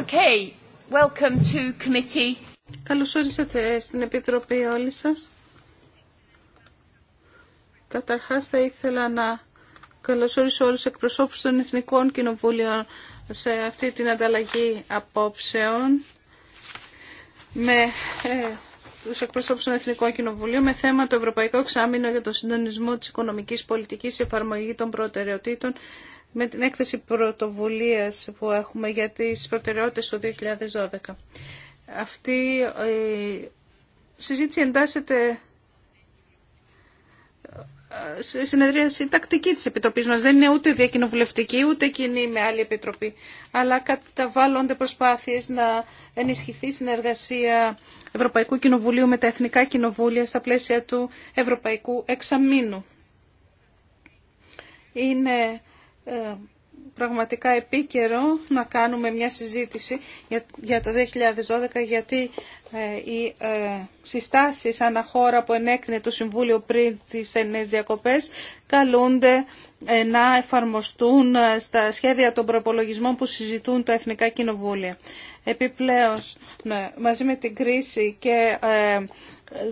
Okay. Welcome to Καλώς στην Επιτροπή όλοι σας. Καταρχάς θα ήθελα να καλωσορίσω όλους του εκπροσώπους των Εθνικών κοινοβουλίων σε αυτή την ανταλλαγή απόψεων με ε, του εκπροσώπου των Εθνικών Κοινοβουλίων με θέμα το Ευρωπαϊκό Εξάμεινο για το συντονισμό της οικονομικής πολιτικής εφαρμογή των προτεραιοτήτων με την έκθεση πρωτοβουλία που έχουμε για τις προτεραιότητε του 2012. Αυτή ε, η συζήτηση εντάσσεται συνεδρία συντακτική της Επιτροπής μας. Δεν είναι ούτε διακοινοβουλευτική, ούτε κοινή με άλλη Επιτροπή. Αλλά καταβάλλονται προσπάθειες να ενισχυθεί η συνεργασία Ευρωπαϊκού Κοινοβουλίου με τα Εθνικά Κοινοβούλια στα πλαίσια του Ευρωπαϊκού Εξαμήνου. Είναι ε, πραγματικά επίκαιρο να κάνουμε μια συζήτηση για, το 2012 γιατί ε, οι ε, συστάσεις αναχώρα που ενέκρινε το Συμβούλιο πριν τις νέες διακοπές καλούνται ε, να εφαρμοστούν στα σχέδια των προπολογισμών που συζητούν τα Εθνικά Κοινοβούλια. Επιπλέον, ναι, μαζί με την κρίση και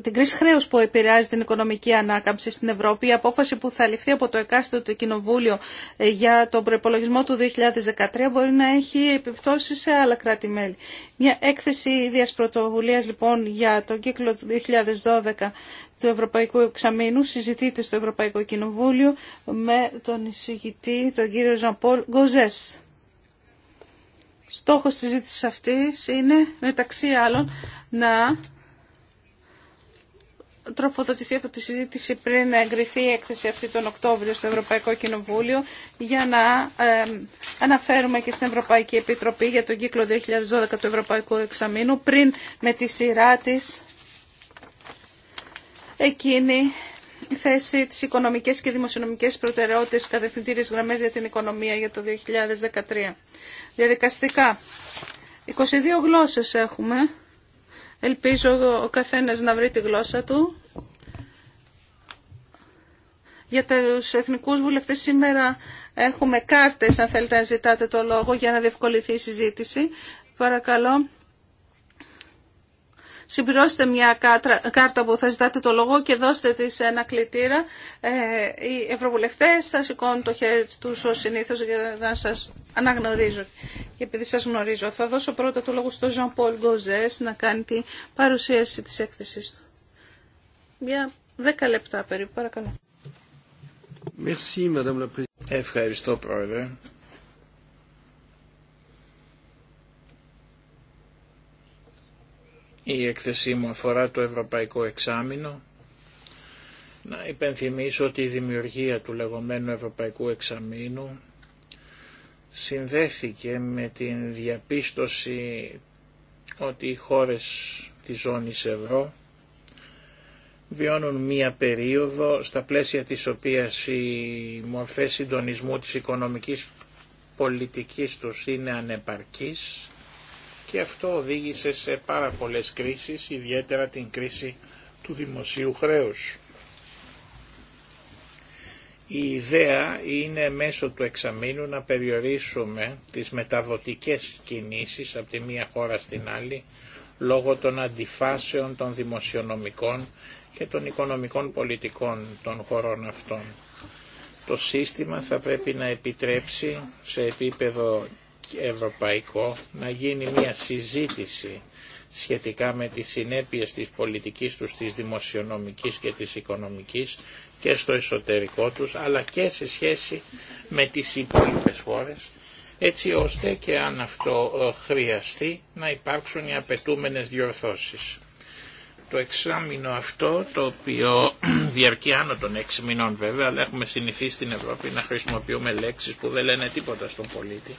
την κρίση χρέους που επηρεάζει την οικονομική ανάκαμψη στην Ευρώπη, η απόφαση που θα ληφθεί από το εκάστοτε κοινοβούλιο ε, για τον προπολογισμό του 2013 μπορεί να έχει επιπτώσεις σε άλλα κράτη-μέλη. Μια έκθεση ίδιας πρωτοβουλίας λοιπόν για τον κύκλο του 2012 του Ευρωπαϊκού Εξαμήνου συζητείται στο Ευρωπαϊκό Κοινοβούλιο με τον εισηγητή, τον κύριο Ζαμπόλ Γκοζές. Στόχος της συζήτησης αυτής είναι μεταξύ άλλων να τροφοδοτηθεί από τη συζήτηση πριν εγκριθεί η έκθεση αυτή τον Οκτώβριο στο Ευρωπαϊκό Κοινοβούλιο για να ε, αναφέρουμε και στην Ευρωπαϊκή Επιτροπή για τον κύκλο 2012 του Ευρωπαϊκού Εξαμήνου πριν με τη σειρά τη εκείνη η θέση της οικονομικές και δημοσιονομικές προτεραιότητες κατευθυντήριες γραμμές για την οικονομία για το 2013. Διαδικαστικά, 22 γλώσσες έχουμε. Ελπίζω ο καθένας να βρει τη γλώσσα του για τους εθνικούς βουλευτές σήμερα έχουμε κάρτες αν θέλετε να ζητάτε το λόγο για να διευκολυθεί η συζήτηση. Παρακαλώ. Συμπληρώστε μια κάρτα που θα ζητάτε το λόγο και δώστε τη σε ένα κλητήρα. Ε, οι ευρωβουλευτές θα σηκώνουν το χέρι τους ως συνήθως για να σας αναγνωρίζω. Και επειδή σας γνωρίζω, θα δώσω πρώτα το λόγο στον Ζαν να κάνει την παρουσίαση της έκθεσης του. Μια δέκα λεπτά περίπου, παρακαλώ. Ευχαριστώ πρόεδρε. Η έκθεσή μου αφορά το Ευρωπαϊκό Εξάμεινο. Να υπενθυμίσω ότι η δημιουργία του λεγόμενου Ευρωπαϊκού Εξαμήνου συνδέθηκε με την διαπίστωση ότι οι χώρες της ζώνης ευρώ βιώνουν μία περίοδο στα πλαίσια της οποίας οι μορφές συντονισμού της οικονομικής πολιτικής τους είναι ανεπαρκής και αυτό οδήγησε σε πάρα πολλές κρίσεις, ιδιαίτερα την κρίση του δημοσίου χρέους. Η ιδέα είναι μέσω του εξαμήνου να περιορίσουμε τις μεταδοτικές κινήσεις από τη μία χώρα στην άλλη λόγω των αντιφάσεων των δημοσιονομικών και των οικονομικών πολιτικών των χωρών αυτών. Το σύστημα θα πρέπει να επιτρέψει σε επίπεδο ευρωπαϊκό να γίνει μια συζήτηση σχετικά με τις συνέπειες της πολιτικής τους, της δημοσιονομικής και της οικονομικής και στο εσωτερικό τους, αλλά και σε σχέση με τις υπόλοιπες χώρες, έτσι ώστε και αν αυτό ε, χρειαστεί να υπάρξουν οι απαιτούμενες διορθώσεις το εξάμεινο αυτό, το οποίο διαρκεί άνω των έξι μηνών βέβαια, αλλά έχουμε συνηθίσει στην Ευρώπη να χρησιμοποιούμε λέξεις που δεν λένε τίποτα στον πολίτη.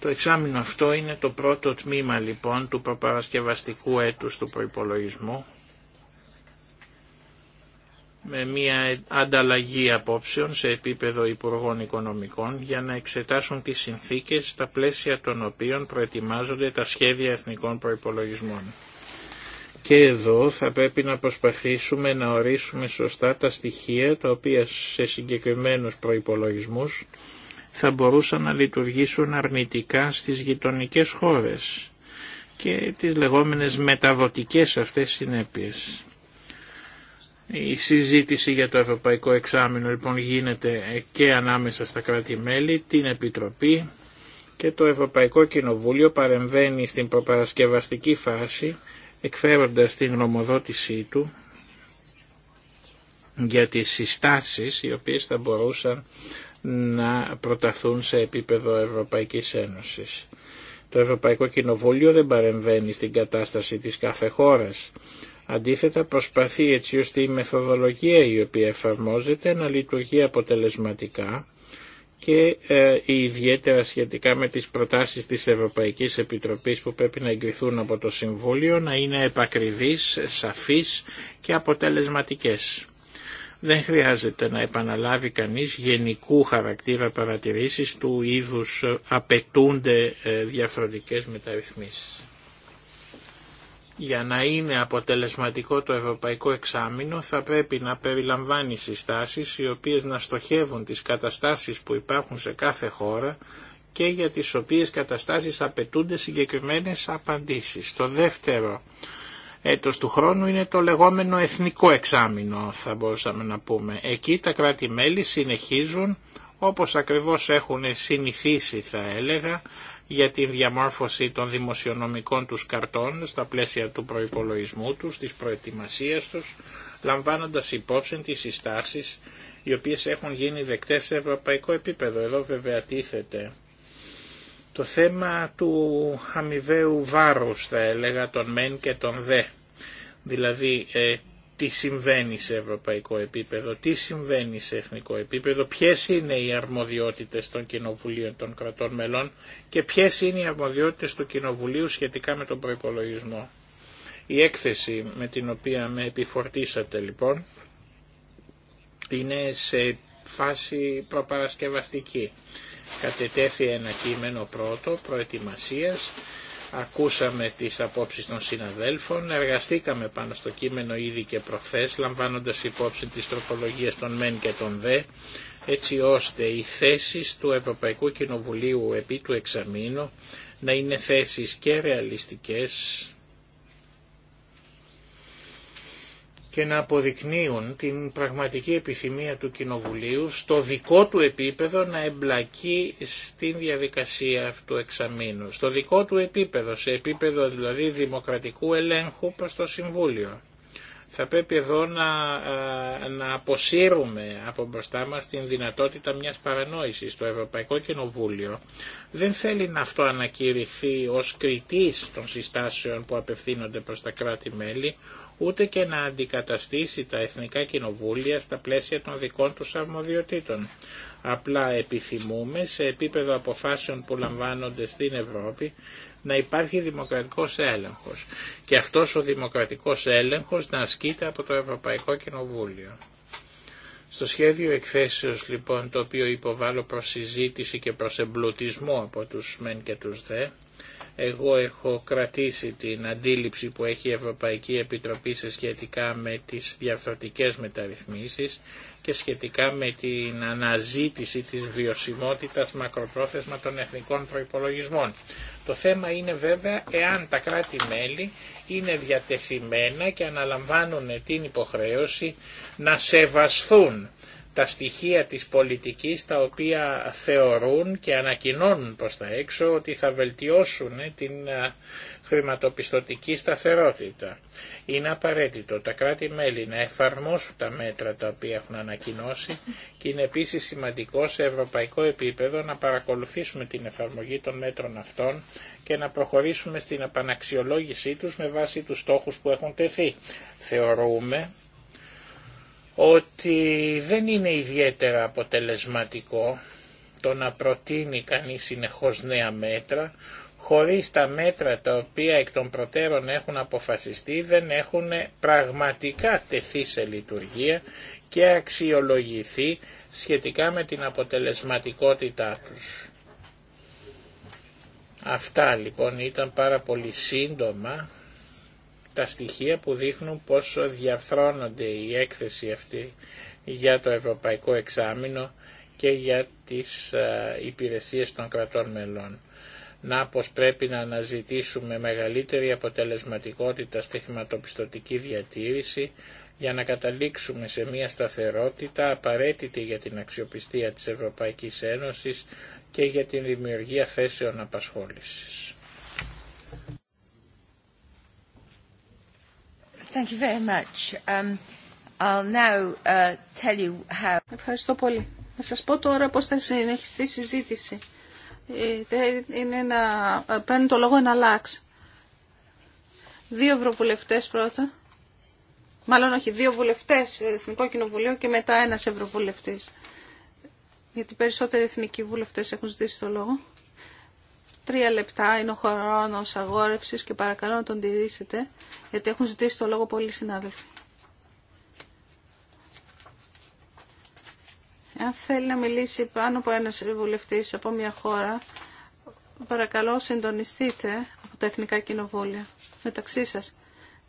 Το εξάμεινο αυτό είναι το πρώτο τμήμα λοιπόν του προπαρασκευαστικού έτους του προϋπολογισμού, με μια ανταλλαγή απόψεων σε επίπεδο Υπουργών Οικονομικών για να εξετάσουν τις συνθήκες στα πλαίσια των οποίων προετοιμάζονται τα σχέδια εθνικών προϋπολογισμών. Και εδώ θα πρέπει να προσπαθήσουμε να ορίσουμε σωστά τα στοιχεία τα οποία σε συγκεκριμένους προϋπολογισμούς θα μπορούσαν να λειτουργήσουν αρνητικά στις γειτονικές χώρες και τις λεγόμενες μεταδοτικές αυτές συνέπειες. Η συζήτηση για το Ευρωπαϊκό Εξάμεινο λοιπόν γίνεται και ανάμεσα στα κράτη-μέλη, την Επιτροπή και το Ευρωπαϊκό Κοινοβούλιο παρεμβαίνει στην προπαρασκευαστική φάση εκφέροντας την γνωμοδότησή του για τις συστάσεις οι οποίες θα μπορούσαν να προταθούν σε επίπεδο Ευρωπαϊκής Ένωσης. Το Ευρωπαϊκό Κοινοβούλιο δεν παρεμβαίνει στην κατάσταση της κάθε χώρας. Αντίθετα προσπαθεί έτσι ώστε η μεθοδολογία η οποία εφαρμόζεται να λειτουργεί αποτελεσματικά και ε, ιδιαίτερα σχετικά με τις προτάσεις της Ευρωπαϊκής Επιτροπής που πρέπει να εγκριθούν από το Συμβούλιο να είναι επακριβείς, σαφείς και αποτελεσματικές. Δεν χρειάζεται να επαναλάβει κανείς γενικού χαρακτήρα παρατηρήσεις του είδους απαιτούνται ε, διαφορετικές μεταρρυθμίσεις. Για να είναι αποτελεσματικό το ευρωπαϊκό εξάμεινο θα πρέπει να περιλαμβάνει συστάσεις οι οποίες να στοχεύουν τις καταστάσεις που υπάρχουν σε κάθε χώρα και για τις οποίες καταστάσεις απαιτούνται συγκεκριμένες απαντήσεις. Το δεύτερο έτος του χρόνου είναι το λεγόμενο εθνικό εξάμεινο θα μπορούσαμε να πούμε. Εκεί τα κράτη-μέλη συνεχίζουν όπως ακριβώς έχουν συνηθίσει θα έλεγα για τη διαμόρφωση των δημοσιονομικών τους καρτών στα πλαίσια του προϋπολογισμού τους, της προετοιμασίας τους, λαμβάνοντας υπόψη τις συστάσεις οι οποίες έχουν γίνει δεκτές σε ευρωπαϊκό επίπεδο. Εδώ βέβαια τίθεται το θέμα του αμοιβαίου βάρους, θα έλεγα, των μεν και των δε. Δηλαδή, ε, τι συμβαίνει σε ευρωπαϊκό επίπεδο, τι συμβαίνει σε εθνικό επίπεδο, ποιες είναι οι αρμοδιότητες των κοινοβουλίων των κρατών μελών και ποιες είναι οι αρμοδιότητες του κοινοβουλίου σχετικά με τον προϋπολογισμό. Η έκθεση με την οποία με επιφορτήσατε λοιπόν είναι σε φάση προπαρασκευαστική. Κατετέθη ένα κείμενο πρώτο προετοιμασίας Ακούσαμε τις απόψεις των συναδέλφων, εργαστήκαμε πάνω στο κείμενο ήδη και προχθές, λαμβάνοντας υπόψη τις τροπολογίες των ΜΕΝ και των ΔΕ, έτσι ώστε οι θέσεις του Ευρωπαϊκού Κοινοβουλίου επί του εξαμήνου να είναι θέσεις και ρεαλιστικές και να αποδεικνύουν την πραγματική επιθυμία του Κοινοβουλίου στο δικό του επίπεδο να εμπλακεί στην διαδικασία αυτού εξαμήνου. Στο δικό του επίπεδο, σε επίπεδο δηλαδή δημοκρατικού ελέγχου προς το Συμβούλιο. Θα πρέπει εδώ να, να αποσύρουμε από μπροστά μας την δυνατότητα μιας παρανόησης. Το Ευρωπαϊκό Κοινοβούλιο δεν θέλει να αυτό ανακηρυχθεί ως κριτής των συστάσεων που απευθύνονται προς τα κράτη-μέλη, ούτε και να αντικαταστήσει τα εθνικά κοινοβούλια στα πλαίσια των δικών του αρμοδιοτήτων. Απλά επιθυμούμε σε επίπεδο αποφάσεων που λαμβάνονται στην Ευρώπη να υπάρχει δημοκρατικός έλεγχος και αυτός ο δημοκρατικός έλεγχος να ασκείται από το Ευρωπαϊκό Κοινοβούλιο. Στο σχέδιο εκθέσεως λοιπόν το οποίο υποβάλλω προς συζήτηση και προς εμπλουτισμό από τους μεν και τους δε εγώ έχω κρατήσει την αντίληψη που έχει η Ευρωπαϊκή Επιτροπή σε σχετικά με τις διαφορετικές μεταρρυθμίσεις και σχετικά με την αναζήτηση της βιωσιμότητας μακροπρόθεσμα των εθνικών προϋπολογισμών. Το θέμα είναι βέβαια εάν τα κράτη-μέλη είναι διατεθειμένα και αναλαμβάνουν την υποχρέωση να σεβασθούν τα στοιχεία της πολιτικής τα οποία θεωρούν και ανακοινώνουν προς τα έξω ότι θα βελτιώσουν την ε, χρηματοπιστωτική σταθερότητα. Είναι απαραίτητο τα κράτη-μέλη να εφαρμόσουν τα μέτρα τα οποία έχουν ανακοινώσει και είναι επίσης σημαντικό σε ευρωπαϊκό επίπεδο να παρακολουθήσουμε την εφαρμογή των μέτρων αυτών και να προχωρήσουμε στην επαναξιολόγησή τους με βάση τους στόχους που έχουν τεθεί. Θεωρούμε ότι δεν είναι ιδιαίτερα αποτελεσματικό το να προτείνει κανείς συνεχώς νέα μέτρα, χωρίς τα μέτρα τα οποία εκ των προτέρων έχουν αποφασιστεί δεν έχουν πραγματικά τεθεί σε λειτουργία και αξιολογηθεί σχετικά με την αποτελεσματικότητά τους. Αυτά λοιπόν ήταν πάρα πολύ σύντομα τα στοιχεία που δείχνουν πόσο διαφθρώνονται η έκθεση αυτή για το Ευρωπαϊκό Εξάμεινο και για τις ε, υπηρεσίες των κρατών μελών. Να πως πρέπει να αναζητήσουμε μεγαλύτερη αποτελεσματικότητα στη χρηματοπιστωτική διατήρηση για να καταλήξουμε σε μια σταθερότητα απαραίτητη για την αξιοπιστία της Ευρωπαϊκής Ένωσης και για την δημιουργία θέσεων απασχόλησης. Ευχαριστώ πολύ. Θα σας πω τώρα πώς θα συνεχιστεί η συζήτηση. Ε, είναι ένα ε, το λόγο ένα λάξ. Δύο ευρωβουλευτές πρώτα. Μάλλον όχι, δύο βουλευτές Εθνικό Κοινοβουλίο και μετά ένας ευρωβουλευτής. Γιατί περισσότεροι εθνικοί βουλευτές έχουν ζητήσει το λόγο. Τρία λεπτά είναι ο χρόνο αγόρευση και παρακαλώ να τον τηρήσετε, γιατί έχουν ζητήσει το λόγο πολλοί συνάδελφοι. Αν θέλει να μιλήσει πάνω από ένα βουλευτής από μια χώρα, παρακαλώ συντονιστείτε από τα Εθνικά Κοινοβούλια μεταξύ σα.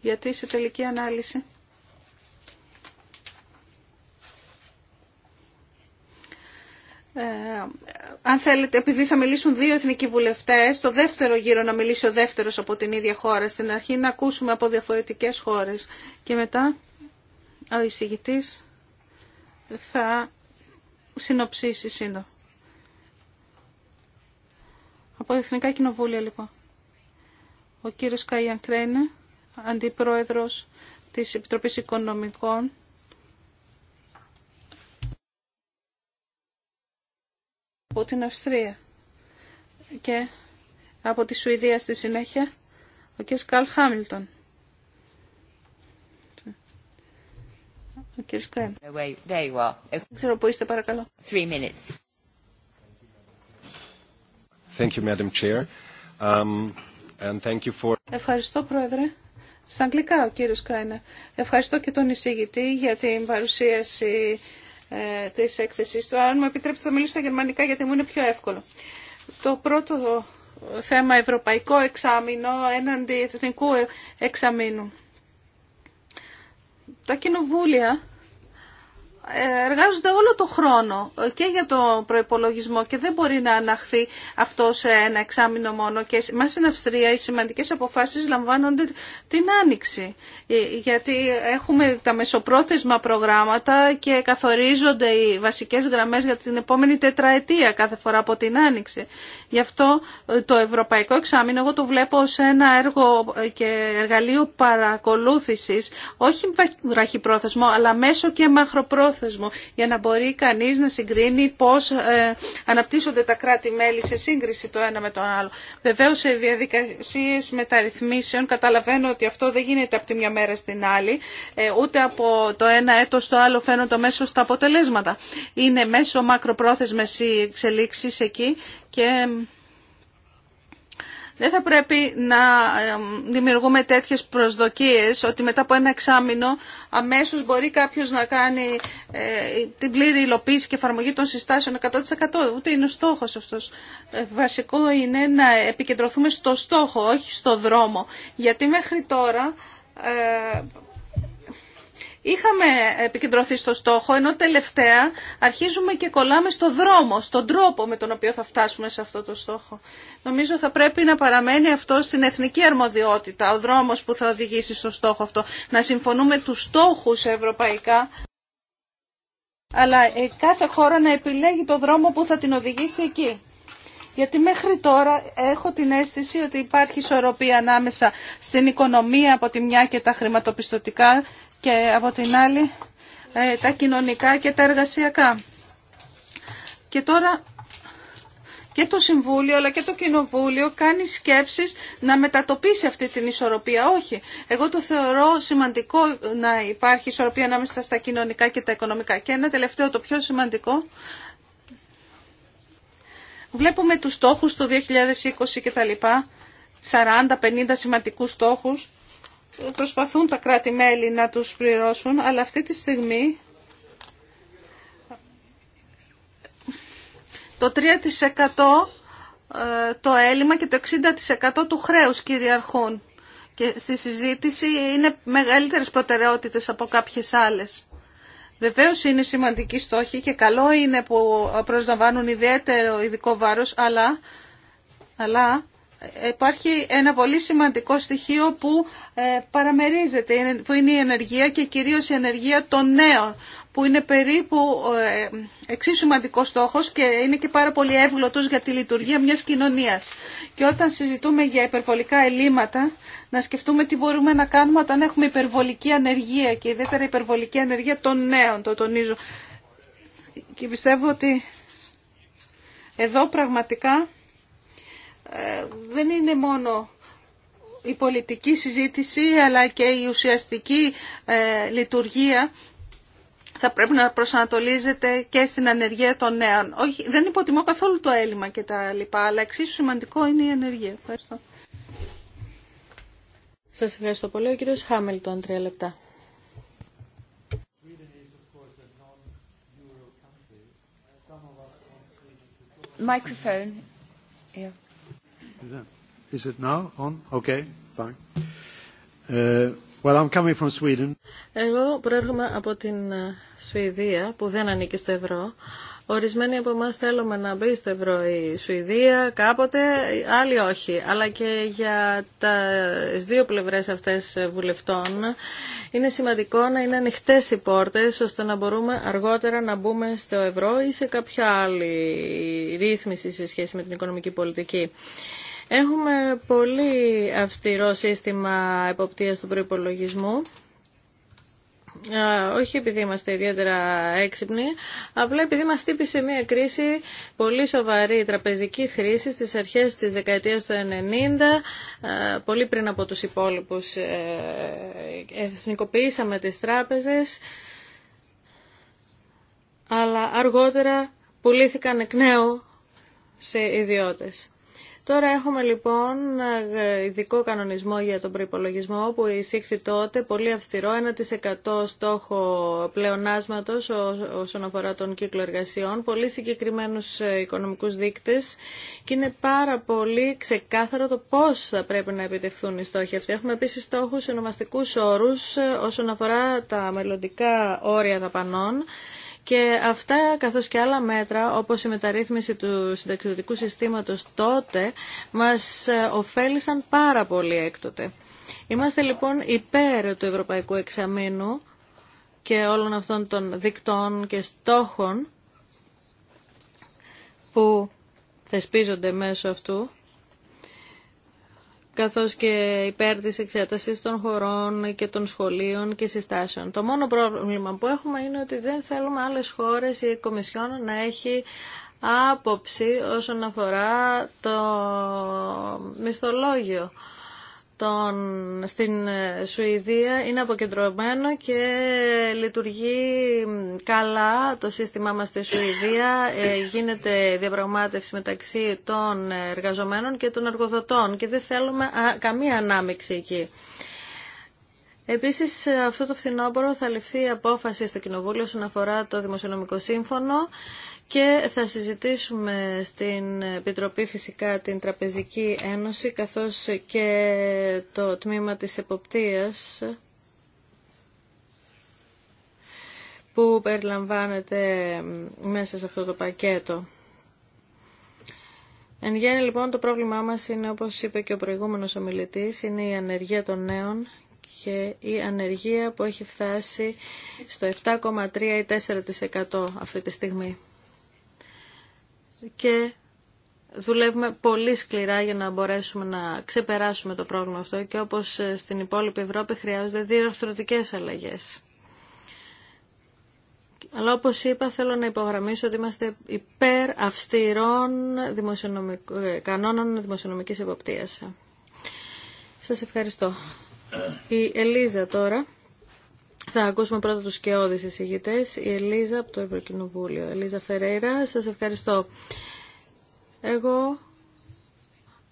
Γιατί σε τελική ανάλυση Ε, αν θέλετε, επειδή θα μιλήσουν δύο εθνικοί βουλευτές, το δεύτερο γύρο να μιλήσει ο δεύτερος από την ίδια χώρα στην αρχή, να ακούσουμε από διαφορετικές χώρες. Και μετά ο εισηγητή θα συνοψίσει σύντομα. Από Εθνικά Κοινοβούλια, λοιπόν. Ο κύριος Καϊαν Κρένε, αντιπρόεδρος της Επιτροπής Οικονομικών από την Αυστρία και από τη Σουηδία στη συνέχεια ο κ. Καλ Χάμιλτον. Ο κ. Δεν ξέρω πού είστε παρακαλώ. Three minutes. Thank you, Madam Chair. Um, and thank you for... Ευχαριστώ, Πρόεδρε. Στα αγγλικά, ο κύριος Κράινερ. Ευχαριστώ και τον εισηγητή για την παρουσίαση ε, της έκθεσης του. Αν μου επιτρέπετε θα μιλήσω στα γερμανικά γιατί μου είναι πιο εύκολο. Το πρώτο θέμα ευρωπαϊκό εξάμεινο έναντι εθνικού εξαμήνου. Τα κοινοβούλια εργάζονται όλο το χρόνο και για το προϋπολογισμό και δεν μπορεί να αναχθεί αυτό σε ένα εξάμεινο μόνο και μας στην Αυστρία οι σημαντικές αποφάσεις λαμβάνονται την Άνοιξη ε, γιατί έχουμε τα μεσοπρόθεσμα προγράμματα και καθορίζονται οι βασικές γραμμές για την επόμενη τετραετία κάθε φορά από την Άνοιξη. Γι' αυτό ε, το Ευρωπαϊκό Εξάμεινο εγώ το βλέπω ως ένα έργο ε, και εργαλείο παρακολούθησης όχι βραχυπρόθεσμο αλλά μέσο και μαχροπρόθεσμο για να μπορεί κανείς να συγκρίνει πώς ε, αναπτύσσονται τα κράτη-μέλη σε σύγκριση το ένα με τον άλλο. Βεβαίως σε διαδικασίες μεταρρυθμίσεων καταλαβαίνω ότι αυτό δεν γίνεται από τη μια μέρα στην άλλη, ε, ούτε από το ένα έτος στο άλλο φαίνονται μέσω στα αποτελέσματα. Είναι μέσω μακροπρόθεσμες οι εξελίξεις εκεί και δεν θα πρέπει να δημιουργούμε τέτοιες προσδοκίες ότι μετά από ένα εξάμεινο αμέσως μπορεί κάποιος να κάνει ε, την πλήρη υλοποίηση και εφαρμογή των συστάσεων 100%. Ούτε είναι ο στόχος αυτός. Ε, βασικό είναι να επικεντρωθούμε στο στόχο, όχι στο δρόμο. Γιατί μέχρι τώρα... Ε, Είχαμε επικεντρωθεί στο στόχο, ενώ τελευταία αρχίζουμε και κολλάμε στο δρόμο, στον τρόπο με τον οποίο θα φτάσουμε σε αυτό το στόχο. Νομίζω θα πρέπει να παραμένει αυτό στην εθνική αρμοδιότητα, ο δρόμος που θα οδηγήσει στο στόχο αυτό. Να συμφωνούμε τους στόχους ευρωπαϊκά, αλλά ε, κάθε χώρα να επιλέγει το δρόμο που θα την οδηγήσει εκεί. Γιατί μέχρι τώρα έχω την αίσθηση ότι υπάρχει ισορροπία ανάμεσα στην οικονομία από τη μια και τα χρηματοπιστωτικά και από την άλλη ε, τα κοινωνικά και τα εργασιακά. Και τώρα και το Συμβούλιο αλλά και το Κοινοβούλιο κάνει σκέψεις να μετατοπίσει αυτή την ισορροπία. Όχι. Εγώ το θεωρώ σημαντικό να υπάρχει ισορροπία ανάμεσα στα κοινωνικά και τα οικονομικά. Και ένα τελευταίο, το πιο σημαντικό, βλέπουμε τους στόχους το 2020 και τα λοιπά, 40-50 σημαντικούς στόχους προσπαθούν τα κράτη-μέλη να τους πληρώσουν, αλλά αυτή τη στιγμή το 3% ε, το έλλειμμα και το 60% του χρέους κυριαρχούν. Και στη συζήτηση είναι μεγαλύτερες προτεραιότητες από κάποιες άλλες. Βεβαίω είναι σημαντική στόχη και καλό είναι που προσλαμβάνουν ιδιαίτερο ειδικό βάρος, αλλά, αλλά υπάρχει ένα πολύ σημαντικό στοιχείο που ε, παραμερίζεται, που είναι η ενεργεία και κυρίως η ενεργεία των νέων, που είναι περίπου ε, εξίσου σημαντικό στόχος και είναι και πάρα πολύ εύγλωτος για τη λειτουργία μιας κοινωνίας. Και όταν συζητούμε για υπερβολικά ελλείμματα, να σκεφτούμε τι μπορούμε να κάνουμε όταν έχουμε υπερβολική ανεργία και ιδιαίτερα υπερβολική ανεργία των νέων, το τονίζω. Και πιστεύω ότι εδώ πραγματικά ε, δεν είναι μόνο η πολιτική συζήτηση αλλά και η ουσιαστική ε, λειτουργία θα πρέπει να προσανατολίζεται και στην ανεργία των νέων. Όχι, δεν υποτιμώ καθόλου το έλλειμμα και τα λοιπά, αλλά εξίσου σημαντικό είναι η ανεργία. Ευχαριστώ. Σας ευχαριστώ πολύ. Ο κύριος Χάμελτον, τρία λεπτά. Microphone. Yeah. Εγώ προέρχομαι από την ε, Σουηδία που δεν ανήκει στο ευρώ. Ορισμένοι από εμά θέλουμε να μπει στο ευρώ η Σουηδία κάποτε, άλλοι όχι. Αλλά και για τα δύο πλευρές αυτές βουλευτών είναι σημαντικό να είναι ανοιχτέ οι πόρτες ώστε να μπορούμε αργότερα να μπούμε στο ευρώ ή σε κάποια άλλη ρύθμιση σε σχέση με την οικονομική πολιτική. Έχουμε πολύ αυστηρό σύστημα εποπτείας του προϋπολογισμού. Όχι επειδή είμαστε ιδιαίτερα έξυπνοι, απλά επειδή μας τύπησε μια κρίση πολύ σοβαρή τραπεζική χρήση στις αρχές της δεκαετίας του 90, πολύ πριν από τους υπόλοιπους ε, εθνικοποιήσαμε τις τράπεζες, αλλά αργότερα πουλήθηκαν εκ νέου σε ιδιώτες. Τώρα έχουμε λοιπόν ε, ειδικό κανονισμό για τον προϋπολογισμό που εισήχθη τότε πολύ αυστηρό 1% στόχο πλεονάσματος όσον αφορά τον κύκλο εργασιών, πολύ συγκεκριμένους ε, οικονομικούς δείκτες και είναι πάρα πολύ ξεκάθαρο το πώς θα πρέπει να επιτευχθούν οι στόχοι αυτοί. Έχουμε επίσης στόχους ονομαστικούς όρους ε, όσον αφορά τα μελλοντικά όρια δαπανών και αυτά καθώς και άλλα μέτρα όπως η μεταρρύθμιση του συνταξιδοτικού συστήματος τότε μας ε, ωφέλησαν πάρα πολύ έκτοτε. Είμαστε λοιπόν υπέρ του Ευρωπαϊκού Εξαμήνου και όλων αυτών των δικτών και στόχων που θεσπίζονται μέσω αυτού καθώς και υπέρ της εξέτασης των χωρών και των σχολείων και συστάσεων. Το μόνο πρόβλημα που έχουμε είναι ότι δεν θέλουμε άλλες χώρες ή κομισιόν να έχει άποψη όσον αφορά το μισθολόγιο τον, στην ε, Σουηδία είναι αποκεντρωμένο και λειτουργεί καλά το σύστημά μας στη Σουηδία. Ε, γίνεται διαπραγμάτευση μεταξύ των εργαζομένων και των εργοδοτών και δεν θέλουμε καμία ανάμειξη εκεί. Επίση, αυτό το φθινόπωρο θα ληφθεί η απόφαση στο Κοινοβούλιο όσον αφορά το Δημοσιονομικό Σύμφωνο και θα συζητήσουμε στην Επιτροπή φυσικά την Τραπεζική Ένωση καθώς και το τμήμα της εποπτείας που περιλαμβάνεται μέσα σε αυτό το πακέτο. Εν γέννη λοιπόν το πρόβλημά μας είναι όπως είπε και ο προηγούμενος ομιλητής, είναι η ανεργία των νέων και η ανεργία που έχει φτάσει στο 7,3 ή 4% αυτή τη στιγμή. Και δουλεύουμε πολύ σκληρά για να μπορέσουμε να ξεπεράσουμε το πρόβλημα αυτό και όπως στην υπόλοιπη Ευρώπη χρειάζονται διαρθρωτικές αλλαγές. Αλλά όπως είπα θέλω να υπογραμμίσω ότι είμαστε υπέρ αυστηρών ε, κανόνων δημοσιονομικής εποπτείας. Σας ευχαριστώ. Η Ελίζα τώρα. Θα ακούσουμε πρώτα τους σκεώδεις εισηγητές. Η Ελίζα από το Ευρωκοινοβούλιο. Ελίζα Φερέιρα, σας ευχαριστώ. Εγώ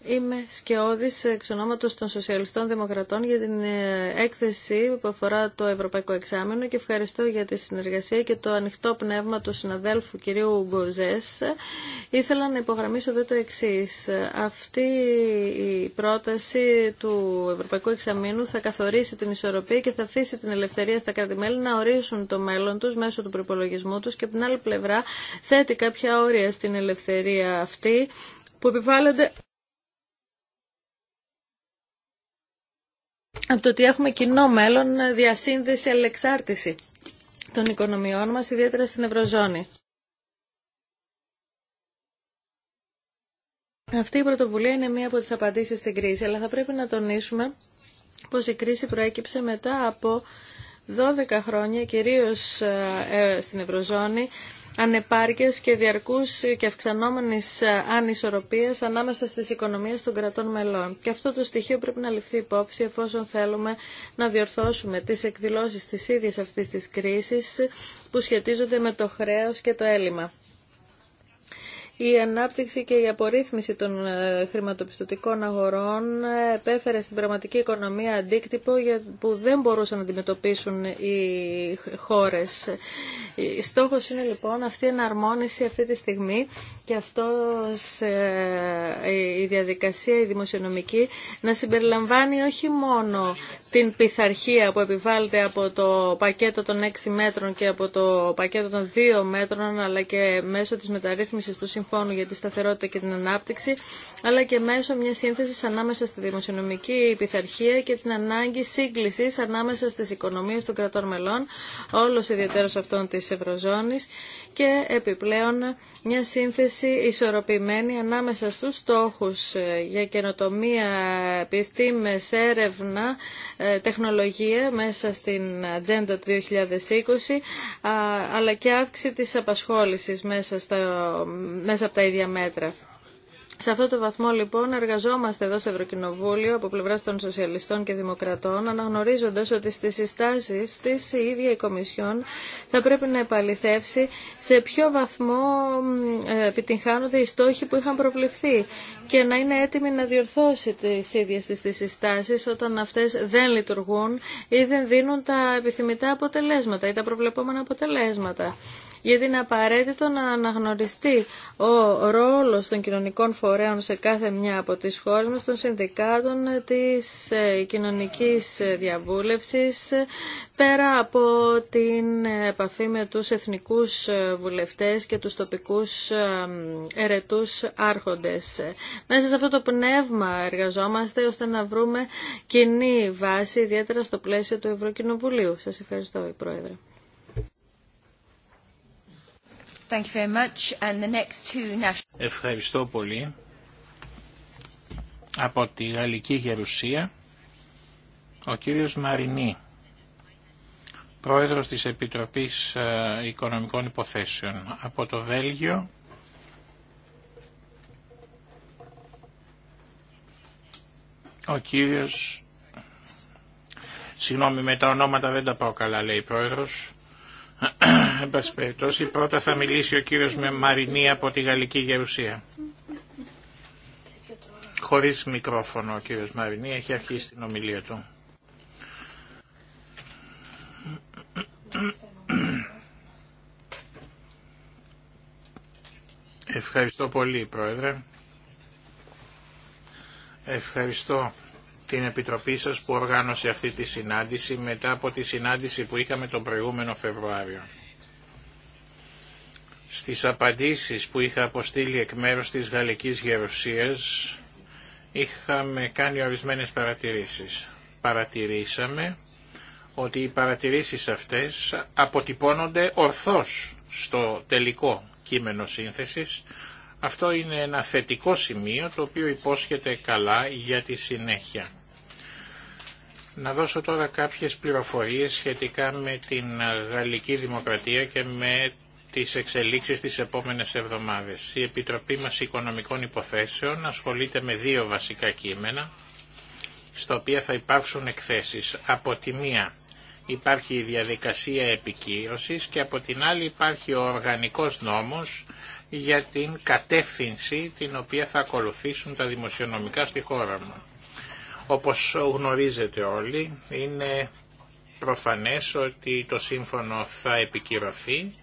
Είμαι σκιώδης εξ ονόματος των Σοσιαλιστών Δημοκρατών για την ε, έκθεση που αφορά το Ευρωπαϊκό Εξάμεινο και ευχαριστώ για τη συνεργασία και το ανοιχτό πνεύμα του συναδέλφου κυρίου Μποζές. Ήθελα να υπογραμμίσω εδώ το εξή. Αυτή η πρόταση του Ευρωπαϊκού Εξαμήνου θα καθορίσει την ισορροπία και θα αφήσει την ελευθερία στα κράτη-μέλη να ορίσουν το μέλλον τους μέσω του προπολογισμού τους και από την άλλη πλευρά θέτει κάποια όρια στην ελευθερία αυτή που επιβάλλονται από το ότι έχουμε κοινό μέλλον ε, διασύνδεση αλεξάρτηση των οικονομιών μας, ιδιαίτερα στην Ευρωζώνη. Αυτή η πρωτοβουλία είναι μία από τις απαντήσεις στην κρίση, αλλά θα πρέπει να τονίσουμε πως η κρίση προέκυψε μετά από 12 χρόνια, κυρίως ε, ε, στην Ευρωζώνη, ανεπάρκειας και διαρκούς και αυξανόμενης ανισορροπίας ανάμεσα στις οικονομίες των κρατών μελών. Και αυτό το στοιχείο πρέπει να ληφθεί υπόψη εφόσον θέλουμε να διορθώσουμε τις εκδηλώσεις της ίδιας αυτής της κρίσης που σχετίζονται με το χρέος και το έλλειμμα. Η ανάπτυξη και η απορρίθμιση των ε, χρηματοπιστωτικών αγορών επέφερε στην πραγματική οικονομία αντίκτυπο που δεν μπορούσαν να αντιμετωπίσουν οι χώρες. Στόχος είναι λοιπόν αυτή η εναρμόνιση αυτή τη στιγμή και αυτό ε, η διαδικασία η δημοσιονομική να συμπεριλαμβάνει όχι μόνο την πειθαρχία που επιβάλλεται από το πακέτο των 6 μέτρων και από το πακέτο των 2 μέτρων αλλά και μέσω της μεταρρύθμισης του πόνου λοιπόν για τη Σταθερότητα και την Ανάπτυξη, αλλά και μέσω μια σύνθεση ανάμεσα στη δημοσιονομική πειθαρχία και την ανάγκη σύγκληση ανάμεσα στι οικονομίε των κρατών μελών, όλο ιδιαίτερο αυτών τη Ευρωζώνη, και επιπλέον μια σύνθεση ισορροπημένη ανάμεσα στου στόχου ε, για καινοτομία, επιστήμε, έρευνα, ε, τεχνολογία μέσα στην ατζέντα 2020, αλλά και αύξηση της απασχόλησης μέσα, στα, μέσα από τα ίδια μέτρα. Σε αυτό το βαθμό λοιπόν εργαζόμαστε εδώ στο Ευρωκοινοβούλιο από πλευρά των Σοσιαλιστών και Δημοκρατών αναγνωρίζοντα ότι στι συστάσει τη η ίδια η Κομισιόν θα πρέπει να επαληθεύσει σε ποιο βαθμό ε, επιτυγχάνονται οι στόχοι που είχαν προβληθεί και να είναι έτοιμη να διορθώσει τι ίδιε τι συστάσει όταν αυτέ δεν λειτουργούν ή δεν δίνουν τα επιθυμητά αποτελέσματα ή τα προβλεπόμενα αποτελέσματα γιατί είναι απαραίτητο να αναγνωριστεί ο ρόλος των κοινωνικών φορέων σε κάθε μια από τις χώρες μας, των συνδικάτων, της ε, κοινωνικής διαβούλευσης, πέρα από την επαφή με τους εθνικούς ε, βουλευτές και τους τοπικούς ε, ερετούς άρχοντες. Μέσα σε αυτό το πνεύμα εργαζόμαστε ώστε να βρούμε κοινή βάση, ιδιαίτερα στο πλαίσιο του Ευρωκοινοβουλίου. Σας ευχαριστώ, Πρόεδρε. Ευχαριστώ πολύ. Από τη Γαλλική Γερουσία, ο κύριος Μαρινή, πρόεδρος της Επιτροπής ε, Οικονομικών Υποθέσεων. Από το Βέλγιο, ο κύριος... Συγγνώμη, με τα ονόματα δεν τα πάω καλά, λέει πρόεδρος. Εν πάση περιπτώσει, πρώτα θα μιλήσει ο κύριος με Μαρινή από τη Γαλλική Γερουσία. Χωρίς μικρόφωνο ο κύριος Μαρινή έχει αρχίσει την ομιλία του. Ευχαριστώ πολύ, Πρόεδρε. Ευχαριστώ την Επιτροπή σας που οργάνωσε αυτή τη συνάντηση μετά από τη συνάντηση που είχαμε τον προηγούμενο Φεβρουάριο. Στις απαντήσεις που είχα αποστείλει εκ μέρους της Γαλλικής Γερουσίας είχαμε κάνει ορισμένες παρατηρήσεις. Παρατηρήσαμε ότι οι παρατηρήσεις αυτές αποτυπώνονται ορθώς στο τελικό κείμενο σύνθεσης. Αυτό είναι ένα θετικό σημείο το οποίο υπόσχεται καλά για τη συνέχεια. Να δώσω τώρα κάποιες πληροφορίες σχετικά με την Γαλλική Δημοκρατία και με τις εξελίξεις της επόμενες εβδομάδες. Η Επιτροπή μας Οικονομικών Υποθέσεων ασχολείται με δύο βασικά κείμενα, στα οποία θα υπάρξουν εκθέσεις. Από τη μία υπάρχει η διαδικασία επικύρωσης και από την άλλη υπάρχει ο οργανικός νόμος για την κατεύθυνση την οποία θα ακολουθήσουν τα δημοσιονομικά στη χώρα μου. Όπως γνωρίζετε όλοι, είναι προφανές ότι το σύμφωνο θα επικυρωθεί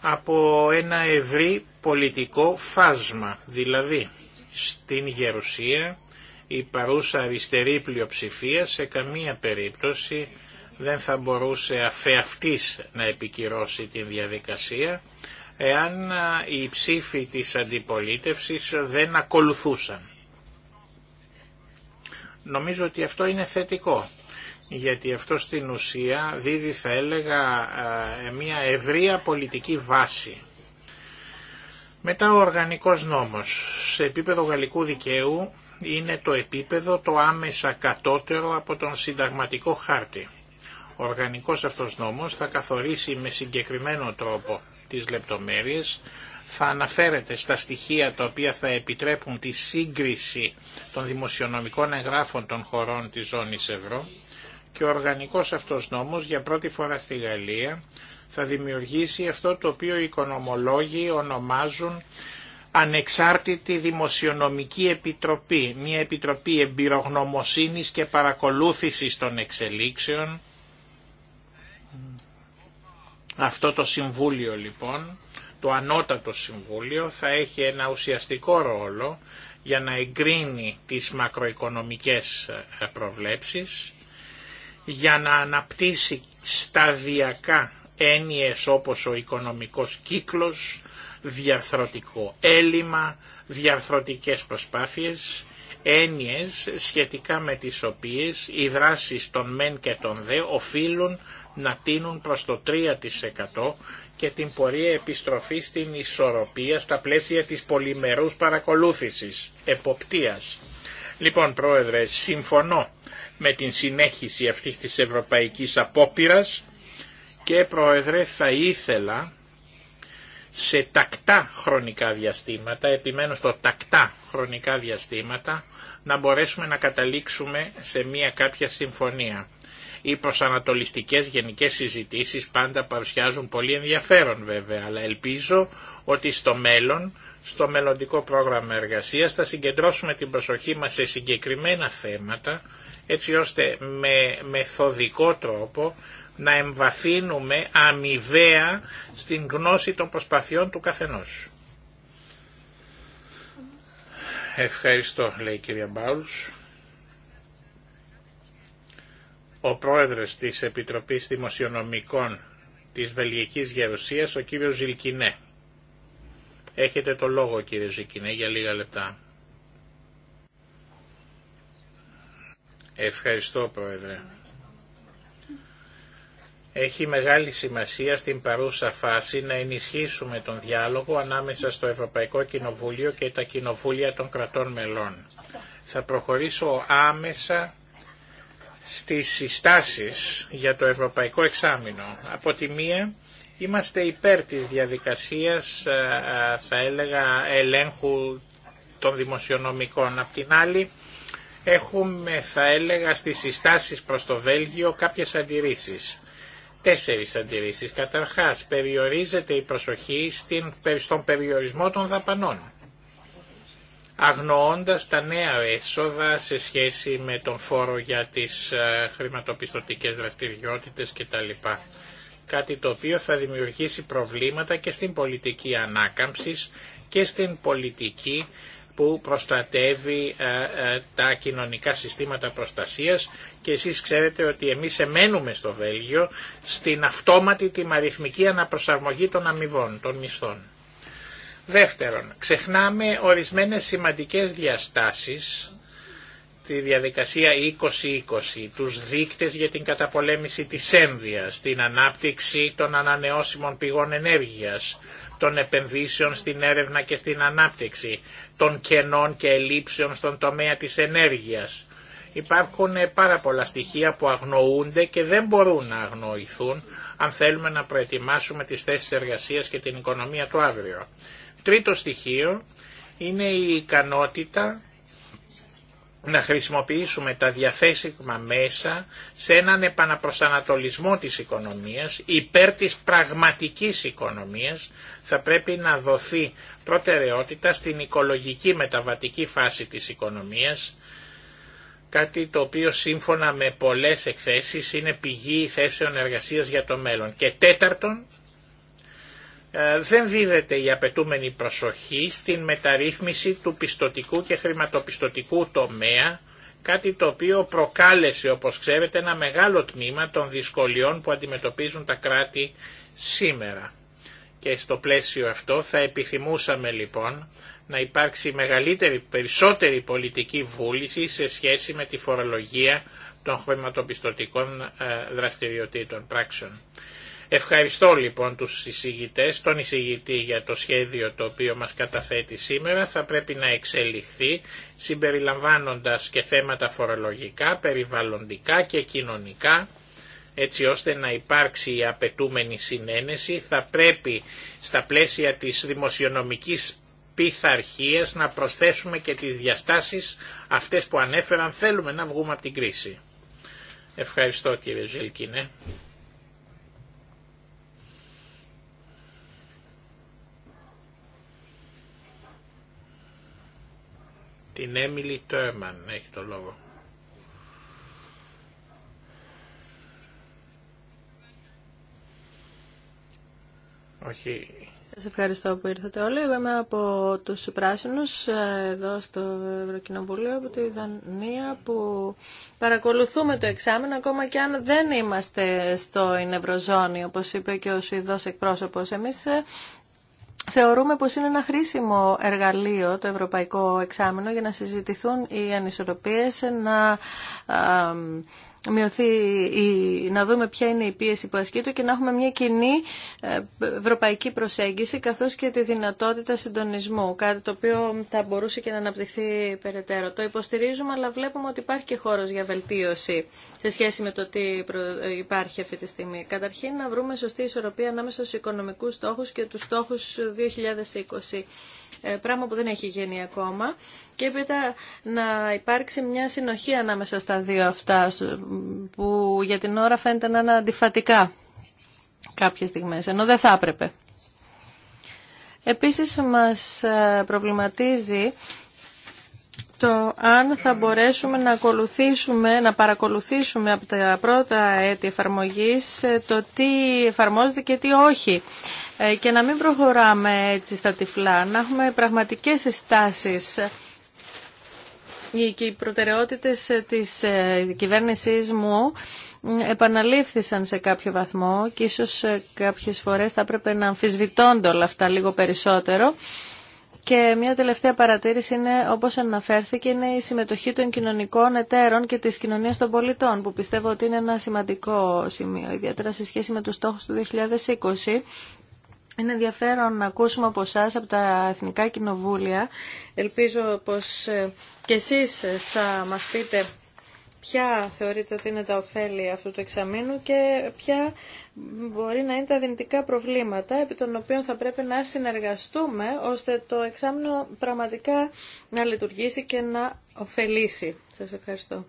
από ένα ευρύ πολιτικό φάσμα, δηλαδή στην Γερουσία η παρούσα αριστερή πλειοψηφία σε καμία περίπτωση δεν θα μπορούσε αφεαυτής να επικυρώσει την διαδικασία εάν οι ψήφοι της αντιπολίτευσης δεν ακολουθούσαν. Νομίζω ότι αυτό είναι θετικό, γιατί αυτό στην ουσία δίδει θα έλεγα ε, μια ευρεία πολιτική βάση. Μετά ο οργανικός νόμος. Σε επίπεδο γαλλικού δικαίου είναι το επίπεδο το άμεσα κατώτερο από τον συνταγματικό χάρτη. Ο οργανικός αυτός νόμος θα καθορίσει με συγκεκριμένο τρόπο τις λεπτομέρειες θα αναφέρεται στα στοιχεία τα οποία θα επιτρέπουν τη σύγκριση των δημοσιονομικών εγγράφων των χωρών της ζώνης ευρώ και ο οργανικός αυτός νόμος για πρώτη φορά στη Γαλλία θα δημιουργήσει αυτό το οποίο οι οικονομολόγοι ονομάζουν ανεξάρτητη δημοσιονομική επιτροπή, μια επιτροπή εμπειρογνωμοσύνης και παρακολούθησης των εξελίξεων. Αυτό το συμβούλιο λοιπόν το Ανώτατο Συμβούλιο θα έχει ένα ουσιαστικό ρόλο για να εγκρίνει τις μακροοικονομικές ε, προβλέψεις, για να αναπτύσσει σταδιακά έννοιες όπως ο οικονομικός κύκλος, διαρθρωτικό έλλειμμα, διαρθρωτικές προσπάθειες, έννοιες σχετικά με τις οποίες οι δράσεις των μεν και των δε οφείλουν να τίνουν προς το 3% και την πορεία επιστροφή στην ισορροπία στα πλαίσια της πολυμερούς παρακολούθησης, εποπτείας. Λοιπόν, Πρόεδρε, συμφωνώ με την συνέχιση αυτής της ευρωπαϊκής απόπειρας και, Πρόεδρε, θα ήθελα σε τακτά χρονικά διαστήματα, επιμένω στο τακτά χρονικά διαστήματα, να μπορέσουμε να καταλήξουμε σε μία κάποια συμφωνία. Οι προσανατολιστικές γενικές συζητήσεις πάντα παρουσιάζουν πολύ ενδιαφέρον βέβαια, αλλά ελπίζω ότι στο μέλλον, στο μελλοντικό πρόγραμμα εργασίας, θα συγκεντρώσουμε την προσοχή μας σε συγκεκριμένα θέματα, έτσι ώστε με μεθοδικό τρόπο να εμβαθύνουμε αμοιβαία στην γνώση των προσπαθειών του καθενός. Ευχαριστώ, λέει η κυρία Μπάουλς ο πρόεδρος της Επιτροπής Δημοσιονομικών της Βελγικής Γερουσίας, ο κύριος Ζιλκινέ. Έχετε το λόγο κύριε Ζιλκινέ για λίγα λεπτά. Ευχαριστώ πρόεδρε. Έχει μεγάλη σημασία στην παρούσα φάση να ενισχύσουμε τον διάλογο ανάμεσα στο Ευρωπαϊκό Κοινοβούλιο και τα κοινοβούλια των κρατών μελών. Θα προχωρήσω άμεσα στις συστάσεις για το Ευρωπαϊκό Εξάμεινο. Από τη μία είμαστε υπέρ της διαδικασίας, ε, ε, θα έλεγα, ελέγχου των δημοσιονομικών. Από την άλλη έχουμε, θα έλεγα, στις συστάσεις προς το Βέλγιο κάποιες αντιρρήσεις. Τέσσερις αντιρρήσεις. Καταρχάς, περιορίζεται η προσοχή στην, στον περιορισμό των δαπανών αγνοώντας τα νέα έσοδα σε σχέση με τον φόρο για τις ε, χρηματοπιστωτικές δραστηριότητες κτλ. Κάτι το οποίο θα δημιουργήσει προβλήματα και στην πολιτική ανάκαμψης και στην πολιτική που προστατεύει ε, ε, τα κοινωνικά συστήματα προστασίας και εσείς ξέρετε ότι εμείς εμένουμε στο Βέλγιο στην αυτόματη τιμαριθμική αναπροσαρμογή των αμοιβών, των μισθών. Δεύτερον, ξεχνάμε ορισμένες σημαντικές διαστάσεις τη διαδικασία 2020, τους δείκτες για την καταπολέμηση της ένδυας, την ανάπτυξη των ανανεώσιμων πηγών ενέργειας, των επενδύσεων στην έρευνα και στην ανάπτυξη, των κενών και ελλείψεων στον τομέα της ενέργειας. Υπάρχουν πάρα πολλά στοιχεία που αγνοούνται και δεν μπορούν να αγνοηθούν αν θέλουμε να προετοιμάσουμε τις θέσεις εργασίας και την οικονομία του αύριο τρίτο στοιχείο είναι η ικανότητα να χρησιμοποιήσουμε τα διαθέσιμα μέσα σε έναν επαναπροσανατολισμό της οικονομίας, υπέρ της πραγματικής οικονομίας, θα πρέπει να δοθεί προτεραιότητα στην οικολογική μεταβατική φάση της οικονομίας, κάτι το οποίο σύμφωνα με πολλές εκθέσεις είναι πηγή θέσεων εργασίας για το μέλλον. Και τέταρτον, ε, δεν δίδεται η απαιτούμενη προσοχή στην μεταρρύθμιση του πιστοτικού και χρηματοπιστωτικού τομέα, κάτι το οποίο προκάλεσε όπως ξέρετε ένα μεγάλο τμήμα των δυσκολιών που αντιμετωπίζουν τα κράτη σήμερα. Και στο πλαίσιο αυτό θα επιθυμούσαμε λοιπόν να υπάρξει μεγαλύτερη, περισσότερη πολιτική βούληση σε σχέση με τη φορολογία των χρηματοπιστωτικών ε, δραστηριοτήτων πράξεων. Ευχαριστώ λοιπόν τους εισηγητές, τον εισηγητή για το σχέδιο το οποίο μας καταθέτει σήμερα θα πρέπει να εξελιχθεί συμπεριλαμβάνοντας και θέματα φορολογικά, περιβαλλοντικά και κοινωνικά έτσι ώστε να υπάρξει η απαιτούμενη συνένεση θα πρέπει στα πλαίσια της δημοσιονομικής πειθαρχία να προσθέσουμε και τις διαστάσεις αυτές που ανέφεραν θέλουμε να βγούμε από την κρίση. Ευχαριστώ κύριε Ζελκίνε. Την Έμιλι Τέρμαν έχει το λόγο. Όχι. Σας ευχαριστώ που ήρθατε όλοι. Εγώ είμαι από τους Πράσινους ε, εδώ στο Ευρωκοινοβούλιο από τη Δανία που παρακολουθούμε το εξάμεινο ακόμα και αν δεν είμαστε στο Ευρωζώνη όπως είπε και ο Σουηδός εκπρόσωπος. Εμείς ε, Θεωρούμε πως είναι ένα χρήσιμο εργαλείο το ευρωπαϊκό εξάμεινο για να συζητηθούν οι ανισορροπίες, να μειωθεί, να δούμε ποια είναι η πίεση που ασκείται και να έχουμε μια κοινή ε, ευρωπαϊκή προσέγγιση καθώς και τη δυνατότητα συντονισμού, κάτι το οποίο θα μπορούσε και να αναπτυχθεί περαιτέρω. Το υποστηρίζουμε, αλλά βλέπουμε ότι υπάρχει και χώρος για βελτίωση σε σχέση με το τι ε, υπάρχει αυτή τη στιγμή. Καταρχήν να βρούμε σωστή ισορροπία ανάμεσα στους οικονομικούς στόχους και τους στόχους 2020 ε, ε, πράγμα που δεν έχει γίνει ακόμα και έπειτα να υπάρξει μια συνοχή ανάμεσα στα δύο αυτά που για την ώρα φαίνεται να είναι αντιφατικά κάποιες στιγμές, ενώ δεν θα έπρεπε. Επίσης μας ε, προβληματίζει το αν θα μπορέσουμε να ακολουθήσουμε, να παρακολουθήσουμε από τα πρώτα έτη εφαρμογής ε, το τι εφαρμόζεται και τι όχι. Ε, και να μην προχωράμε έτσι στα τυφλά, να έχουμε πραγματικές συστάσεις και οι προτεραιότητες ε, της ε, κυβέρνησής μου επαναλήφθησαν σε κάποιο βαθμό και ίσως κάποιες φορές θα έπρεπε να αμφισβητώνται όλα αυτά λίγο περισσότερο. Και μια τελευταία παρατήρηση είναι, όπως αναφέρθηκε, είναι η συμμετοχή των κοινωνικών εταίρων και της κοινωνίας των πολιτών, που πιστεύω ότι είναι ένα σημαντικό σημείο, ιδιαίτερα σε σχέση με τους στόχους του 2020, είναι ενδιαφέρον να ακούσουμε από εσά από τα Εθνικά Κοινοβούλια. Ελπίζω πως ε, και εσείς ε, θα μας πείτε ποια θεωρείτε ότι είναι τα ωφέλη αυτού του εξαμήνου και ποια μπορεί να είναι τα δυνητικά προβλήματα επί των οποίων θα πρέπει να συνεργαστούμε ώστε το εξάμεινο πραγματικά να λειτουργήσει και να ωφελήσει. Σας ευχαριστώ.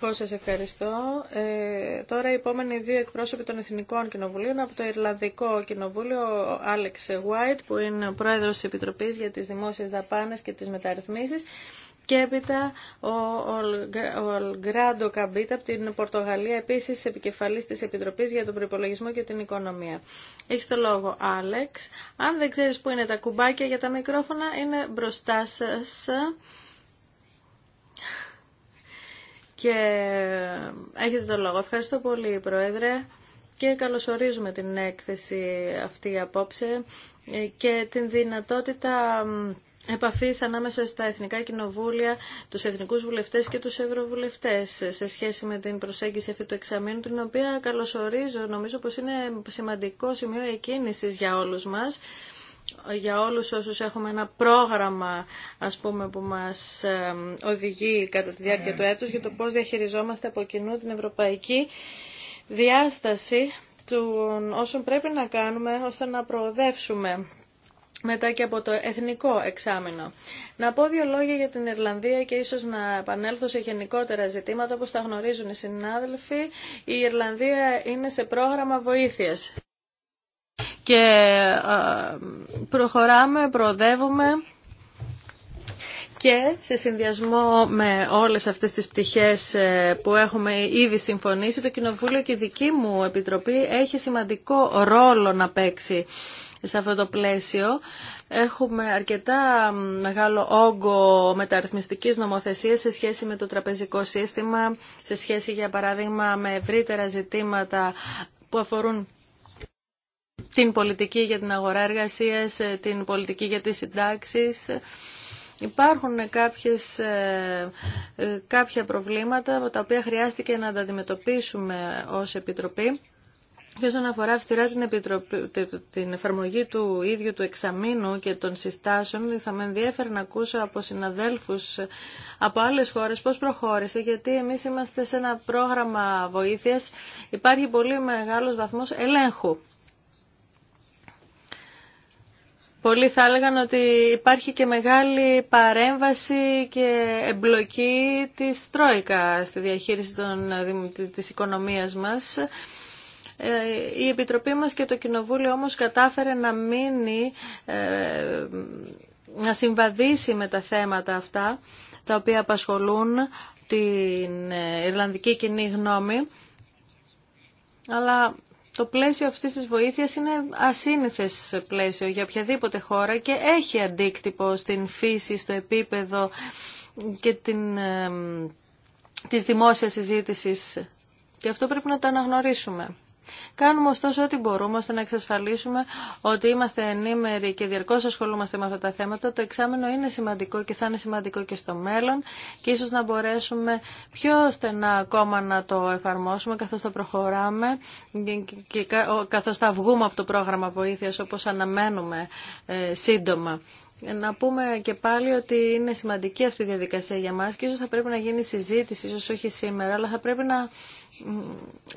Πώ λοιπόν, σας ευχαριστώ. Ε, τώρα οι επόμενοι δύο εκπρόσωποι των Εθνικών Κοινοβουλίων από το Ιρλανδικό Κοινοβούλιο, ο Άλεξ Γουάιτ, που είναι ο πρόεδρος της Επιτροπής για τις Δημόσιες Δαπάνες και τις Μεταρρυθμίσεις, και έπειτα ο, Ολγκράντο Καμπίτα από την Πορτογαλία, επίσης επικεφαλής της Επιτροπής για τον Προπολογισμό και την Οικονομία. Έχεις το λόγο, Άλεξ. Αν δεν ξέρεις που είναι τα κουμπάκια για τα μικρόφωνα, είναι μπροστά σα και ε, έχετε το λόγο. Ευχαριστώ πολύ, Πρόεδρε. Και καλωσορίζουμε την έκθεση αυτή απόψε ε, και την δυνατότητα επαφής ανάμεσα στα Εθνικά Κοινοβούλια, τους Εθνικούς Βουλευτές και τους Ευρωβουλευτές σε σχέση με την προσέγγιση αυτή του εξαμήνου, την οποία καλωσορίζω, νομίζω πως είναι σημαντικό σημείο εκκίνησης για όλους μας για όλους όσους έχουμε ένα πρόγραμμα ας πούμε, που μας ε, οδηγεί κατά τη διάρκεια του ναι. έτους για το πώς διαχειριζόμαστε από κοινού την ευρωπαϊκή διάσταση των όσων πρέπει να κάνουμε ώστε να προοδεύσουμε μετά και από το εθνικό εξάμεινο. Να πω δύο λόγια για την Ιρλανδία και ίσως να επανέλθω σε γενικότερα ζητήματα όπως τα γνωρίζουν οι συνάδελφοι. Η Ιρλανδία είναι σε πρόγραμμα βοήθειας και ε, προχωράμε, προοδεύουμε και σε συνδυασμό με όλες αυτές τις πτυχές ε, που έχουμε ήδη συμφωνήσει, το Κοινοβούλιο και η δική μου Επιτροπή έχει σημαντικό ρόλο να παίξει σε αυτό το πλαίσιο. Έχουμε αρκετά μεγάλο όγκο μεταρρυθμιστικής νομοθεσίας σε σχέση με το τραπεζικό σύστημα, σε σχέση για παράδειγμα με ευρύτερα ζητήματα που αφορούν την πολιτική για την αγορά εργασίας, ε, την πολιτική για τις συντάξεις. Υπάρχουν κάποιες, ε, ε, κάποια προβλήματα τα οποία χρειάστηκε να τα αντιμετωπίσουμε ως Επιτροπή και όσον αφορά αυστηρά την, επιτροπή, την εφαρμογή του ίδιου του εξαμήνου και των συστάσεων, θα με ενδιαφέρει να ακούσω από συναδέλφους από άλλες χώρες πώς προχώρησε, γιατί εμείς είμαστε σε ένα πρόγραμμα βοήθειας, υπάρχει πολύ μεγάλος βαθμός ελέγχου. Πολλοί θα έλεγαν ότι υπάρχει και μεγάλη παρέμβαση και εμπλοκή της Τρόικα στη διαχείριση των, της οικονομίας μας. Ε, η Επιτροπή μας και το Κοινοβούλιο όμως κατάφερε να μείνει, ε, να συμβαδίσει με τα θέματα αυτά τα οποία απασχολούν την ε, Ιρλανδική κοινή γνώμη αλλά το πλαίσιο αυτής της βοήθειας είναι ασύνηθες πλαίσιο για οποιαδήποτε χώρα και έχει αντίκτυπο στην φύση, στο επίπεδο και την, ε, της δημόσιας συζήτησης. Και αυτό πρέπει να το αναγνωρίσουμε. Κάνουμε ωστόσο ό,τι μπορούμε ώστε να εξασφαλίσουμε ότι είμαστε ενήμεροι και διαρκώ ασχολούμαστε με αυτά τα θέματα. Το εξάμενο είναι σημαντικό και θα είναι σημαντικό και στο μέλλον και ίσω να μπορέσουμε πιο στενά ακόμα να το εφαρμόσουμε καθώ θα προχωράμε και καθώ θα βγούμε από το πρόγραμμα βοήθεια όπω αναμένουμε ε, σύντομα. Να πούμε και πάλι ότι είναι σημαντική αυτή η διαδικασία για μας και ίσως θα πρέπει να γίνει συζήτηση, ίσως όχι σήμερα, αλλά θα πρέπει να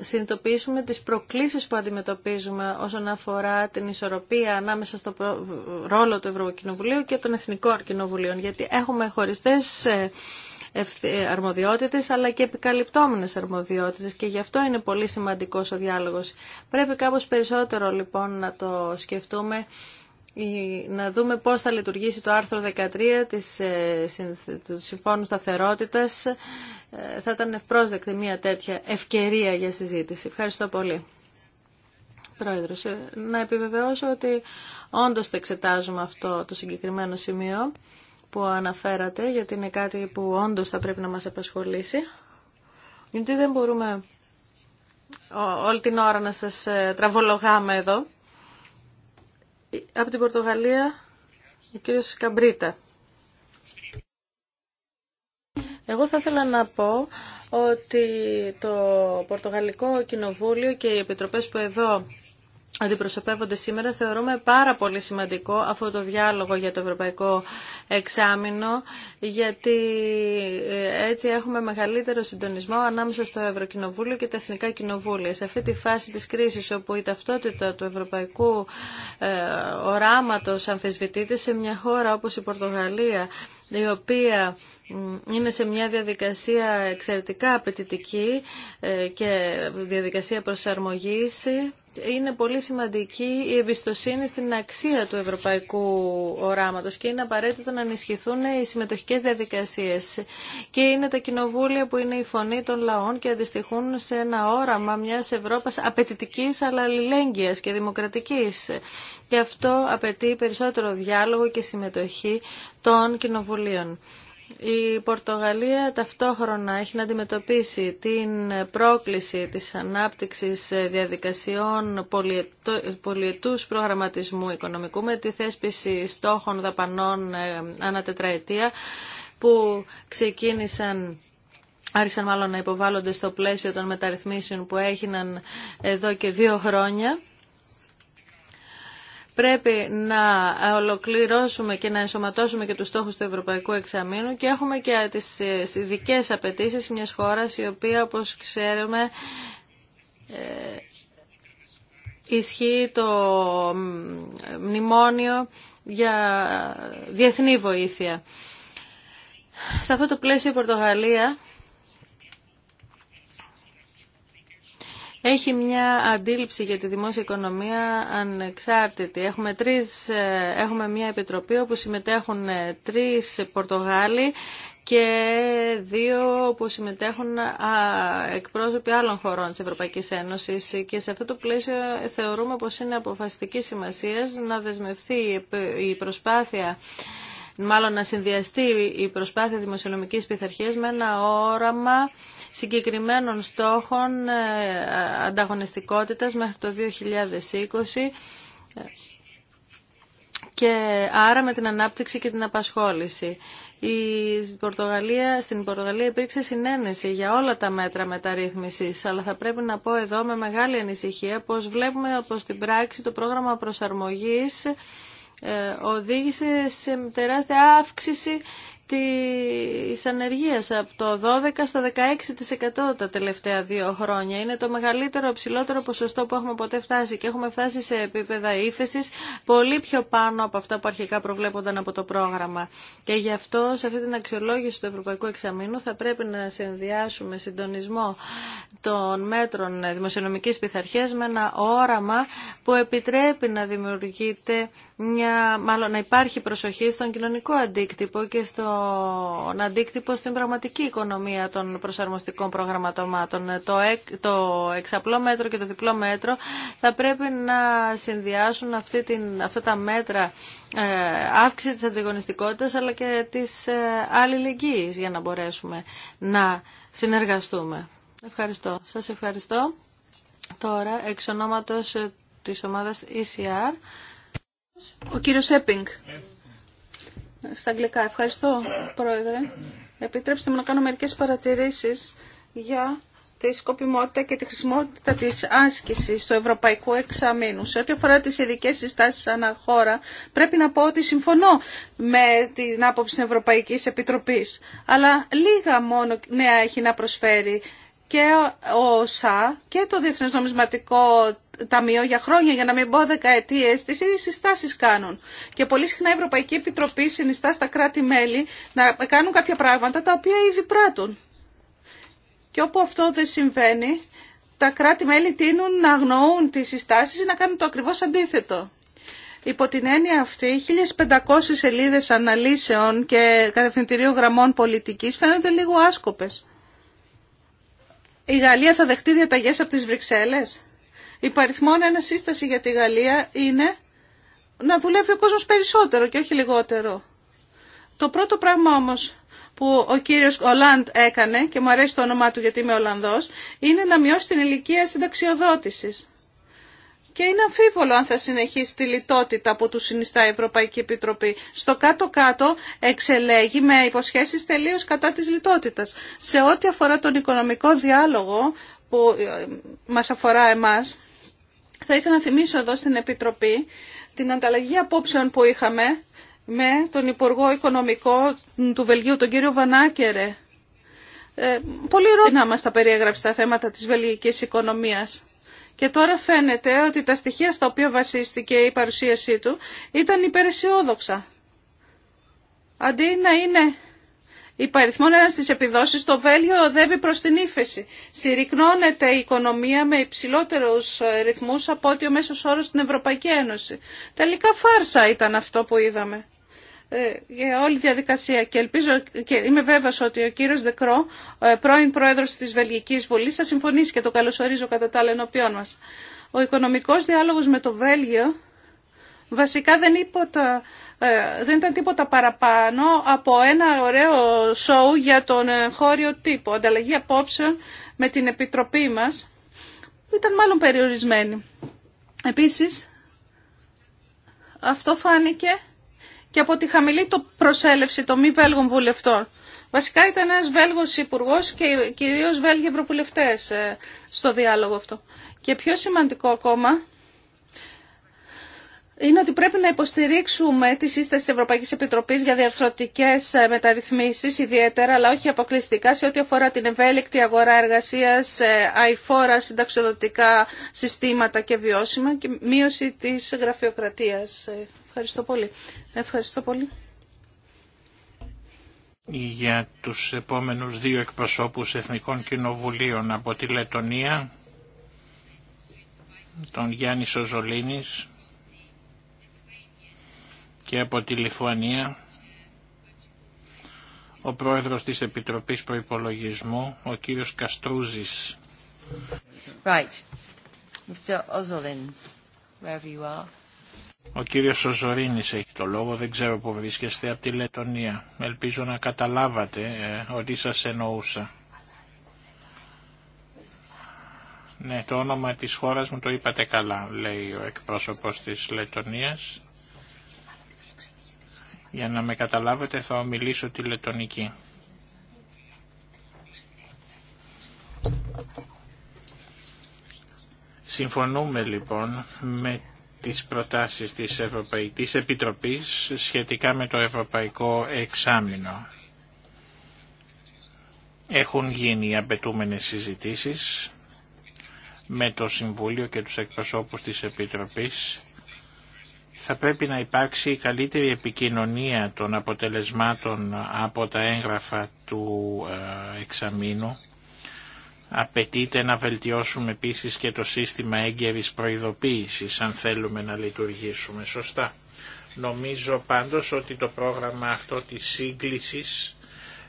συνειδητοποιήσουμε τις προκλήσεις που αντιμετωπίζουμε όσον αφορά την ισορροπία ανάμεσα στο ρόλο του Ευρωκοινοβουλίου και των Εθνικών Κοινοβουλίων, γιατί έχουμε χωριστές ε, ε, αρμοδιότητες αλλά και επικαλυπτόμενες αρμοδιότητες και γι' αυτό είναι πολύ σημαντικός ο διάλογος. Πρέπει κάπως περισσότερο λοιπόν να το σκεφτούμε να δούμε πώς θα λειτουργήσει το άρθρο 13 της, ε, του Συμφώνου Σταθερότητας. Ε, θα ήταν ευπρόσδεκτη μια τέτοια ευκαιρία για συζήτηση. Ευχαριστώ πολύ. Πρόεδρος, ε, να επιβεβαιώσω ότι όντως θα εξετάζουμε αυτό το συγκεκριμένο σημείο που αναφέρατε, γιατί είναι κάτι που όντως θα πρέπει να μας απασχολήσει. Γιατί δεν μπορούμε όλη την ώρα να σας τραβολογάμε εδώ. Από την Πορτογαλία, ο κύριος Καμπρίτα. Εγώ θα ήθελα να πω ότι το Πορτογαλικό Κοινοβούλιο και οι επιτροπές που εδώ αντιπροσωπεύονται σήμερα, θεωρούμε πάρα πολύ σημαντικό αυτό το διάλογο για το ευρωπαϊκό εξάμεινο, γιατί ε, έτσι έχουμε μεγαλύτερο συντονισμό ανάμεσα στο Ευρωκοινοβούλιο και τα Εθνικά Κοινοβούλια. Σε αυτή τη φάση της κρίσης, όπου η ταυτότητα του ευρωπαϊκού ε, οράματος αμφισβητείται σε μια χώρα όπως η Πορτογαλία, η οποία είναι σε μια διαδικασία εξαιρετικά απαιτητική ε, και διαδικασία προσαρμογής είναι πολύ σημαντική η εμπιστοσύνη στην αξία του ευρωπαϊκού οράματος και είναι απαραίτητο να ενισχυθούν οι συμμετοχικές διαδικασίες και είναι τα κοινοβούλια που είναι η φωνή των λαών και αντιστοιχούν σε ένα όραμα μιας Ευρώπας απαιτητικής αλλά αλληλέγγυας και δημοκρατικής και αυτό απαιτεί περισσότερο διάλογο και συμμετοχή των κοινοβουλίων. Η Πορτογαλία ταυτόχρονα έχει να αντιμετωπίσει την πρόκληση της ανάπτυξης διαδικασιών πολιετούς προγραμματισμού οικονομικού με τη θέσπιση στόχων δαπανών ε, τετραετία, που ξεκίνησαν άρχισαν μάλλον να υποβάλλονται στο πλαίσιο των μεταρρυθμίσεων που έγιναν εδώ και δύο χρόνια πρέπει να ολοκληρώσουμε και να ενσωματώσουμε και τους στόχους του Ευρωπαϊκού Εξαμήνου και έχουμε και τις ειδικέ απαιτήσει μιας χώρας η οποία όπως ξέρουμε ε, ισχύει το μνημόνιο για διεθνή βοήθεια. Σε αυτό το πλαίσιο η Πορτογαλία έχει μια αντίληψη για τη δημόσια οικονομία ανεξάρτητη. Έχουμε, τρεις, ε, έχουμε μια επιτροπή όπου συμμετέχουν ε, τρεις Πορτογάλοι και δύο που συμμετέχουν εκπρόσωποι άλλων χωρών της Ευρωπαϊκής Ένωσης και σε αυτό το πλαίσιο θεωρούμε πως είναι αποφασιστική σημασία να δεσμευτεί η προσπάθεια μάλλον να συνδυαστεί η προσπάθεια δημοσιονομικής πειθαρχίας με ένα όραμα συγκεκριμένων στόχων ε, ανταγωνιστικότητας μέχρι το 2020 και άρα με την ανάπτυξη και την απασχόληση. Η Πορτογαλία, στην Πορτογαλία υπήρξε συνένεση για όλα τα μέτρα μεταρρύθμισης, αλλά θα πρέπει να πω εδώ με μεγάλη ανησυχία πως βλέπουμε πως στην πράξη το πρόγραμμα προσαρμογής ε, οδήγησε σε τεράστια αύξηση της ανεργίας από το 12% στο 16% τα τελευταία δύο χρόνια. Είναι το μεγαλύτερο, ψηλότερο ποσοστό που έχουμε ποτέ φτάσει και έχουμε φτάσει σε επίπεδα ύφεσης πολύ πιο πάνω από αυτά που αρχικά προβλέπονταν από το πρόγραμμα. Και γι' αυτό σε αυτή την αξιολόγηση του Ευρωπαϊκού Εξαμήνου θα πρέπει να συνδυάσουμε συντονισμό των μέτρων δημοσιονομικής πειθαρχίας με ένα όραμα που επιτρέπει να δημιουργείται μια, μάλλον να υπάρχει προσοχή στον κοινωνικό αντίκτυπο και στο αντίκτυπο στην πραγματική οικονομία των προσαρμοστικών προγραμματωμάτων. Το, το εξαπλό μέτρο και το διπλό μέτρο θα πρέπει να συνδυάσουν αυτή την, αυτά τα μέτρα ε, αύξηση της αντιγωνιστικότητας αλλά και της ε, αλληλεγγύης για να μπορέσουμε να συνεργαστούμε. Ευχαριστώ. Σας ευχαριστώ. Τώρα, εξ ε, της ομάδας ECR, ο κύριος Έπινγκ στα αγγλικά. Ευχαριστώ, Πρόεδρε. Επιτρέψτε μου να κάνω μερικές παρατηρήσεις για τη σκοπιμότητα και τη χρησιμότητα της άσκησης του Ευρωπαϊκού Εξαμήνου. Σε ό,τι αφορά τις ειδικές συστάσεις ανά χώρα, πρέπει να πω ότι συμφωνώ με την άποψη της Ευρωπαϊκής Επιτροπής. Αλλά λίγα μόνο νέα έχει να προσφέρει και ο ΣΑ και το Διεθνές Νομισματικό ταμείο για χρόνια, για να μην πω δεκαετίε, τι ίδιε συστάσει κάνουν. Και πολύ συχνά η Ευρωπαϊκή Επιτροπή συνιστά στα κράτη-μέλη να κάνουν κάποια πράγματα τα οποία ήδη πράττουν. Και όπου αυτό δεν συμβαίνει, τα κράτη-μέλη τείνουν να αγνοούν τι συστάσει ή να κάνουν το ακριβώ αντίθετο. Ηπό την έννοια αυτή, 1.500 σελίδε αναλύσεων και κατευθυντήριο γραμμών πολιτική φαίνονται λίγο άσκοπε. Η να κανουν το ακριβω αντιθετο υπο την εννοια αυτη 1500 σελιδε αναλυσεων και κατευθυντηριου γραμμων πολιτικη φαινονται λιγο ασκοπε η γαλλια θα δεχτεί διαταγές από τις Βρυξέλλες υπαριθμών ένα σύσταση για τη Γαλλία είναι να δουλεύει ο κόσμος περισσότερο και όχι λιγότερο. Το πρώτο πράγμα όμως που ο κύριος Ολάντ έκανε και μου αρέσει το όνομά του γιατί είμαι Ολλανδός είναι να μειώσει την ηλικία συνταξιοδότησης. Και είναι αμφίβολο αν θα συνεχίσει τη λιτότητα που του συνιστά η Ευρωπαϊκή Επιτροπή. Στο κάτω-κάτω εξελέγει με υποσχέσεις τελείως κατά της λιτότητας. Σε ό,τι αφορά τον οικονομικό διάλογο που ε, μας αφορά εμάς, θα ήθελα να θυμίσω εδώ στην Επιτροπή την ανταλλαγή απόψεων που είχαμε με τον Υπουργό Οικονομικό του Βελγίου, τον κύριο Βανάκερε. Ε, πολύ ρόδινα μας τα περιέγραψε τα θέματα της βελγικής οικονομίας. Και τώρα φαίνεται ότι τα στοιχεία στα οποία βασίστηκε η παρουσίασή του ήταν υπεραισιόδοξα. Αντί να είναι Υπαριθμόν ένα στις επιδόσεις το Βέλγιο οδεύει προς την ύφεση. Συρρυκνώνεται η οικονομία με υψηλότερους ε, ρυθμούς από ότι ο μέσος όρος στην Ευρωπαϊκή Ένωση. Τελικά φάρσα ήταν αυτό που είδαμε ε, για όλη διαδικασία και ελπίζω και είμαι βέβαιος ότι ο κύριος Δεκρό, ε, πρώην πρόεδρος της Βελγικής Βουλής, θα συμφωνήσει και το καλωσορίζω κατά τα άλλα ενώπιόν μας. Ο οικονομικός διάλογος με το Βέλγιο βασικά δεν είπε ε, δεν ήταν τίποτα παραπάνω από ένα ωραίο σοου για τον χώριο τύπο. Ανταλλαγή απόψεων με την Επιτροπή μας ήταν μάλλον περιορισμένη. Επίσης, αυτό φάνηκε και από τη χαμηλή το προσέλευση των μη Βέλγων βουλευτών. Βασικά ήταν ένας Βέλγος υπουργό και κυρίως Βέλγοι ευρωβουλευτές ε, στο διάλογο αυτό. Και πιο σημαντικό ακόμα, είναι ότι πρέπει να υποστηρίξουμε τη σύσταση της Ευρωπαϊκής Επιτροπής για διαρθρωτικές ε, μεταρρυθμίσεις ιδιαίτερα, αλλά όχι αποκλειστικά σε ό,τι αφορά την ευέλικτη αγορά εργασίας, ε, αηφόρα, συνταξιοδοτικά συστήματα και βιώσιμα και μείωση της γραφειοκρατίας. Ε, ευχαριστώ πολύ. Ευχαριστώ πολύ. Για τους επόμενους δύο εκπροσώπους Εθνικών Κοινοβουλίων από τη Λετωνία, τον Γιάννη Σοζολίνης, και από τη Λιθουανία ο πρόεδρος της Επιτροπής Προϋπολογισμού, ο κύριος Καστρούζης. Right. Mr. wherever you are. Ο κύριος Οζορίνης έχει το λόγο, δεν ξέρω που βρίσκεστε, από τη Λετωνία. Ελπίζω να καταλάβατε ε, ότι σας εννοούσα. Ναι, το όνομα της χώρας μου το είπατε καλά, λέει ο εκπρόσωπος της Λετωνίας. Για να με καταλάβετε θα ομιλήσω τη λετονική. Συμφωνούμε λοιπόν με τις προτάσεις της Ευρωπαϊκής Επιτροπής σχετικά με το Ευρωπαϊκό Εξάμεινο. Έχουν γίνει οι απαιτούμενες συζητήσεις με το Συμβούλιο και τους εκπροσώπους της Επιτροπής θα πρέπει να υπάρξει καλύτερη επικοινωνία των αποτελεσμάτων από τα έγγραφα του ε, εξαμήνου. Απαιτείται να βελτιώσουμε επίσης και το σύστημα έγκαιρης προειδοποίησης αν θέλουμε να λειτουργήσουμε σωστά. Νομίζω πάντως ότι το πρόγραμμα αυτό της σύγκλησης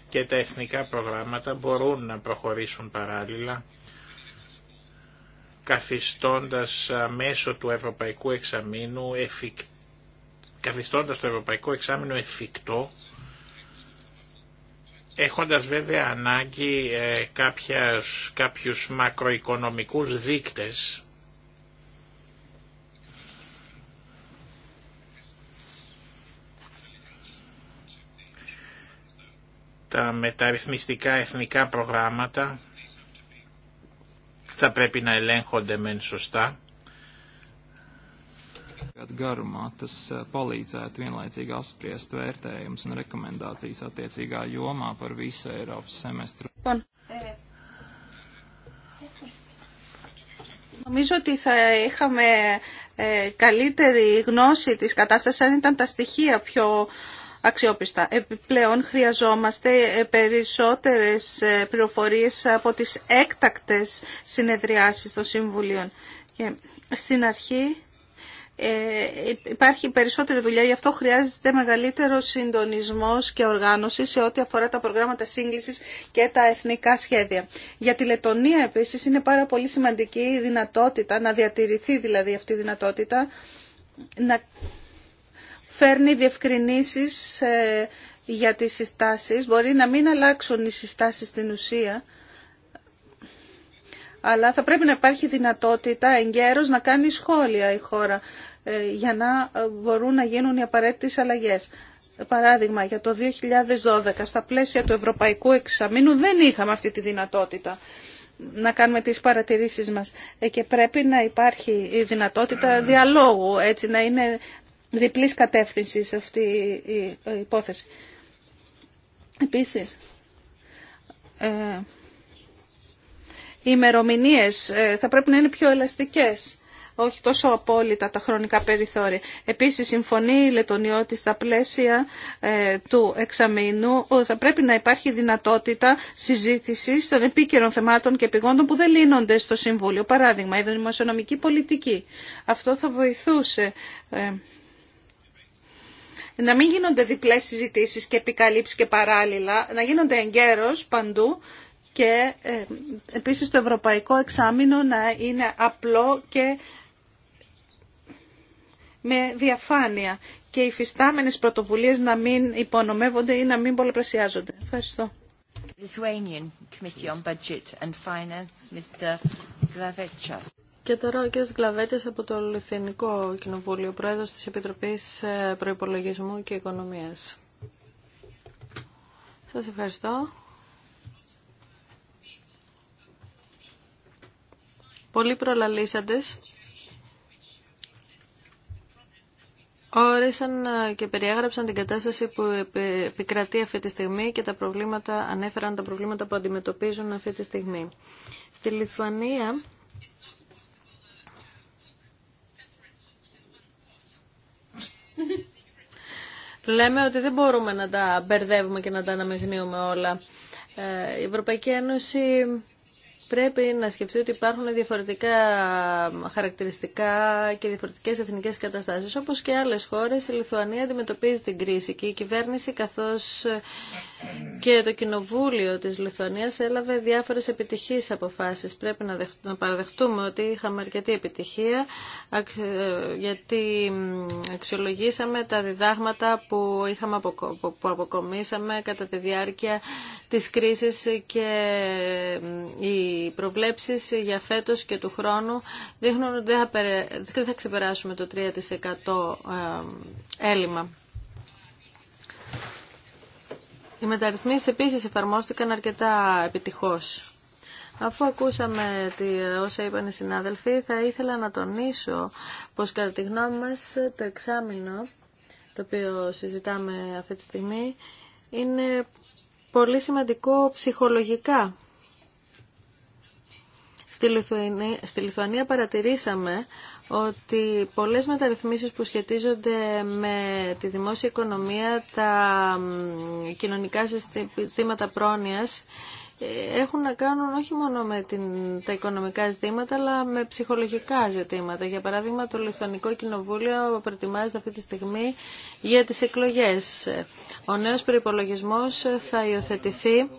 και τα εθνικά προγράμματα μπορούν να προχωρήσουν παράλληλα καθιστώντας μέσω του Ευρωπαϊκού Εξαμήνου εφικ... καθιστώντας το Ευρωπαϊκό Εξάμεινο εφικτό έχοντας βέβαια ανάγκη ε, κάποιας, κάποιους μακροοικονομικούς δείκτες τα μεταρρυθμιστικά εθνικά προγράμματα θα πρέπει να ελέγχονται μεν σωστά. Ε, νομίζω ότι θα είχαμε ε, καλύτερη γνώση της κατάστασης αν ήταν τα στοιχεία πιο αξιόπιστα. Επιπλέον χρειαζόμαστε ε, περισσότερες ε, πληροφορίες από τις έκτακτες συνεδριάσεις των Συμβουλίων. Και στην αρχή ε, υπάρχει περισσότερη δουλειά, γι' αυτό χρειάζεται μεγαλύτερο συντονισμός και οργάνωση σε ό,τι αφορά τα προγράμματα σύγκλησης και τα εθνικά σχέδια. Για τη Λετωνία επίσης είναι πάρα πολύ σημαντική η δυνατότητα, να διατηρηθεί δηλαδή αυτή η δυνατότητα, να φέρνει διευκρινήσεις ε, για τις συστάσεις. Μπορεί να μην αλλάξουν οι συστάσεις στην ουσία, αλλά θα πρέπει να υπάρχει δυνατότητα εγκαίρως να κάνει σχόλια η χώρα ε, για να ε, μπορούν να γίνουν οι απαραίτητες αλλαγές. Παράδειγμα, για το 2012, στα πλαίσια του Ευρωπαϊκού Εξαμήνου δεν είχαμε αυτή τη δυνατότητα να κάνουμε τις παρατηρήσεις μας και πρέπει να υπάρχει η δυνατότητα διαλόγου, έτσι να είναι διπλής κατεύθυνσης αυτή η υπόθεση. Επίσης, ε, οι ημερομηνίε ε, θα πρέπει να είναι πιο ελαστικές, όχι τόσο απόλυτα τα χρονικά περιθώρια. Επίσης, συμφωνεί η Λετωνιώτη στα πλαίσια ε, του εξαμήνου θα πρέπει να υπάρχει δυνατότητα συζήτησης των επίκαιρων θεμάτων και επιγόντων που δεν λύνονται στο Συμβούλιο. Παράδειγμα, η δημοσιονομική πολιτική. Αυτό θα βοηθούσε να μην γίνονται διπλές συζητήσεις και επικαλύψεις και παράλληλα, να γίνονται εγκαίρως παντού και ε, επίσης το ευρωπαϊκό εξάμεινο να είναι απλό και με διαφάνεια και οι φυστάμενες πρωτοβουλίες να μην υπονομεύονται ή να μην πολλαπλασιάζονται. Ευχαριστώ. Lithuanian Committee on Budget and Finance, Mr. Και τώρα ο κ. Γκλαβέτη από το Λιθενικό Κοινοβούλιο, πρόεδρο τη Επιτροπή ε, Προπολογισμού και Οικονομία. Σα ευχαριστώ. Πολύ προλαλήσαντες όρισαν ε, και περιέγραψαν την κατάσταση που επικρατεί αυτή τη στιγμή και τα προβλήματα, ανέφεραν τα προβλήματα που αντιμετωπίζουν αυτή τη στιγμή. Στη Λιθουανία λέμε ότι δεν μπορούμε να τα μπερδεύουμε και να τα αναμειγνύουμε όλα. Ε, η Ευρωπαϊκή Ένωση πρέπει να σκεφτεί ότι υπάρχουν διαφορετικά χαρακτηριστικά και διαφορετικές εθνικές καταστάσεις. Όπως και άλλες χώρες, η Λιθουανία αντιμετωπίζει την κρίση και η κυβέρνηση καθώς και το Κοινοβούλιο της Λιθουανίας έλαβε διάφορες επιτυχείς αποφάσεις. Πρέπει να, παραδεχτούμε ότι είχαμε αρκετή επιτυχία ε, γιατί αξιολογήσαμε τα διδάγματα που, είχαμε αποκομίσαμε κατά τη διάρκεια της κρίσης και οι προβλέψεις για φέτος και του χρόνου δείχνουν ότι δεν θα ξεπεράσουμε το 3% ε, έλλειμμα. Οι μεταρρυθμίσεις επίσης εφαρμόστηκαν αρκετά επιτυχώς. Αφού ακούσαμε τι, όσα είπαν οι συνάδελφοι, θα ήθελα να τονίσω πως κατά τη γνώμη μας το εξάμεινο, το οποίο συζητάμε αυτή τη στιγμή, είναι πολύ σημαντικό ψυχολογικά. Στη Λιθουανία, στη Λιθουανία παρατηρήσαμε ότι πολλές μεταρρυθμίσεις που σχετίζονται με τη δημόσια οικονομία, τα κοινωνικά συστήματα πρόνοιας, ε, έχουν να κάνουν όχι μόνο με την, τα οικονομικά ζητήματα, αλλά με ψυχολογικά ζητήματα. Για παράδειγμα, το Λιθωνικό Κοινοβούλιο προετοιμάζεται αυτή τη στιγμή για τις εκλογές. Ο νέος προϋπολογισμός θα υιοθετηθεί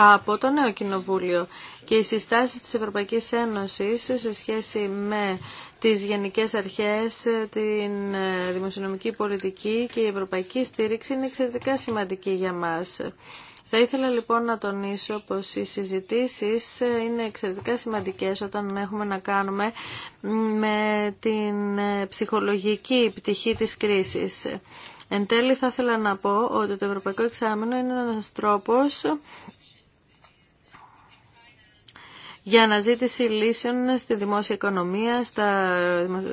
από το νέο κοινοβούλιο και οι συστάσεις της Ευρωπαϊκής Ένωσης σε σχέση με τις γενικές αρχές, την ε, δημοσιονομική πολιτική και η ευρωπαϊκή στήριξη είναι εξαιρετικά σημαντική για μας. Θα ήθελα λοιπόν να τονίσω πως οι συζητήσεις ε, είναι εξαιρετικά σημαντικές όταν έχουμε να κάνουμε με την ε, ψυχολογική πτυχή της κρίσης. Εν τέλει θα ήθελα να πω ότι το Ευρωπαϊκό Εξάμενο είναι ένας τρόπος για αναζήτηση λύσεων στη δημόσια οικονομία, στα,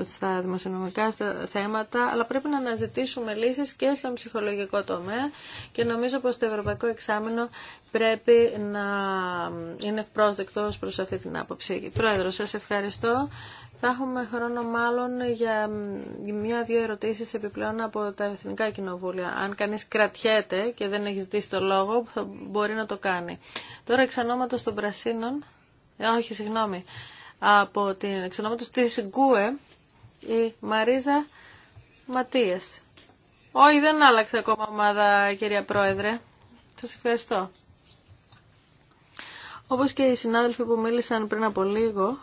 στα δημοσιονομικά στα θέματα, αλλά πρέπει να αναζητήσουμε λύσεις και στον ψυχολογικό τομέα και νομίζω πως το Ευρωπαϊκό Εξάμεινο πρέπει να είναι πρόσδεκτος προς αυτή την άποψη. Πρόεδρο, σας ευχαριστώ. Θα έχουμε χρόνο μάλλον για μία-δύο ερωτήσεις επιπλέον από τα Εθνικά Κοινοβούλια. Αν κανείς κρατιέται και δεν έχει ζητήσει το λόγο, μπορεί να το κάνει. Τώρα εξ των Πρασίνων, ε, όχι συγγνώμη, από την εξονόματος της Γκουε, η Μαρίζα Ματίας. Όχι, δεν άλλαξε ακόμα ομάδα, κυρία Πρόεδρε. Σας ευχαριστώ. Όπως και οι συνάδελφοι που μίλησαν πριν από λίγο,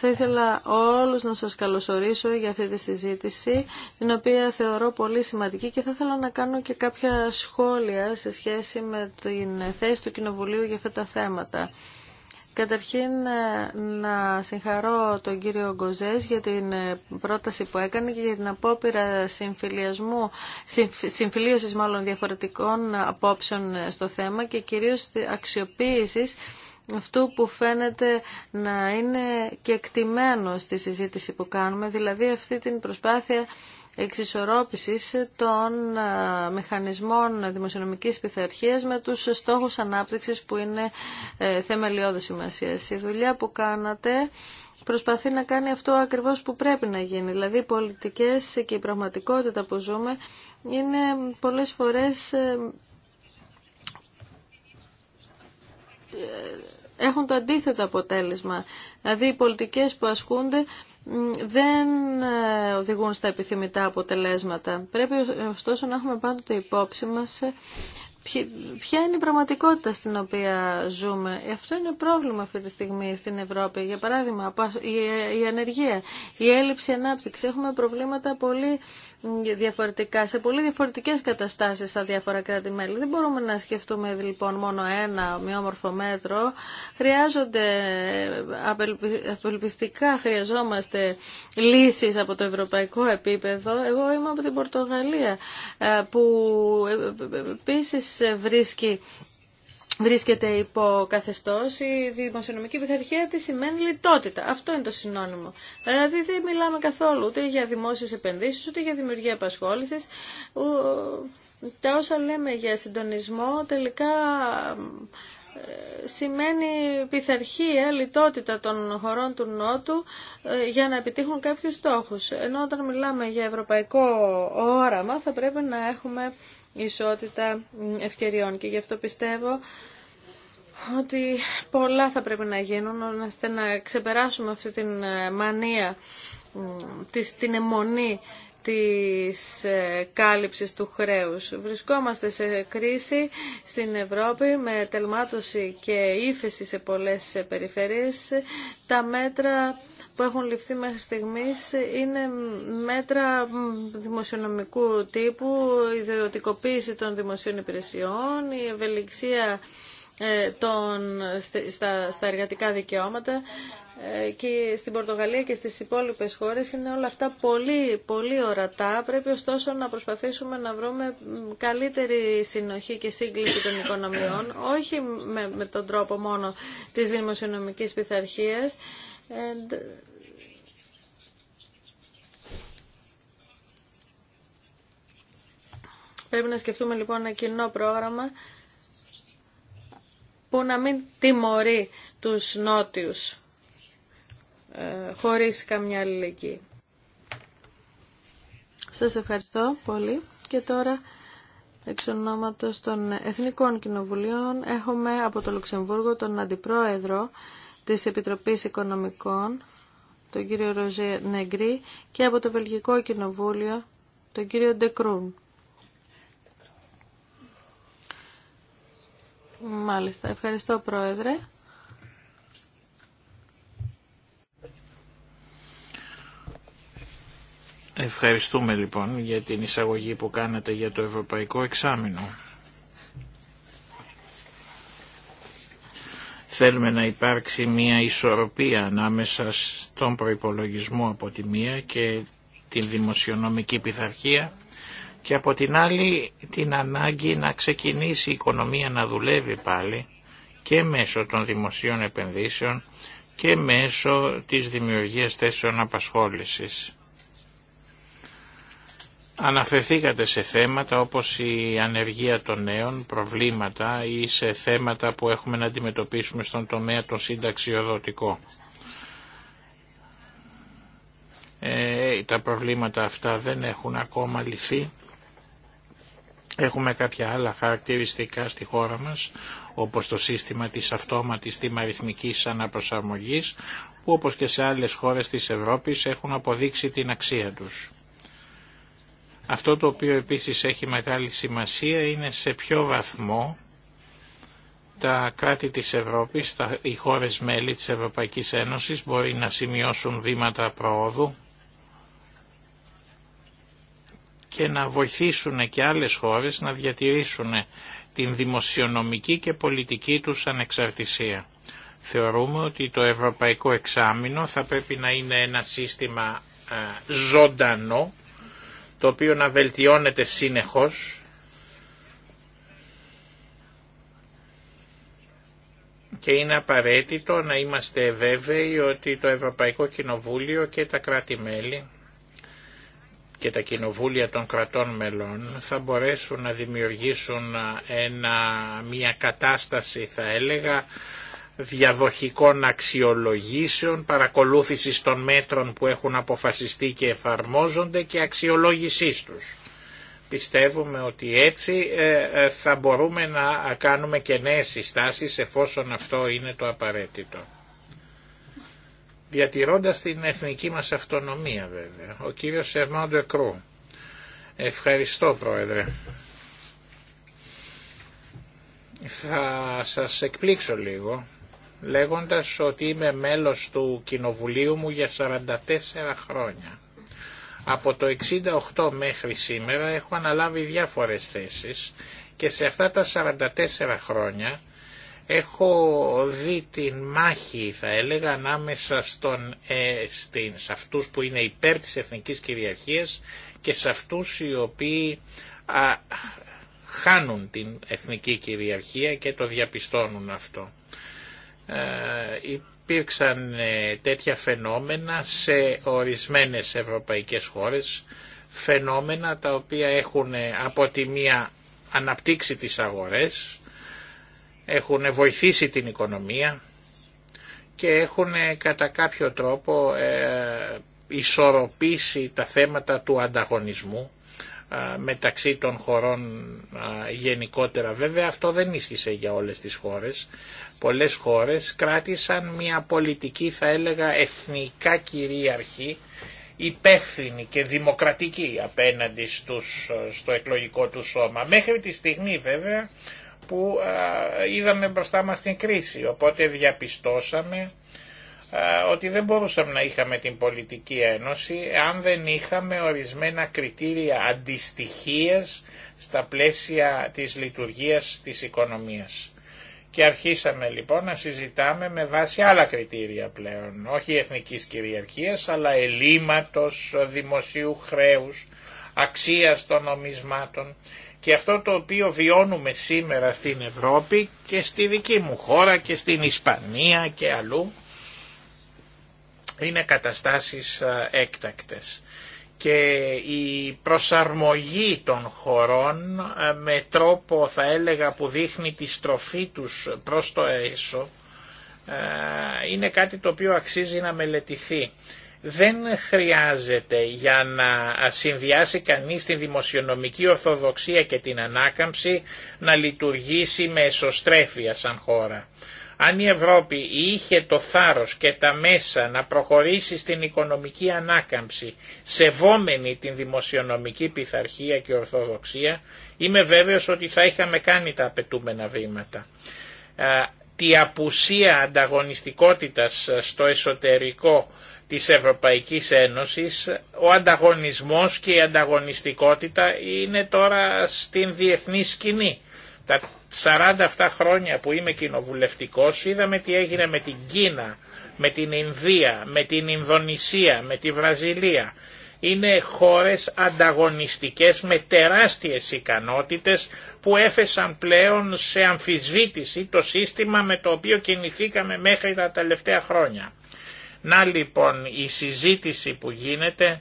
Θα ήθελα όλους να σας καλωσορίσω για αυτή τη συζήτηση, την οποία θεωρώ πολύ σημαντική και θα ήθελα να κάνω και κάποια σχόλια σε σχέση με την θέση του Κοινοβουλίου για αυτά τα θέματα. Καταρχήν να συγχαρώ τον κύριο Γκοζές για την πρόταση που έκανε και για την απόπειρα συμφιλιασμού, συμφιλίωσης μάλλον διαφορετικών απόψεων στο θέμα και κυρίως αξιοποίησης αυτού που φαίνεται να είναι και εκτιμένο στη συζήτηση που κάνουμε, δηλαδή αυτή την προσπάθεια εξισορρόπησης των μηχανισμών δημοσιονομικής πειθαρχίας με τους στόχους ανάπτυξης που είναι ε, θεμελιώδης σημασία. Η δουλειά που κάνατε προσπαθεί να κάνει αυτό ακριβώς που πρέπει να γίνει. Δηλαδή οι πολιτικές και η πραγματικότητα που ζούμε είναι πολλές φορές ε, ε, έχουν το αντίθετο αποτέλεσμα. Δηλαδή οι πολιτικές που ασκούνται δεν ε, οδηγούν στα επιθυμητά αποτελέσματα. Πρέπει ε, ωστόσο να έχουμε πάντοτε υπόψη μας ε, Ποια είναι η πραγματικότητα στην οποία ζούμε. Αυτό είναι πρόβλημα αυτή τη στιγμή στην Ευρώπη. Για παράδειγμα, η ανεργία, η έλλειψη ανάπτυξη. Έχουμε προβλήματα πολύ διαφορετικά, σε πολύ διαφορετικέ καταστάσει στα διάφορα κράτη-μέλη. Δεν μπορούμε να σκεφτούμε λοιπόν μόνο ένα ομοιόμορφο μέτρο. Χρειάζονται απελπιστικά, χρειαζόμαστε λύσει από το ευρωπαϊκό επίπεδο. Εγώ είμαι από την Πορτογαλία ε, που ε, ε, επίση βρίσκεται υπό καθεστώ η δημοσιονομική πειθαρχία τη σημαίνει λιτότητα. Αυτό είναι το συνώνυμο. Δηλαδή δεν μιλάμε καθόλου ούτε για δημόσιες επενδύσεις, ούτε για δημιουργία απασχόληση. Τα όσα λέμε για συντονισμό τελικά ε, σημαίνει πειθαρχία, λιτότητα των χωρών του Νότου ε, για να επιτύχουν κάποιους στόχους. Ενώ όταν μιλάμε για ευρωπαϊκό όραμα θα πρέπει να έχουμε ισότητα ευκαιριών. Και γι' αυτό πιστεύω ότι πολλά θα πρέπει να γίνουν ώστε να ξεπεράσουμε αυτή την ε, μανία, την αιμονή της ε, κάλυψης του χρέους. Βρισκόμαστε σε κρίση στην Ευρώπη με τελμάτωση και ύφεση σε πολλές ε, περιφέρειες. Τα μέτρα που έχουν ληφθεί μέχρι στιγμής είναι μέτρα δημοσιονομικού τύπου, ιδιωτικοποίηση των δημοσίων υπηρεσιών, η ευελιξία ε, των, στα, στα εργατικά δικαιώματα ε, και στην Πορτογαλία και στις υπόλοιπες χώρες είναι όλα αυτά πολύ, πολύ ορατά. Πρέπει ωστόσο να προσπαθήσουμε να βρούμε καλύτερη συνοχή και σύγκληση των οικονομιών, όχι με, τον τρόπο μόνο της δημοσιονομικής πειθαρχίας. Πρέπει να σκεφτούμε λοιπόν ένα κοινό πρόγραμμα που να μην τιμωρεί τους νότιους. Ε, χωρίς καμιά αλληλεγγύη. Σας ευχαριστώ πολύ και τώρα εξ ονόματος των Εθνικών Κοινοβουλίων έχουμε από το Λουξεμβούργο τον Αντιπρόεδρο της Επιτροπής Οικονομικών, τον κύριο Ροζέ Νεγκρή και από το Βελγικό Κοινοβούλιο, τον κύριο Ντεκρούν. Μάλιστα, ευχαριστώ Πρόεδρε. Ευχαριστούμε λοιπόν για την εισαγωγή που κάνατε για το Ευρωπαϊκό Εξάμεινο. Θέλουμε να υπάρξει μια ισορροπία ανάμεσα στον προϋπολογισμό από τη μία και την δημοσιονομική πειθαρχία και από την άλλη την ανάγκη να ξεκινήσει η οικονομία να δουλεύει πάλι και μέσω των δημοσίων επενδύσεων και μέσω της δημιουργίας θέσεων απασχόλησης. Αναφερθήκατε σε θέματα όπως η ανεργία των νέων, προβλήματα ή σε θέματα που έχουμε να αντιμετωπίσουμε στον τομέα των συνταξιοδοτικών. Ε, τα προβλήματα αυτά δεν έχουν ακόμα λυθεί. Έχουμε κάποια άλλα χαρακτηριστικά στη χώρα μας, όπως το σύστημα της αυτόματης τιμαριθμικής αναπροσαρμογής, που όπως και σε άλλες χώρες της Ευρώπης έχουν αποδείξει την αξία τους. Αυτό το οποίο επίσης έχει μεγάλη σημασία είναι σε ποιο βαθμό τα κράτη της Ευρώπης, τα, οι χώρες μέλη της Ευρωπαϊκής Ένωσης μπορεί να σημειώσουν βήματα προόδου και να βοηθήσουν και άλλες χώρες να διατηρήσουν την δημοσιονομική και πολιτική τους ανεξαρτησία. Θεωρούμε ότι το ευρωπαϊκό εξάμεινο θα πρέπει να είναι ένα σύστημα ε, ζωντανό το οποίο να βελτιώνεται συνεχώς και είναι απαραίτητο να είμαστε βέβαιοι ότι το Ευρωπαϊκό Κοινοβούλιο και τα κράτη-μέλη και τα κοινοβούλια των κρατών μελών θα μπορέσουν να δημιουργήσουν ένα, μια κατάσταση θα έλεγα διαδοχικών αξιολογήσεων, παρακολούθησης των μέτρων που έχουν αποφασιστεί και εφαρμόζονται και αξιολόγησής τους. Πιστεύουμε ότι έτσι ε, ε, θα μπορούμε να κάνουμε και νέες συστάσεις εφόσον αυτό είναι το απαραίτητο. Διατηρώντας την εθνική μας αυτονομία βέβαια. Ο κύριος Σερμάντο Κρού. Ευχαριστώ Πρόεδρε. Θα σας εκπλήξω λίγο λέγοντας ότι είμαι μέλος του κοινοβουλίου μου για 44 χρόνια. Από το 68 μέχρι σήμερα έχω αναλάβει διάφορες θέσεις και σε αυτά τα 44 χρόνια έχω δει την μάχη θα έλεγα ανάμεσα στον, ε, σε αυτούς που είναι υπέρ της εθνικής κυριαρχίας και σε αυτούς οι οποίοι α, χάνουν την εθνική κυριαρχία και το διαπιστώνουν αυτό. Ε, υπήρξαν ε, τέτοια φαινόμενα σε ορισμένες ευρωπαϊκές χώρες, φαινόμενα τα οποία έχουν ε, από τη μία αναπτύξει τις αγορές, έχουν βοηθήσει την οικονομία και έχουν κατά κάποιο τρόπο ισορροπήσει τα θέματα του ανταγωνισμού μεταξύ των χωρών γενικότερα. Βέβαια αυτό δεν ίσχυσε για όλες τις χώρες. Πολλές χώρες κράτησαν μια πολιτική θα έλεγα εθνικά κυρίαρχη υπεύθυνη και δημοκρατική απέναντι στους, στο εκλογικό του σώμα. Μέχρι τη στιγμή βέβαια που είδαμε μπροστά μας την κρίση, οπότε διαπιστώσαμε ότι δεν μπορούσαμε να είχαμε την πολιτική ένωση αν δεν είχαμε ορισμένα κριτήρια αντιστοιχίας στα πλαίσια της λειτουργίας της οικονομίας. Και αρχίσαμε λοιπόν να συζητάμε με βάση άλλα κριτήρια πλέον, όχι εθνικής κυριαρχίας, αλλά ελίματος δημοσίου χρέους, αξίας των νομισμάτων. Και αυτό το οποίο βιώνουμε σήμερα στην Ευρώπη και στη δική μου χώρα και στην Ισπανία και αλλού, είναι καταστάσεις ε, έκτακτες και η προσαρμογή των χωρών ε, με τρόπο θα έλεγα που δείχνει τη στροφή τους προς το έσω ε, είναι κάτι το οποίο αξίζει να μελετηθεί. Δεν χρειάζεται για να συνδυάσει κανείς την δημοσιονομική ορθοδοξία και την ανάκαμψη να λειτουργήσει με εσωστρέφεια σαν χώρα. Αν η Ευρώπη είχε το θάρρος και τα μέσα να προχωρήσει στην οικονομική ανάκαμψη, σεβόμενη την δημοσιονομική πειθαρχία και ορθοδοξία, είμαι βέβαιος ότι θα είχαμε κάνει τα απαιτούμενα βήματα. Τη απουσία ανταγωνιστικότητας στο εσωτερικό της Ευρωπαϊκής Ένωσης, ο ανταγωνισμός και η ανταγωνιστικότητα είναι τώρα στην διεθνή σκηνή τα 47 χρόνια που είμαι κοινοβουλευτικός είδαμε τι έγινε με την Κίνα, με την Ινδία, με την Ινδονησία, με τη Βραζιλία. Είναι χώρες ανταγωνιστικές με τεράστιες ικανότητες που έφεσαν πλέον σε αμφισβήτηση το σύστημα με το οποίο κινηθήκαμε μέχρι τα τελευταία χρόνια. Να λοιπόν η συζήτηση που γίνεται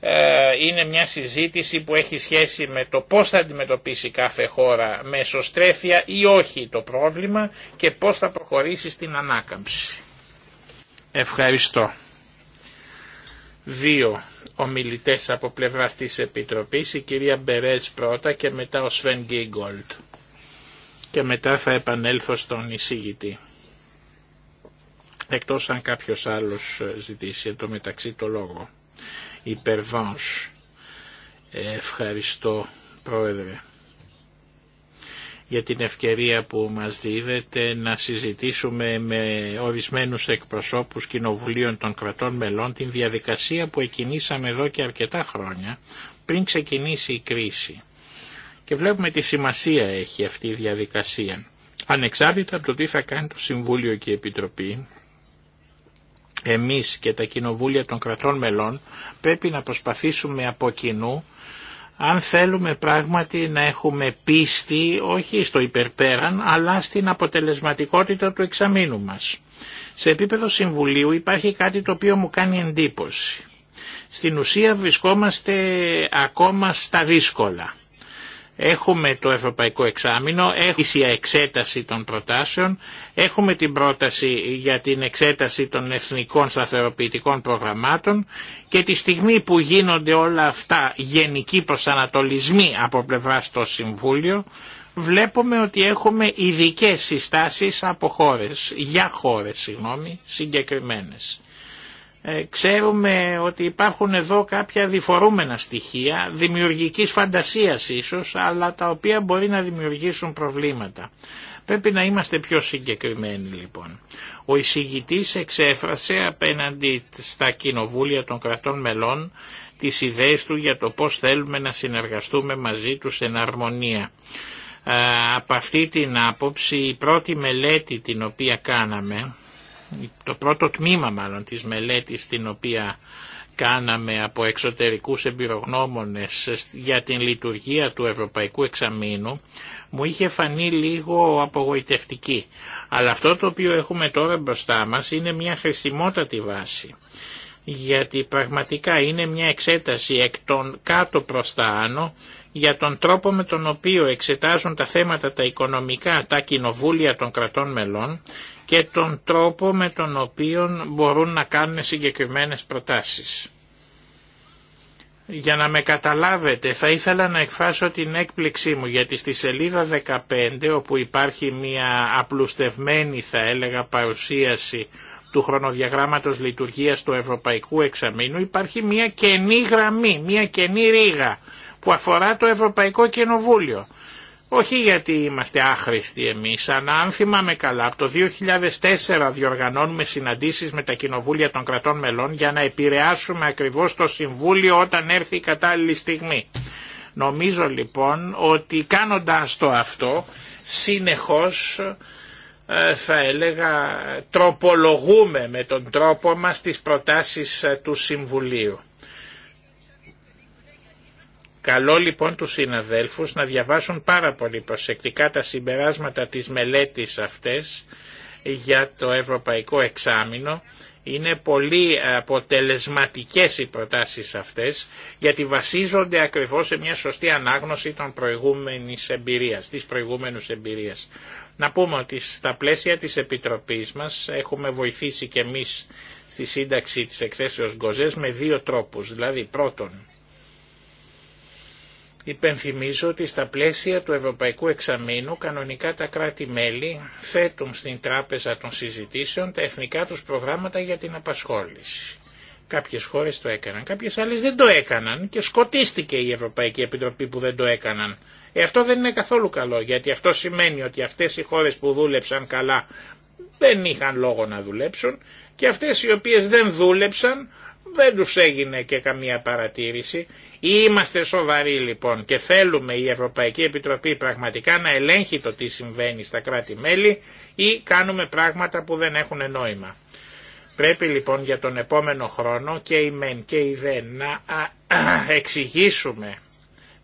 ε, είναι μια συζήτηση που έχει σχέση με το πώς θα αντιμετωπίσει κάθε χώρα με εσωστρέφεια ή όχι το πρόβλημα και πώς θα προχωρήσει στην ανάκαμψη. Ευχαριστώ. Δύο ομιλητές από πλευράς της Επιτροπής, η κυρία Μπερές πρώτα και πως θα προχωρησει στην ανακαμψη ευχαριστω δυο ομιλητες απο πλευρα της επιτροπης η κυρια μπερετς πρωτα και μετα ο Σφεν Γκίγκολτ. Και μετά θα επανέλθω στον εισήγητη. Εκτός αν κάποιος άλλος ζητήσει το μεταξύ το λόγο υπερβάνς. Ε, ευχαριστώ Πρόεδρε για την ευκαιρία που μας δίδεται να συζητήσουμε με ορισμένους εκπροσώπους κοινοβουλίων των κρατών μελών την διαδικασία που εκινήσαμε εδώ και αρκετά χρόνια πριν ξεκινήσει η κρίση. Και βλέπουμε τι σημασία έχει αυτή η διαδικασία. Ανεξάρτητα από το τι θα κάνει το Συμβούλιο και η Επιτροπή, εμείς και τα κοινοβούλια των κρατών μελών πρέπει να προσπαθήσουμε από κοινού αν θέλουμε πράγματι να έχουμε πίστη όχι στο υπερπέραν αλλά στην αποτελεσματικότητα του εξαμήνου μας. Σε επίπεδο Συμβουλίου υπάρχει κάτι το οποίο μου κάνει εντύπωση. Στην ουσία βρισκόμαστε ακόμα στα δύσκολα. Έχουμε το Ευρωπαϊκό Εξάμεινο, έχουμε εξέταση των προτάσεων, έχουμε την πρόταση για την εξέταση των εθνικών σταθεροποιητικών προγραμμάτων και τη στιγμή που γίνονται όλα αυτά γενικοί προσανατολισμοί από πλευρά στο Συμβούλιο, βλέπουμε ότι έχουμε ειδικέ συστάσεις από χώρες, για χώρες συγγνώμη, συγκεκριμένες. Ε, ξέρουμε ότι υπάρχουν εδώ κάποια διφορούμενα στοιχεία, δημιουργικής φαντασίας ίσως, αλλά τα οποία μπορεί να δημιουργήσουν προβλήματα. Πρέπει να είμαστε πιο συγκεκριμένοι λοιπόν. Ο εισηγητής εξέφρασε απέναντι στα κοινοβούλια των κρατών μελών τις ιδέες του για το πώς θέλουμε να συνεργαστούμε μαζί τους εν αρμονία. Ε, Από αυτή την άποψη η πρώτη μελέτη την οποία κάναμε το πρώτο τμήμα μάλλον της μελέτης την οποία κάναμε από εξωτερικούς εμπειρογνώμονες για την λειτουργία του Ευρωπαϊκού Εξαμήνου μου είχε φανεί λίγο απογοητευτική. Αλλά αυτό το οποίο έχουμε τώρα μπροστά μας είναι μια χρησιμότατη βάση. Γιατί πραγματικά είναι μια εξέταση εκ των κάτω προς τα άνω για τον τρόπο με τον οποίο εξετάζουν τα θέματα τα οικονομικά τα κοινοβούλια των κρατών μελών και τον τρόπο με τον οποίο μπορούν να κάνουν συγκεκριμένες προτάσεις. Για να με καταλάβετε θα ήθελα να εκφράσω την έκπληξή μου γιατί στη σελίδα 15 όπου υπάρχει μια απλουστευμένη θα έλεγα παρουσίαση του χρονοδιαγράμματος λειτουργίας του Ευρωπαϊκού Εξαμήνου υπάρχει μια κενή γραμμή, μια κενή ρήγα που αφορά το Ευρωπαϊκό Κοινοβούλιο. Όχι γιατί είμαστε άχρηστοι εμείς, αλλά αν θυμάμαι καλά, από το 2004 διοργανώνουμε συναντήσεις με τα κοινοβούλια των κρατών μελών για να επηρεάσουμε ακριβώς το Συμβούλιο όταν έρθει η κατάλληλη στιγμή. Νομίζω λοιπόν ότι κάνοντας το αυτό, συνεχώς ε, θα έλεγα τροπολογούμε με τον τρόπο μας τις προτάσεις ε, του Συμβουλίου. Καλό λοιπόν τους συναδέλφους να διαβάσουν πάρα πολύ προσεκτικά τα συμπεράσματα της μελέτης αυτές για το Ευρωπαϊκό Εξάμεινο. Είναι πολύ αποτελεσματικές οι προτάσεις αυτές γιατί βασίζονται ακριβώς σε μια σωστή ανάγνωση των προηγούμενης εμπειρίας, της προηγούμενης εμπειρίας. Να πούμε ότι στα πλαίσια της Επιτροπής μας έχουμε βοηθήσει και εμείς στη σύνταξη της εκθέσεως Γκοζές με δύο τρόπους. Δηλαδή πρώτον, Υπενθυμίζω ότι στα πλαίσια του Ευρωπαϊκού Εξαμήνου κανονικά τα κράτη-μέλη θέτουν στην τράπεζα των συζητήσεων τα εθνικά τους προγράμματα για την απασχόληση. Κάποιες χώρες το έκαναν, κάποιες άλλες δεν το έκαναν και σκοτίστηκε η Ευρωπαϊκή Επιτροπή που δεν το έκαναν. Ε, αυτό δεν είναι καθόλου καλό γιατί αυτό σημαίνει ότι αυτές οι χώρες που δούλεψαν καλά δεν είχαν λόγο να δουλέψουν και αυτές οι οποίες δεν δούλεψαν δεν τους έγινε και καμία παρατήρηση. Είμαστε σοβαροί λοιπόν και θέλουμε η Ευρωπαϊκή Επιτροπή πραγματικά να ελέγχει το τι συμβαίνει στα κράτη-μέλη ή κάνουμε πράγματα που δεν έχουν νόημα. Πρέπει λοιπόν για τον επόμενο χρόνο και η μεν και η δεν να εξηγήσουμε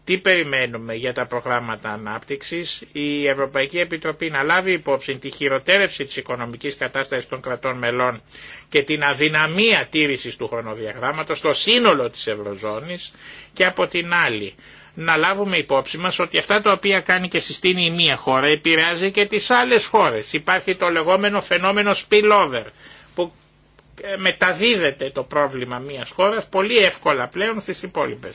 τι περιμένουμε για τα προγράμματα ανάπτυξης, η Ευρωπαϊκή Επιτροπή να λάβει υπόψη τη χειροτέρευση της οικονομικής κατάστασης των κρατών μελών και την αδυναμία τήρησης του χρονοδιαγράμματος στο σύνολο της Ευρωζώνης και από την άλλη να λάβουμε υπόψη μας ότι αυτά τα οποία κάνει και συστήνει η μία χώρα επηρεάζει και τις άλλες χώρες. Υπάρχει το λεγόμενο φαινόμενο spillover που ε, μεταδίδεται το πρόβλημα μίας χώρας πολύ εύκολα πλέον στις υπόλοιπε.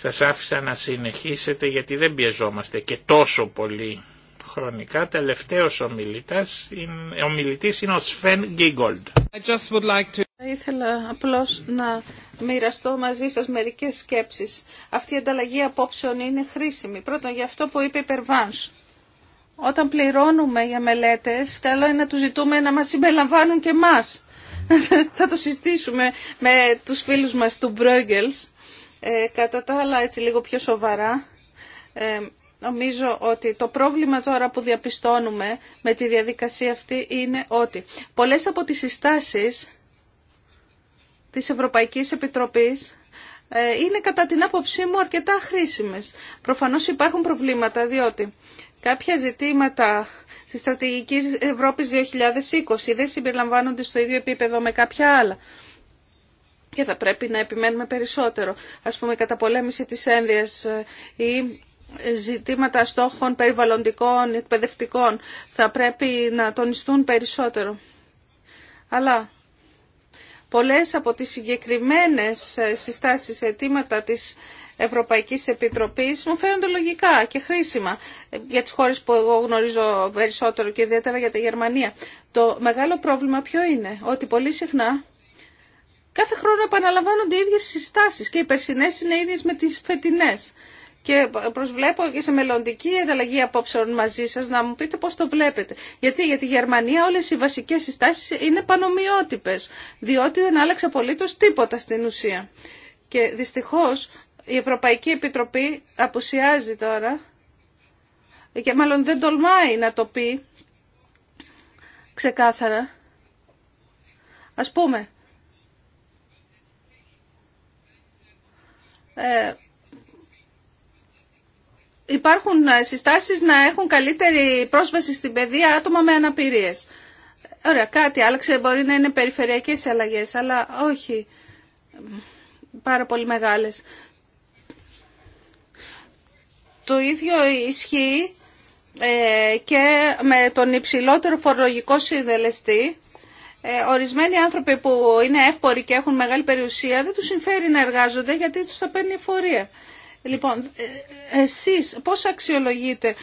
Σας άφησα να συνεχίσετε γιατί δεν πιεζόμαστε και τόσο πολύ χρονικά. Τελευταίος ομιλητής είναι, ομιλητής είναι ο Σφεν Γκίγκολντ. Θα Ήθελα απλώς να μοιραστώ μαζί σας μερικές σκέψεις. Αυτή η ανταλλαγή απόψεων είναι χρήσιμη. Πρώτον, για αυτό που είπε η Περβάνς. Όταν πληρώνουμε για μελέτες, καλό είναι να τους ζητούμε να μας συμπεριλαμβάνουν και εμάς. Θα το συζητήσουμε με τους φίλους μας του Μπρόγγελς ε, κατά τα άλλα, έτσι λίγο πιο σοβαρά, ε, νομίζω ότι το πρόβλημα τώρα που διαπιστώνουμε με τη διαδικασία αυτή είναι ότι πολλές από τις συστάσεις της Ευρωπαϊκής Επιτροπής ε, είναι κατά την άποψή μου αρκετά χρήσιμες. Προφανώς υπάρχουν προβλήματα διότι κάποια ζητήματα της στρατηγικής Ευρώπης 2020 δεν συμπεριλαμβάνονται στο ίδιο επίπεδο με κάποια άλλα και θα πρέπει να επιμένουμε περισσότερο. Ας πούμε, η καταπολέμηση της ένδυας ε, ή ζητήματα στόχων περιβαλλοντικών, εκπαιδευτικών θα πρέπει να τονιστούν περισσότερο. Αλλά πολλές από τις συγκεκριμένες ε, συστάσεις, αιτήματα της Ευρωπαϊκής Επιτροπής μου φαίνονται λογικά και χρήσιμα ε, για τις χώρες που εγώ γνωρίζω περισσότερο και ιδιαίτερα για τη Γερμανία. Το μεγάλο πρόβλημα ποιο είναι, ότι πολύ συχνά Κάθε χρόνο επαναλαμβάνονται οι ίδιες συστάσεις και οι περσινές είναι ίδιες με τις φετινές. Και προσβλέπω και σε μελλοντική ανταλλαγή απόψεων μαζί σας να μου πείτε πώς το βλέπετε. Γιατί για τη Γερμανία όλες οι βασικές συστάσεις είναι πανομοιότυπες, διότι δεν άλλαξε απολύτως τίποτα στην ουσία. Και δυστυχώς η Ευρωπαϊκή Επιτροπή απουσιάζει τώρα και μάλλον δεν τολμάει να το πει ξεκάθαρα. Ας πούμε, Ε, υπάρχουν ε, συστάσεις να έχουν καλύτερη πρόσβαση στην παιδεία άτομα με αναπηρίες. Ωραία, κάτι άλλαξε, μπορεί να είναι περιφερειακές αλλαγές, αλλά όχι πάρα πολύ μεγάλες. Το ίδιο ισχύει ε, και με τον υψηλότερο φορολογικό συνδελεστή ε, ορισμένοι άνθρωποι που είναι εύποροι και έχουν μεγάλη περιουσία δεν τους συμφέρει να εργάζονται γιατί τους θα παίρνει εφορία. Λοιπόν, ε, εσείς πώς αξιολογείτε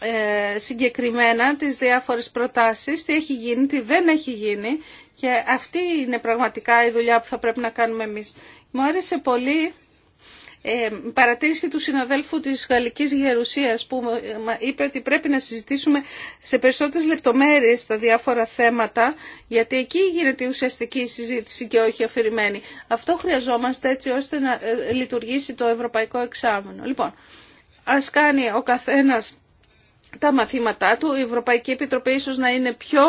ε, συγκεκριμένα τις διάφορες προτάσεις, τι έχει γίνει, τι δεν έχει γίνει και αυτή είναι πραγματικά η δουλειά που θα πρέπει να κάνουμε εμείς. Μου άρεσε πολύ ε, παρατήρηση του συναδέλφου της Γαλλικής Γερουσίας που είπε ότι πρέπει να συζητήσουμε σε περισσότερες λεπτομέρειες τα διάφορα θέματα γιατί εκεί γίνεται η ουσιαστική συζήτηση και όχι αφηρημένη. Αυτό χρειαζόμαστε έτσι ώστε να ε, ε, λειτουργήσει το Ευρωπαϊκό εξαμένο. Λοιπόν, ας κάνει ο καθένας τα μαθήματά του. Η Ευρωπαϊκή Επιτροπή ίσως να είναι πιο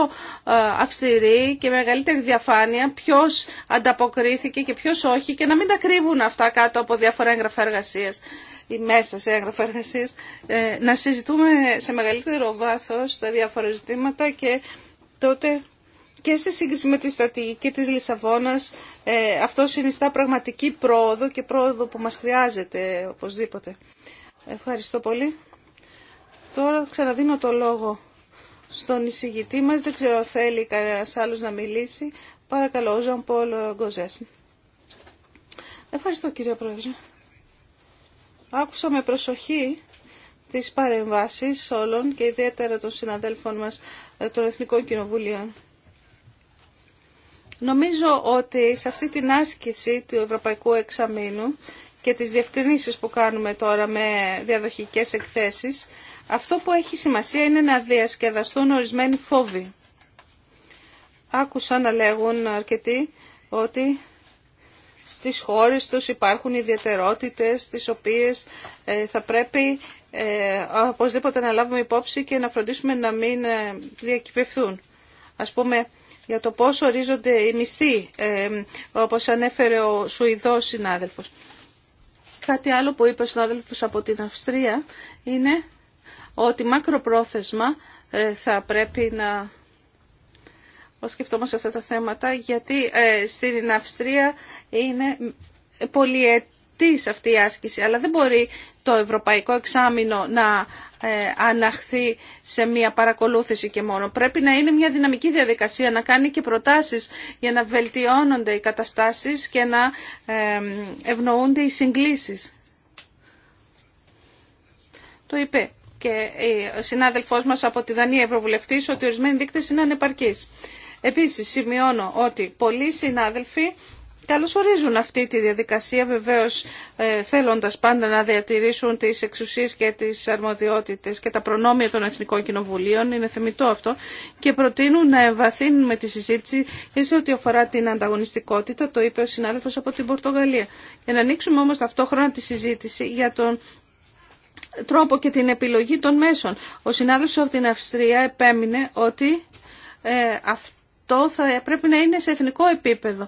ε, αυστηρή και μεγαλύτερη διαφάνεια ποιος ανταποκρίθηκε και ποιος όχι και να μην τα κρύβουν αυτά κάτω από διάφορα έγγραφα εργασία ή μέσα σε έγγραφα εργασία. Ε, να συζητούμε σε μεγαλύτερο βάθος τα διάφορα ζητήματα και τότε και σε σύγκριση με τη στατική της Λισαβόνας ε, αυτό συνιστά πραγματική πρόοδο και πρόοδο που μας χρειάζεται οπωσδήποτε. Ευχαριστώ πολύ. Τώρα ξαναδίνω το λόγο στον εισηγητή μας. Δεν ξέρω θέλει κανένας άλλος να μιλήσει. Παρακαλώ, Ζαν Πολ Γκοζέσν. Ευχαριστώ κύριε Πρόεδρε. Άκουσα με προσοχή τις παρεμβάσεις όλων και ιδιαίτερα των συναδέλφων μας ε, των Εθνικών Κοινοβουλίων. Νομίζω ότι σε αυτή την άσκηση του Ευρωπαϊκού Εξαμήνου και τις διευκρινήσεις που κάνουμε τώρα με διαδοχικές εκθέσεις, αυτό που έχει σημασία είναι να διασκεδαστούν ορισμένοι φόβοι. Άκουσα να λέγουν αρκετοί ότι στις χώρες τους υπάρχουν ιδιαιτερότητες τις οποίες ε, θα πρέπει ε, οπωσδήποτε να λάβουμε υπόψη και να φροντίσουμε να μην ε, διακυβευθούν. Ας πούμε, για το πόσο ορίζονται οι μισθοί, ε, όπως ανέφερε ο Σουηδός συνάδελφος. Κάτι άλλο που είπε ο συνάδελφος από την Αυστρία είναι ότι μακροπρόθεσμα ε, θα πρέπει να σκεφτόμαστε αυτά τα θέματα, γιατί ε, στην Αυστρία είναι πολυετής αυτή η άσκηση, αλλά δεν μπορεί το ευρωπαϊκό εξάμεινο να ε, αναχθεί σε μια παρακολούθηση και μόνο. Πρέπει να είναι μια δυναμική διαδικασία, να κάνει και προτάσεις για να βελτιώνονται οι καταστάσεις και να ευνοούνται οι συγκλήσεις. Το είπε και ο συνάδελφό μα από τη Δανία Ευρωβουλευτή, ότι ορισμένοι δείκτε είναι ανεπαρκεί. Επίση, σημειώνω ότι πολλοί συνάδελφοι καλωσορίζουν αυτή τη διαδικασία βεβαίως ε, θέλοντα πάντα να διατηρήσουν τι εξουσίες και τι αρμοδιότητε και τα προνόμια των Εθνικών Κοινοβουλίων, είναι θεμητό αυτό, και προτείνουν να εμβαθύνουμε τη συζήτηση και σε ό,τι αφορά την ανταγωνιστικότητα, το είπε ο συνάδελφο από την Πορτογαλία. Για να ανοίξουμε όμω ταυτόχρονα τη συζήτηση για τον τρόπο και την επιλογή των μέσων. Ο συνάδελφος από την Αυστρία επέμεινε ότι ε, αυτό θα πρέπει να είναι σε εθνικό επίπεδο.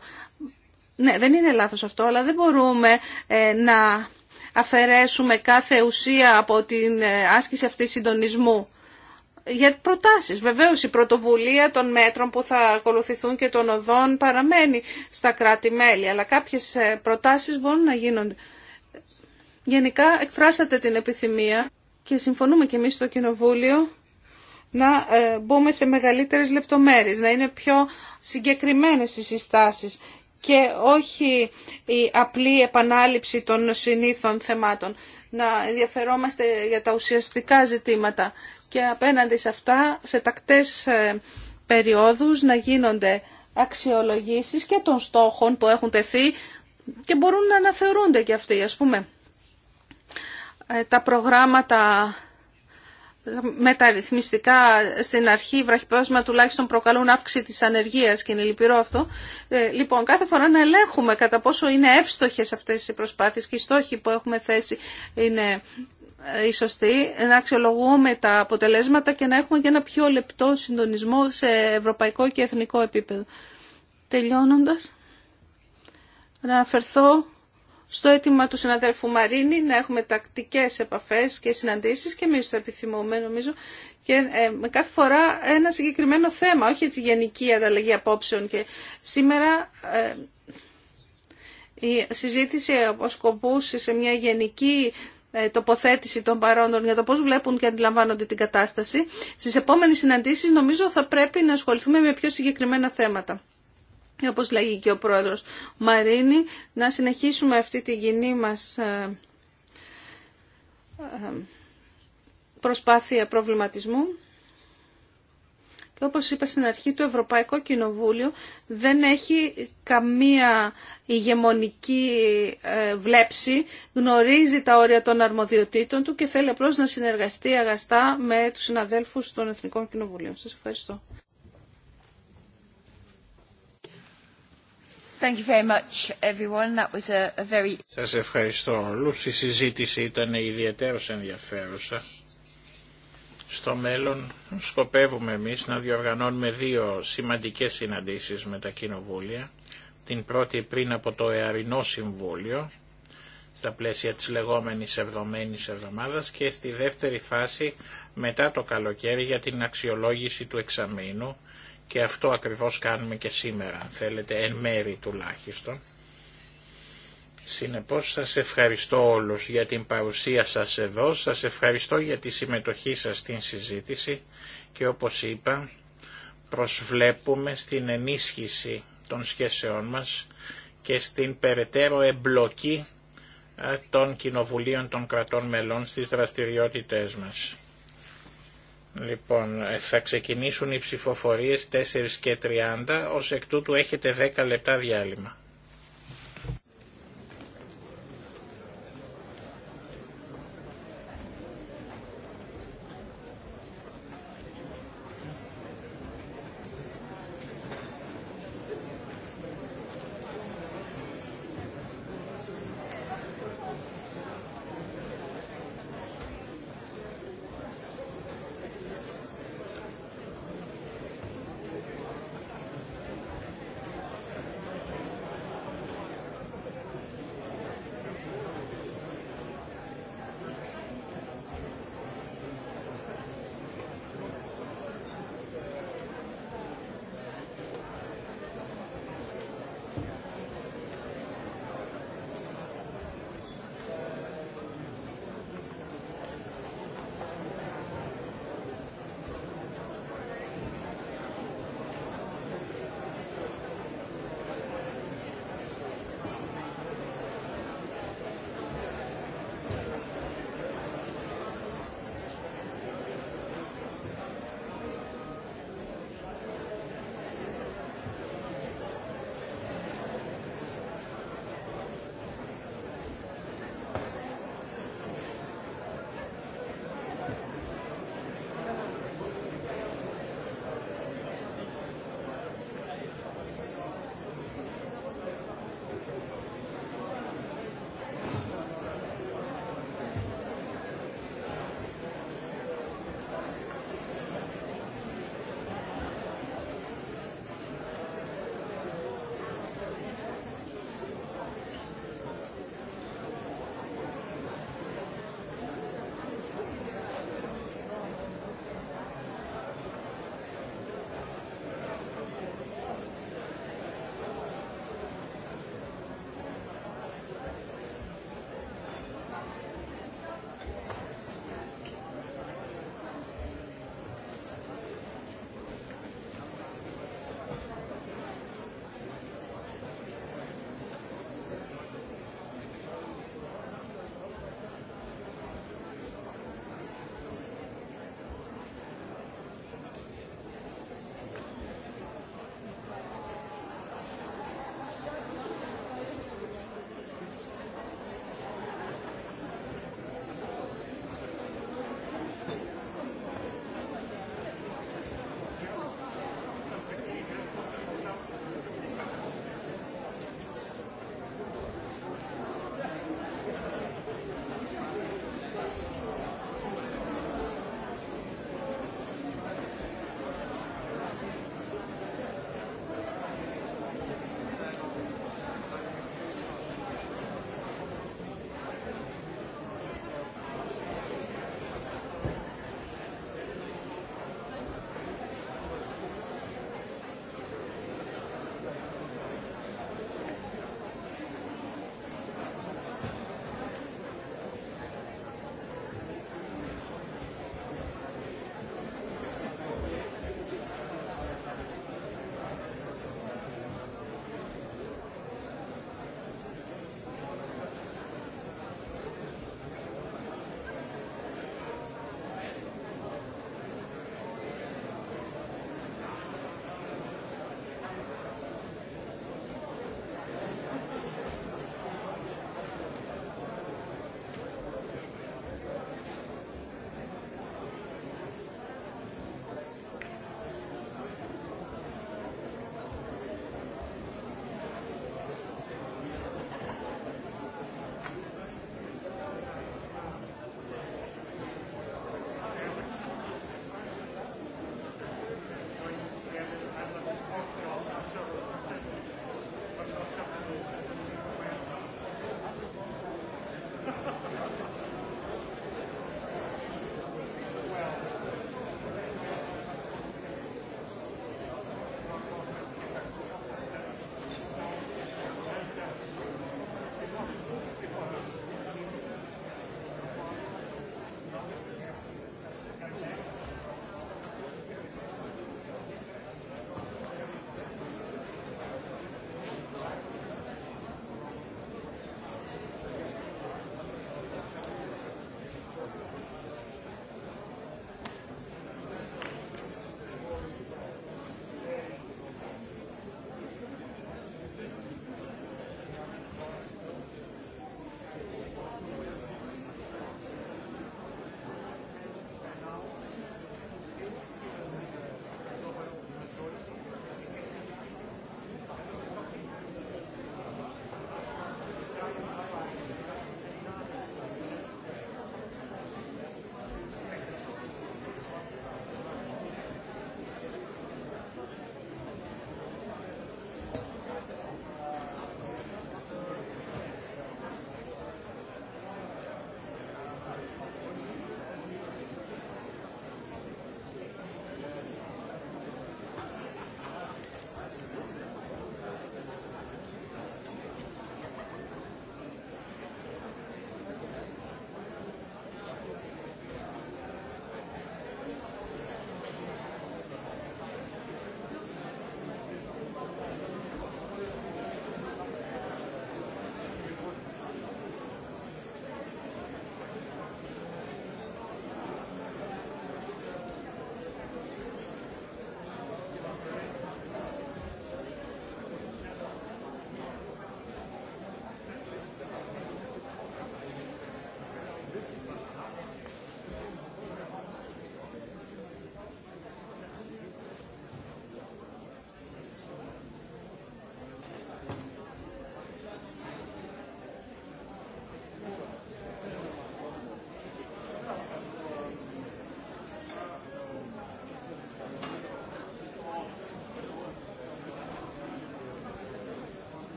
Ναι, δεν είναι λάθος αυτό, αλλά δεν μπορούμε ε, να αφαιρέσουμε κάθε ουσία από την ε, άσκηση αυτής συντονισμού για προτάσεις. Βεβαίως η πρωτοβουλία των μέτρων που θα ακολουθηθούν και των οδών παραμένει στα κράτη-μέλη, αλλά κάποιες προτάσεις μπορούν να γίνονται. Γενικά εκφράσατε την επιθυμία και συμφωνούμε και εμείς στο Κοινοβούλιο να ε, μπούμε σε μεγαλύτερες λεπτομέρειες, να είναι πιο συγκεκριμένες οι συστάσεις και όχι η απλή επανάληψη των συνήθων θεμάτων. Να ενδιαφερόμαστε για τα ουσιαστικά ζητήματα και απέναντι σε αυτά, σε τακτές ε, περιόδους, να γίνονται αξιολογήσεις και των στόχων που έχουν τεθεί και μπορούν να αναθεωρούνται και αυτοί, ας πούμε. Ε, τα προγράμματα μεταρρυθμιστικά στην αρχή βραχυπρόθεσμα τουλάχιστον προκαλούν αύξηση της ανεργίας και είναι λυπηρό αυτό. Ε, λοιπόν, κάθε φορά να ελέγχουμε κατά πόσο είναι εύστοχες αυτές οι προσπάθειες και οι στόχοι που έχουμε θέσει είναι ε, οι σωστοί, να αξιολογούμε τα αποτελέσματα και να έχουμε και ένα πιο λεπτό συντονισμό σε ευρωπαϊκό και εθνικό επίπεδο. Τελειώνοντας, να αφαιρθώ στο αίτημα του συναδέλφου Μαρίνη να έχουμε τακτικές επαφές και συναντήσεις και εμείς το επιθυμούμε νομίζω και ε, με κάθε φορά ένα συγκεκριμένο θέμα, όχι έτσι γενική ανταλλαγή απόψεων και σήμερα ε, η συζήτηση αποσκοπούσε σε μια γενική ε, τοποθέτηση των παρόντων για το πώς βλέπουν και αντιλαμβάνονται την κατάσταση. Στις επόμενες συναντήσεις νομίζω θα πρέπει να ασχοληθούμε με πιο συγκεκριμένα θέματα όπως λέγει και ο πρόεδρος Μαρίνη, να συνεχίσουμε αυτή τη κοινή μας ε, ε, προσπάθεια προβληματισμού. Και όπως είπα στην αρχή, το Ευρωπαϊκό Κοινοβούλιο δεν έχει καμία ηγεμονική ε, βλέψη, γνωρίζει τα όρια των αρμοδιοτήτων του και θέλει απλώς να συνεργαστεί αγαστά με τους συναδέλφους των Εθνικών Κοινοβουλίων. Σας ευχαριστώ. Thank Σας ευχαριστώ όλους. Η συζήτηση ήταν ιδιαίτερως ενδιαφέρουσα. Στο μέλλον σκοπεύουμε εμείς να διοργανώνουμε δύο σημαντικές συναντήσεις με τα κοινοβούλια. Την πρώτη πριν από το Εαρινό Συμβούλιο, στα πλαίσια της λεγόμενης εβδομένης εβδομάδας και στη δεύτερη φάση μετά το καλοκαίρι για την αξιολόγηση του εξαμήνου και αυτό ακριβώς κάνουμε και σήμερα, αν θέλετε, εν μέρη τουλάχιστον. Συνεπώς σας ευχαριστώ όλους για την παρουσία σας εδώ, σας ευχαριστώ για τη συμμετοχή σας στην συζήτηση και όπως είπα προσβλέπουμε στην ενίσχυση των σχέσεών μας και στην περαιτέρω εμπλοκή των κοινοβουλίων των κρατών μελών στις δραστηριότητές μας. Λοιπόν, ε, θα ξεκινήσουν οι ψηφοφορίες 4 και 30, ως εκ τούτου έχετε 10 λεπτά διάλειμμα.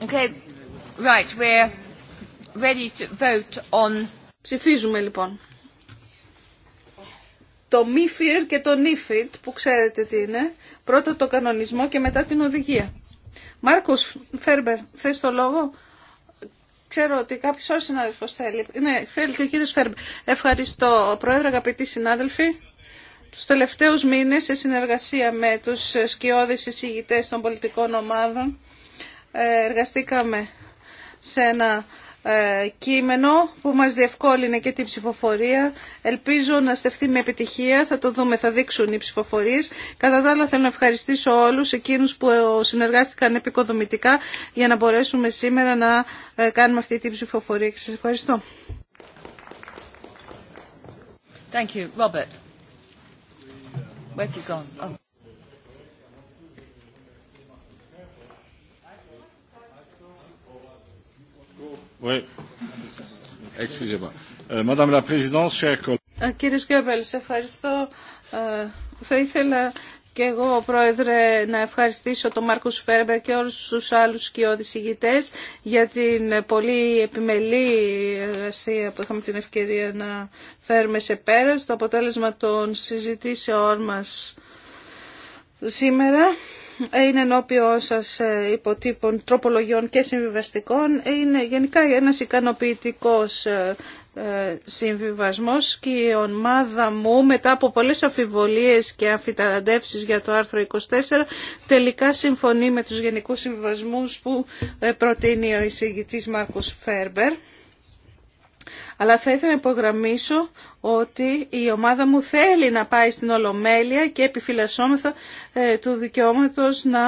Okay. Right. We're ready to Ψηφίζουμε λοιπόν. Το MIFIR και το NIFID που ξέρετε τι είναι. Πρώτα το κανονισμό και μετά την οδηγία. Μάρκος Φέρμπερ, θες το λόγο. Ξέρω ότι κάποιο άλλο συνάδελφο θέλει. Ναι, θέλει και ο κύριο Φέρμπερ. Ευχαριστώ, Πρόεδρε, αγαπητοί συνάδελφοι. Τους τελευταίους μήνες, σε συνεργασία με τους σκιώδεις εισηγητές των πολιτικών ομάδων, εργαστήκαμε σε ένα ε, κείμενο που μας διευκόλυνε και την ψηφοφορία. Ελπίζω να στεφθεί με επιτυχία, θα το δούμε, θα δείξουν οι ψηφοφορίες. Κατά τα άλλα θέλω να ευχαριστήσω όλους εκείνους που συνεργάστηκαν επικοδομητικά για να μπορέσουμε σήμερα να ε, κάνουμε αυτή την ψηφοφορία. Και σας ευχαριστώ. Thank you. Robert. you oh. Euh, κύριε Σκέπελ, ευχαριστώ. Ε, θα ήθελα και εγώ, Πρόεδρε, να ευχαριστήσω τον Μάρκο Φέρμπερ και όλους τους άλλους σκιώδης ηγητές για την πολύ επιμελή εργασία που είχαμε την ευκαιρία να φέρουμε σε πέρα στο αποτέλεσμα των συζητήσεών μας σήμερα είναι ενώπιό σα, ε, υποτύπων τροπολογιών και συμβιβαστικών. Είναι γενικά ένας ικανοποιητικό ε, ε, συμβιβασμός και η ομάδα μου μετά από πολλές αφιβολίες και αφιταντεύσει για το άρθρο 24 τελικά συμφωνεί με τους γενικού συμβιβασμού που προτείνει ο εισηγητή Μάρκο Φέρμπερ. Αλλά θα ήθελα να υπογραμμίσω ότι η ομάδα μου θέλει να πάει στην Ολομέλεια και επιφυλασσόμεθα ε, του δικαιώματος να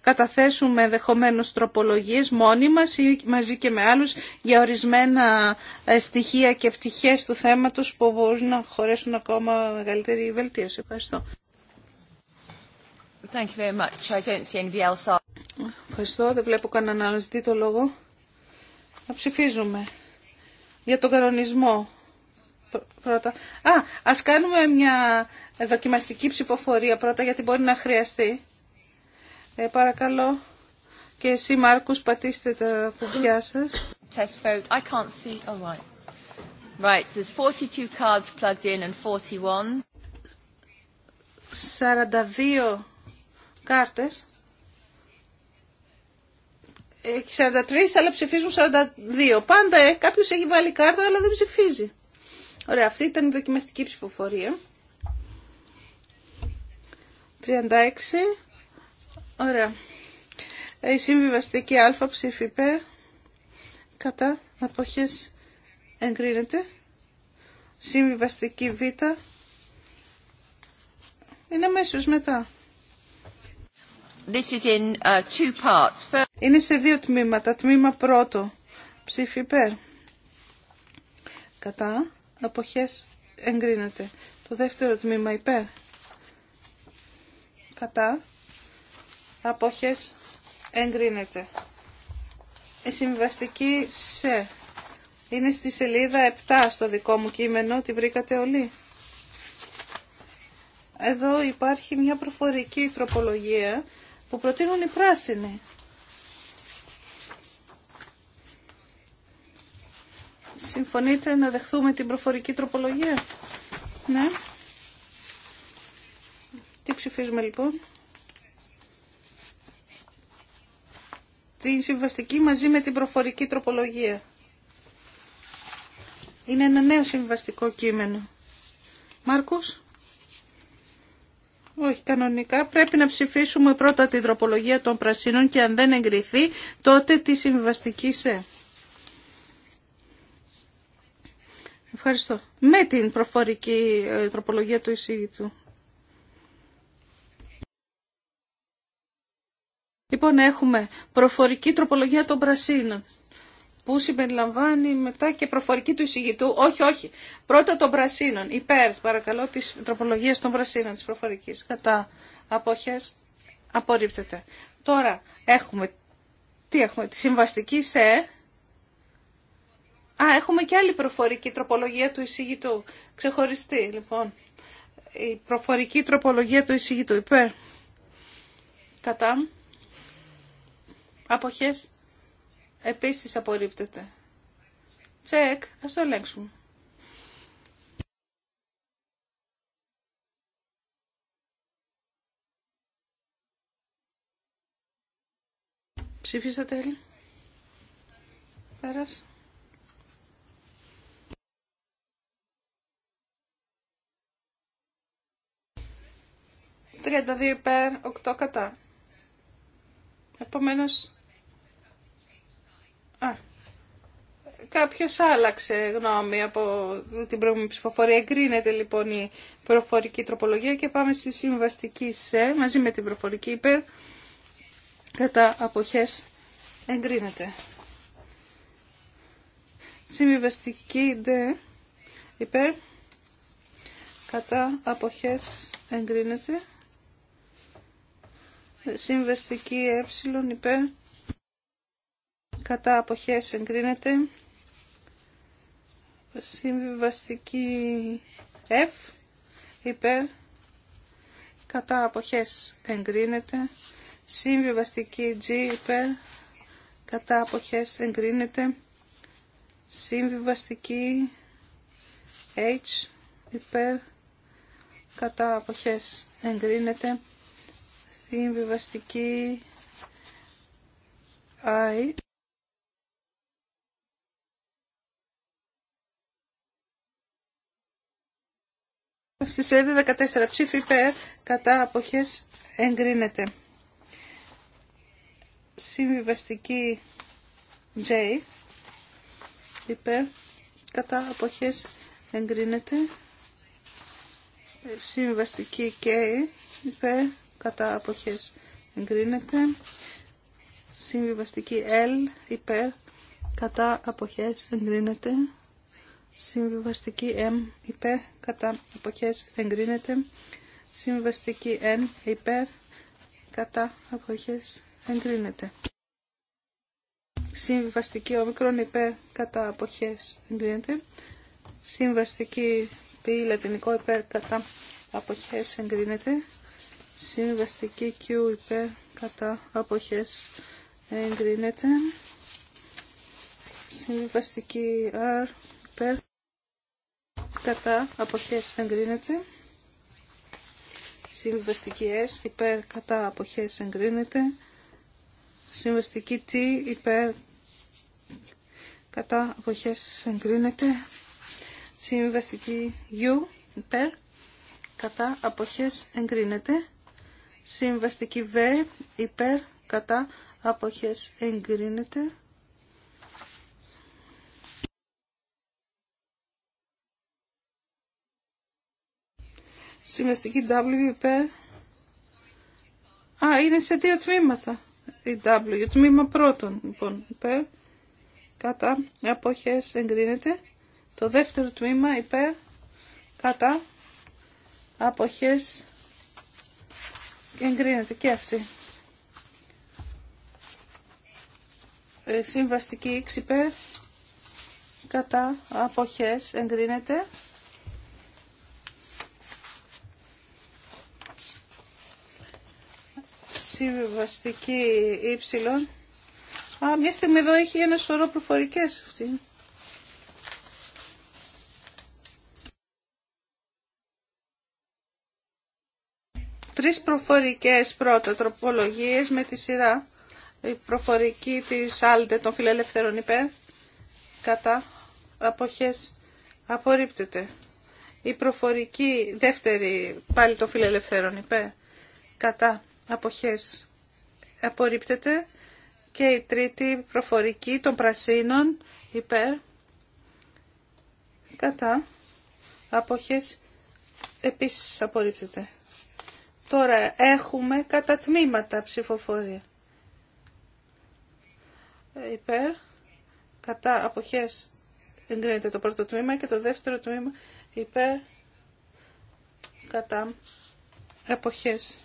καταθέσουμε ενδεχομένω τροπολογίες μόνοι μας ή μαζί και με άλλους για ορισμένα ε, στοιχεία και πτυχές του θέματος που μπορούν να χωρέσουν ακόμα μεγαλύτερη βελτίωση. Ευχαριστώ. Thank you very much. I don't see Ευχαριστώ. Δεν βλέπω κανέναν άλλο. Ζητεί το λόγο. Να ψηφίζουμε για τον κανονισμό. Πρώτα. Α, ας κάνουμε μια δοκιμαστική ψηφοφορία πρώτα, γιατί μπορεί να χρειαστεί. Ε, παρακαλώ. Και εσύ, Μάρκους, πατήστε τα κουμπιά σας. Test vote. I can't see. All oh, right. Right, there's 42 cards plugged in and 41. 42 κάρτες έχει 43 αλλά ψηφίζουν 42. Πάντα ε, κάποιο έχει βάλει κάρτα αλλά δεν ψηφίζει. Ωραία, αυτή ήταν η δοκιμαστική ψηφοφορία. 36. Ωραία. Ε, η συμβιβαστική α ψήφιπε. Κατά αποχές εγκρίνεται. Συμβιβαστική β. Είναι αμέσως μετά. Uh, Είναι σε δύο τμήματα. Τμήμα πρώτο. Ψήφι υπέρ. Κατά. Αποχές εγκρίνεται. Το δεύτερο τμήμα υπέρ. Κατά. Αποχές εγκρίνεται. Η συμβαστική σε. Είναι στη σελίδα 7 στο δικό μου κείμενο. Τη βρήκατε όλοι. Εδώ υπάρχει μια προφορική τροπολογία που προτείνουν οι πράσινοι. Συμφωνείτε να δεχθούμε την προφορική τροπολογία. Ναι. Τι ψηφίζουμε λοιπόν. Την συμβαστική μαζί με την προφορική τροπολογία. Είναι ένα νέο συμβαστικό κείμενο. Μάρκος. Όχι, κανονικά πρέπει να ψηφίσουμε πρώτα την τροπολογία των πρασίνων και αν δεν εγκριθεί τότε τη συμβιβαστική σε. Ευχαριστώ. Με την προφορική ε, τροπολογία του εισήγητου. Λοιπόν, έχουμε προφορική τροπολογία των πρασίνων που συμπεριλαμβάνει μετά και προφορική του εισηγητού. Όχι, όχι. Πρώτα των πρασίνων. Υπέρ, παρακαλώ, της τροπολογία των πρασίνων, τη προφορική Κατά αποχές απορρίπτεται. Τώρα έχουμε, τι έχουμε, τη συμβαστική σε... Α, έχουμε και άλλη προφορική τροπολογία του εισηγητού. Ξεχωριστή, λοιπόν. Η προφορική τροπολογία του εισηγητού. Υπέρ. Κατά. Αποχές Επίσης απορρίπτεται. Τσεκ, ας το ελέγξουμε. Ψήφισα τέλει. Πέρασε. Τριάντα δύο υπέρ, οκτώ κατά. Επομένως, Α, κάποιος άλλαξε γνώμη από την προηγούμενη ψηφοφορία. Εγκρίνεται λοιπόν η προφορική τροπολογία και πάμε στη συμβαστική σε μαζί με την προφορική υπέρ κατά αποχές εγκρίνεται. συμβαστική δε υπέρ κατά αποχές εγκρίνεται. Συμβαστική ε υπέρ κατά αποχές εγκρίνεται. Συμβιβαστική F υπέρ κατά αποχές εγκρίνεται. Συμβιβαστική G υπέρ κατά αποχές εγκρίνεται. Συμβιβαστική H υπέρ κατά αποχές εγκρίνεται. Συμβιβαστική I Στη σελίδα 14 ψήφι υπέρ κατά αποχές εγκρίνεται. Συμβιβαστική J υπέρ κατά αποχές εγκρίνεται. Συμβιβαστική K υπέρ κατά αποχές εγκρίνεται. Συμβιβαστική L υπέρ κατά αποχές εγκρίνεται. Συμβιβαστική M υπέρ κατά αποχές εγκρίνεται. Συμβαστική N υπέρ κατά αποχές εγκρίνεται. Συμβαστική ομικρόν υπέρ κατά αποχές εγκρίνεται. Συμβαστική π λατινικό υπέρ κατά αποχές εγκρίνεται. Συμβαστική Q υπέρ κατά αποχές εγκρίνεται. Συμβαστική R κατά αποχές εγκρίνεται. Συμβαστική S υπέρ κατά αποχές εγκρίνεται. συμβεστική T υπέρ κατά αποχές εγκρίνεται. Συμβαστική U υπέρ κατά αποχές εγκρίνεται. Συμβαστική V υπέρ κατά αποχές εγκρίνεται. Συμβαστική W υπέρ. Α, είναι σε δύο τμήματα η W. Τμήμα πρώτον, λοιπόν, υπέρ. Κατά αποχές εγκρίνεται. Το δεύτερο τμήμα υπέρ. Κατά αποχές εγκρίνεται και αυτή. Ε, συμβαστική X, υπέρ. Κατά αποχές εγκρίνεται. Συμβαστική ύψιλον. Α, μια στιγμή εδώ έχει ένα σωρό προφορικές αυτή. Τρεις προφορικές πρώτα τροπολογίες με τη σειρά. Η προφορική της άλτε των φιλελευθερών υπέρ. Κατά αποχές απορρίπτεται. Η προφορική δεύτερη πάλι των φιλελευθέρων υπέρ. Κατά αποχές απορρίπτεται και η τρίτη προφορική των πρασίνων υπέρ κατά αποχές επίσης απορρίπτεται. Τώρα έχουμε κατά τμήματα ψηφοφορία. Υπέρ, κατά αποχές εγκρίνεται το πρώτο τμήμα και το δεύτερο τμήμα υπέρ, κατά αποχές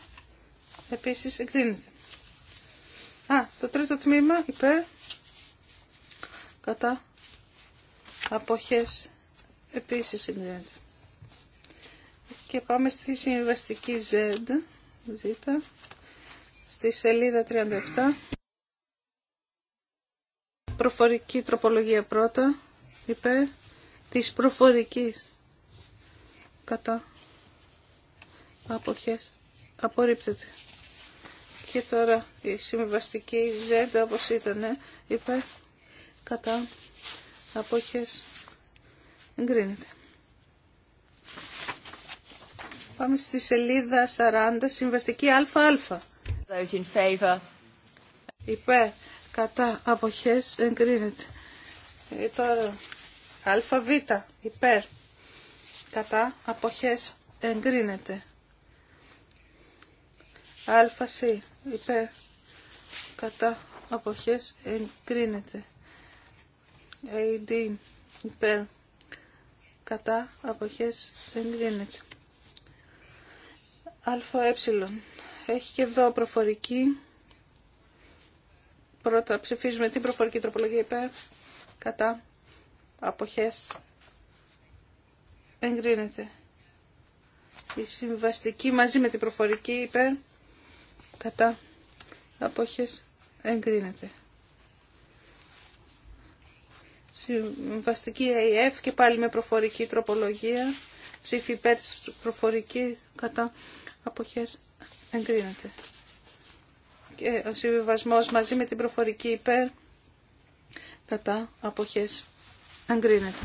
Επίσης εγκρίνεται. Α, το τρίτο τμήμα υπέρ κατά αποχές επίσης εγκρίνεται. Και πάμε στη συμβαστική Z, Z στη σελίδα 37. Προφορική τροπολογία πρώτα, υπέρ της προφορικής κατά αποχές απορρίπτεται. Και τώρα η συμβιβαστική Z όπως ήταν υπέρ κατά αποχές εγκρίνεται. Πάμε στη σελίδα 40, συμβαστική ΑΑ. Those in favor. Υπέρ, κατά, αποχές, εγκρίνεται. Ε, τώρα, ΑΒ, υπέρ, κατά, αποχές, εγκρίνεται. ΑΣ, υπέρ κατά αποχές εγκρίνεται. AD υπέρ κατά αποχές εγκρίνεται. ΑΕ έχει και εδώ προφορική. Πρώτα ψηφίζουμε την προφορική τροπολογία υπέρ κατά αποχές εγκρίνεται. Η συμβαστική μαζί με την προφορική υπέρ κατά απόχες εγκρίνεται. Συμβαστική ΑΕΦ και πάλι με προφορική τροπολογία. Ψήφι υπέρ της κατά αποχές εγκρίνεται. Και ο συμβιβασμός μαζί με την προφορική υπέρ κατά αποχές εγκρίνεται.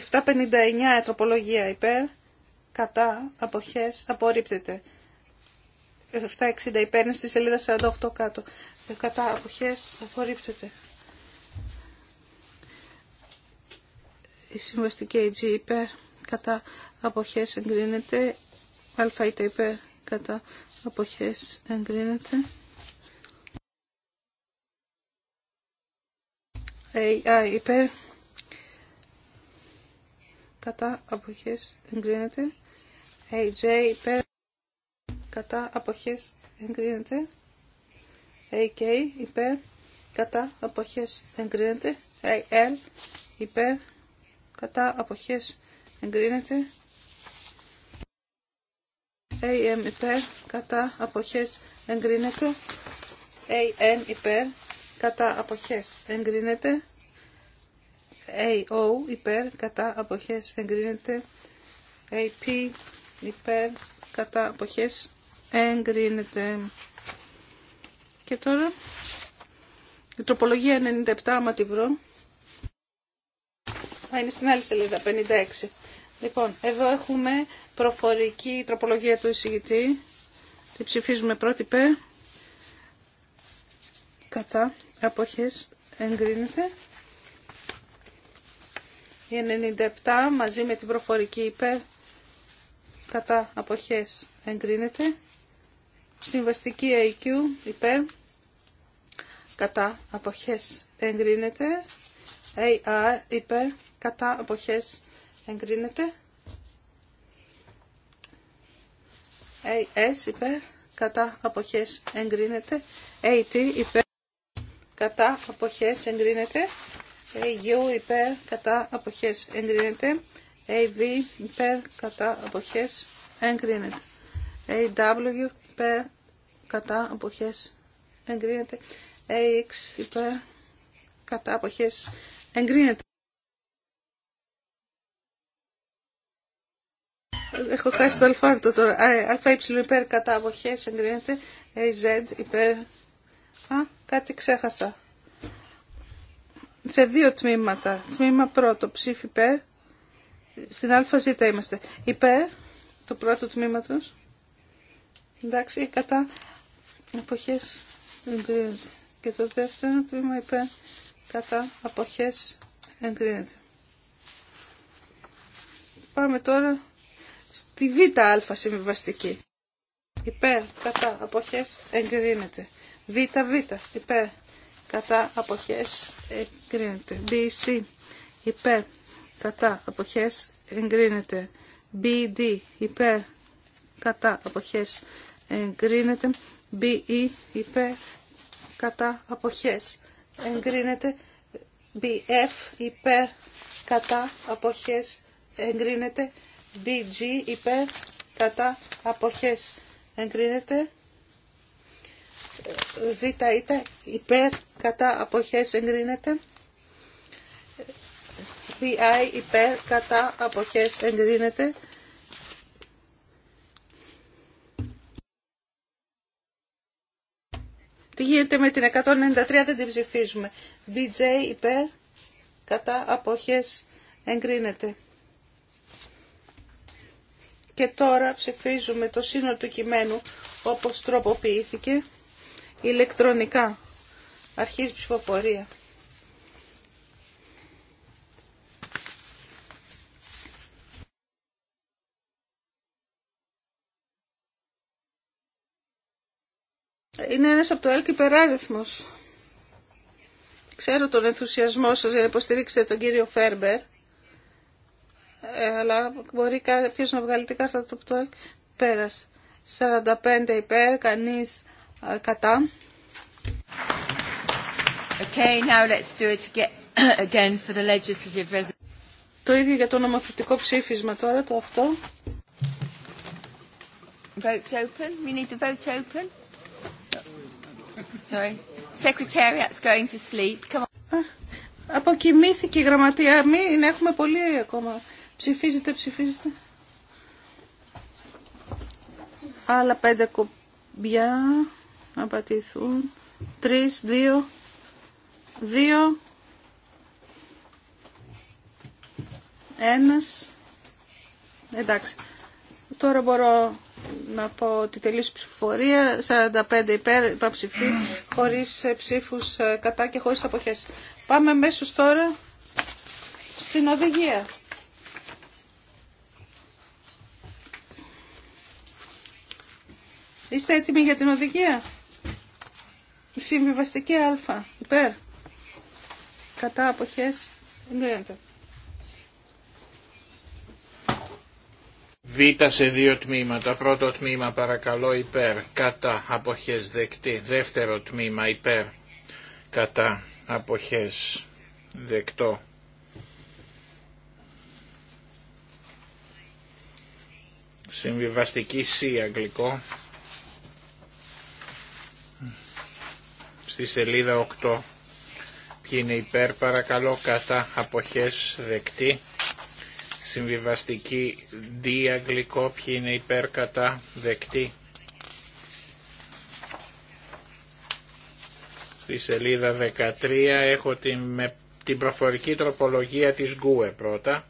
759 τροπολογία υπέρ, κατά, αποχές, απορρίπτεται. 760 υπέρ, στη σελίδα 48 κάτω. Ε, κατά, αποχές, απορρίπτεται. Η συμβαστική AG υπέρ, κατά, αποχές, εγκρίνεται. Α υπέρ, κατά, αποχές, εγκρίνεται. AI ε, υπέρ, κατά αποχές εγκρίνεται. AJ υπέρ κατά αποχές εγκρίνεται. AK υπέρ κατά αποχές εγκρίνεται. AL υπέρ κατά αποχές εγκρίνεται. AM υπέρ κατά αποχές εγκρίνεται. AN υπέρ κατά αποχές εγκρίνεται. AO υπέρ κατά αποχές εγκρίνεται. AP υπέρ κατά αποχές εγκρίνεται. Και τώρα η τροπολογία 97 άμα τη βρω. Θα είναι στην άλλη σελίδα 56. Λοιπόν, εδώ έχουμε προφορική τροπολογία του εισηγητή. Τη ψηφίζουμε πρώτη πέ. Κατά αποχές εγκρίνεται. Η 97 μαζί με την προφορική υπέρ κατά αποχές εγκρίνεται. Συμβαστική IQ υπέρ κατά αποχές εγκρίνεται. AR υπέρ κατά αποχές εγκρίνεται. AS υπέρ κατά αποχές εγκρίνεται. AT υπέρ κατά αποχές εγκρίνεται. AU υπέρ κατά αποχές εγκρίνεται. AV υπέρ κατά αποχές εγκρίνεται. AW υπέρ κατά αποχές εγκρίνεται. AX υπέρ κατά αποχές εγκρίνεται. Έχω χάσει το αλφάρτο τώρα. ΑΕ υπέρ κατά αποχές εγκρίνεται. AZ υπέρ... Α, κάτι ξέχασα σε δύο τμήματα. Τμήμα πρώτο, ψήφι υπέρ. Στην ΑΖ είμαστε. Υπέρ, το πρώτο τμήμα τους. Εντάξει, κατά εποχέ εγκρίνεται. Και το δεύτερο τμήμα υπέρ, κατά αποχές εγκρίνεται. Πάμε τώρα στη β' συμβιβαστική. Υπέρ, κατά, αποχές, εγκρίνεται. Β, β, υπέρ, κατά αποχές εγκρίνεται. BC υπέρ κατά αποχές εγκρίνεται. BD υπέρ κατά αποχές εγκρίνεται. BE υπέρ κατά αποχές εγκρίνεται. BF υπέρ κατά αποχές εγκρίνεται. BG υπέρ κατά αποχές εγκρίνεται. Β υπέρ κατά αποχές εγκρίνεται. VI υπέρ κατά αποχές εγκρίνεται. Τι γίνεται με την 193 δεν την ψηφίζουμε. BJ υπέρ κατά αποχές εγκρίνεται. Και τώρα ψηφίζουμε το σύνολο του κειμένου όπως τροποποιήθηκε ηλεκτρονικά. Αρχίζει ψηφοφορία. Είναι ένας από το ΕΛΚ υπεράριθμος. Ξέρω τον ενθουσιασμό σας για να υποστηρίξετε τον κύριο Φέρμπερ. Ε, αλλά μπορεί κάποιος να βγάλει την κάρτα του από το ΕΛΚ. Πέρασε. 45 υπέρ, κανείς ε, κατά. Okay, now let's do it again for the legislative resolution. Το ίδιο για το νομοθετικό ψήφισμα τώρα, το αυτό. Vote open. We need the vote open. Sorry. Secretariat's going to sleep. Come on. Α, αποκοιμήθηκε η γραμματεία. Μην έχουμε πολύ ακόμα. Ψηφίζετε, ψηφίζετε. Άλλα πέντε κουμπιά να πατηθούν. Τρεις, δύο. Δύο. Ένας. Εντάξει. Τώρα μπορώ να πω ότι τελείωσε η ψηφοφορία. 45 υπέρ υπαψηφί, χωρίς ψήφους ε, κατά και χωρίς αποχές. Πάμε μέσω τώρα στην οδηγία. Είστε έτοιμοι για την οδηγία. Συμβιβαστική α. Υπέρ κατά αποχές εγκρίνεται. Β σε δύο τμήματα. Πρώτο τμήμα παρακαλώ υπέρ, κατά, αποχές δεκτή. Δεύτερο τμήμα υπέρ, κατά, αποχές δεκτό. Συμβιβαστική C αγγλικό. Στη σελίδα 8. Ποιοι είναι υπέρ παρακαλώ κατά αποχές δεκτή. Συμβιβαστική διαγλικό. Ποιοι είναι υπέρ κατά δεκτή. Στη σελίδα 13 έχω την, με, την προφορική τροπολογία της ΓΚΟΕ πρώτα.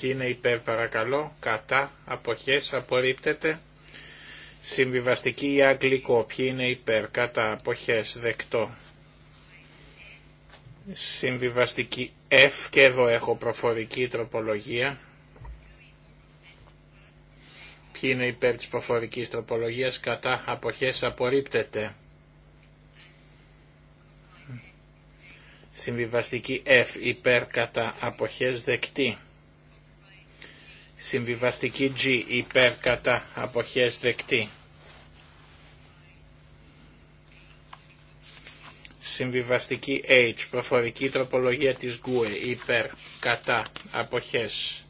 Ποιοι είναι υπέρ παρακαλώ κατά αποχές απορρίπτεται. Συμβιβαστική αγγλικό. Ποιοι είναι υπέρ κατά αποχές δεκτό. Συμβιβαστική F και εδώ έχω προφορική τροπολογία. Ποιοι είναι υπέρ της προφορικής τροπολογίας κατά αποχές απορρίπτεται. Συμβιβαστική F υπέρ κατά αποχές δεκτή. Συμβιβαστική G υπέρ κατά αποχές δεκτή. Συμβιβαστική H, προφορική τροπολογία της ΓΚΟΕ, υπέρ, κατά, αποχές,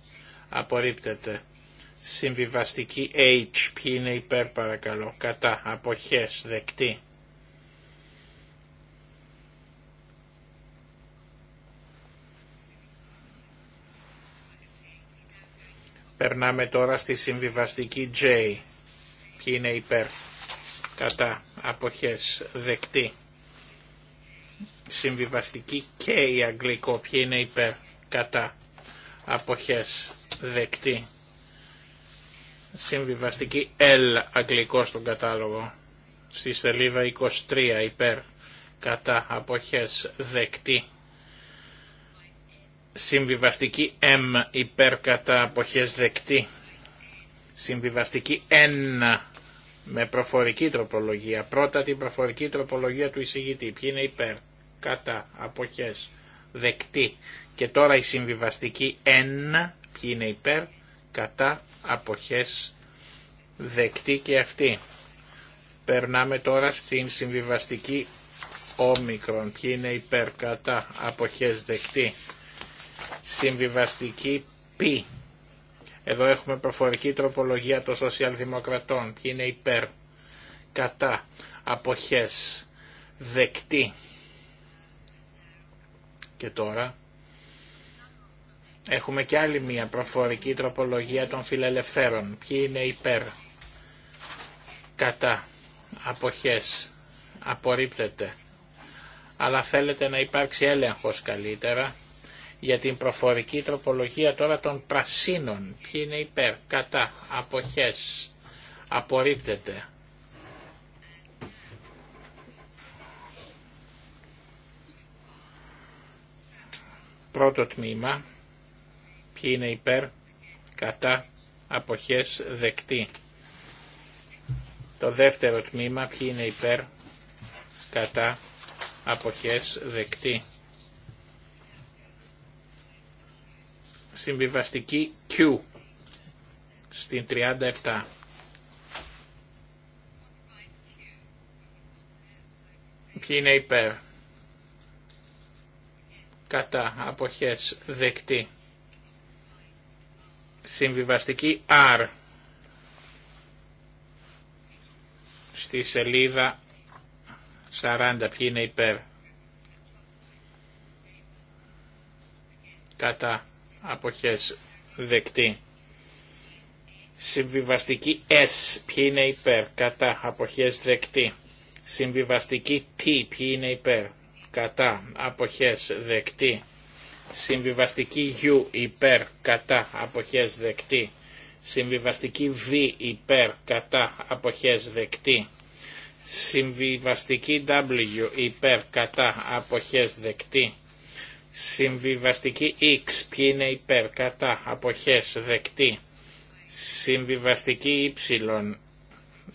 απορρίπτεται. Συμβιβαστική H, ποιοι είναι υπέρ παρακαλώ, κατά, αποχές, δεκτή. Περνάμε τώρα στη συμβιβαστική J. Ποιοι είναι υπέρ, κατά, αποχές, δεκτή. Συμβιβαστική και η αγγλικό. Ποιοι είναι υπέρ κατά αποχές δεκτή. Συμβιβαστική L αγγλικό στον κατάλογο. Στη σελίδα 23 υπέρ κατά αποχές δεκτή. Συμβιβαστική M υπέρ κατά αποχές δεκτή. Συμβιβαστική N με προφορική τροπολογία. Πρώτα την προφορική τροπολογία του εισηγητή. Ποιοι είναι υπέρ κατά αποχές δεκτή και τώρα η συμβιβαστική ΕΝ, ποιοι είναι υπέρ κατά αποχές δεκτή και αυτή. Περνάμε τώρα στην συμβιβαστική όμικρον ποιοι είναι υπέρ κατά αποχές δεκτή. Συμβιβαστική π. Εδώ έχουμε προφορική τροπολογία των σοσιαλδημοκρατών ποιοι είναι υπέρ κατά αποχές δεκτή και τώρα έχουμε και άλλη μία προφορική τροπολογία των φιλελευθέρων. Ποιοι είναι υπέρ, κατά, αποχές, απορρίπτεται. Αλλά θέλετε να υπάρξει έλεγχος καλύτερα για την προφορική τροπολογία τώρα των πρασίνων. Ποιοι είναι υπέρ, κατά, αποχές, απορρίπτεται. Πρώτο τμήμα. Ποιοι είναι υπέρ, κατά, αποχές, δεκτή. Το δεύτερο τμήμα. Ποιοι είναι υπέρ, κατά, αποχές, δεκτή. Συμβιβαστική Q στην 37. Ποιοι είναι υπέρ κατά αποχές δεκτή. Συμβιβαστική R στη σελίδα 40 ποιοι είναι υπέρ κατά αποχές δεκτή. Συμβιβαστική S ποιοι είναι υπέρ κατά αποχές δεκτή. Συμβιβαστική T ποιοι είναι υπέρ κατά αποχές δεκτή, συμβιβαστική U υπέρ κατά αποχές δεκτή, συμβιβαστική V, υπέρ κατά αποχές δεκτή, συμβιβαστική W υπέρ κατά αποχές δεκτή, συμβιβαστική X ποιοι είναι υπέρ κατά αποχές δεκτή, συμβιβαστική Y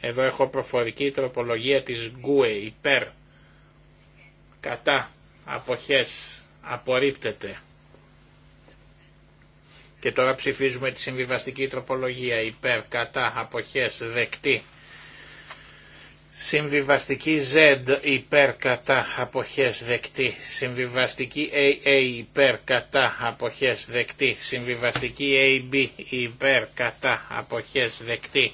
εδώ έχω προφορική τροπολογία της Γκουε υπέρ κατά αποχές απορρίπτεται. Και τώρα ψηφίζουμε τη συμβιβαστική τροπολογία υπέρ κατά αποχές δεκτή. Συμβιβαστική Z υπέρ κατά αποχές δεκτή. Συμβιβαστική AA υπέρ κατά αποχές δεκτή. Συμβιβαστική AB υπέρ κατά αποχές δεκτή.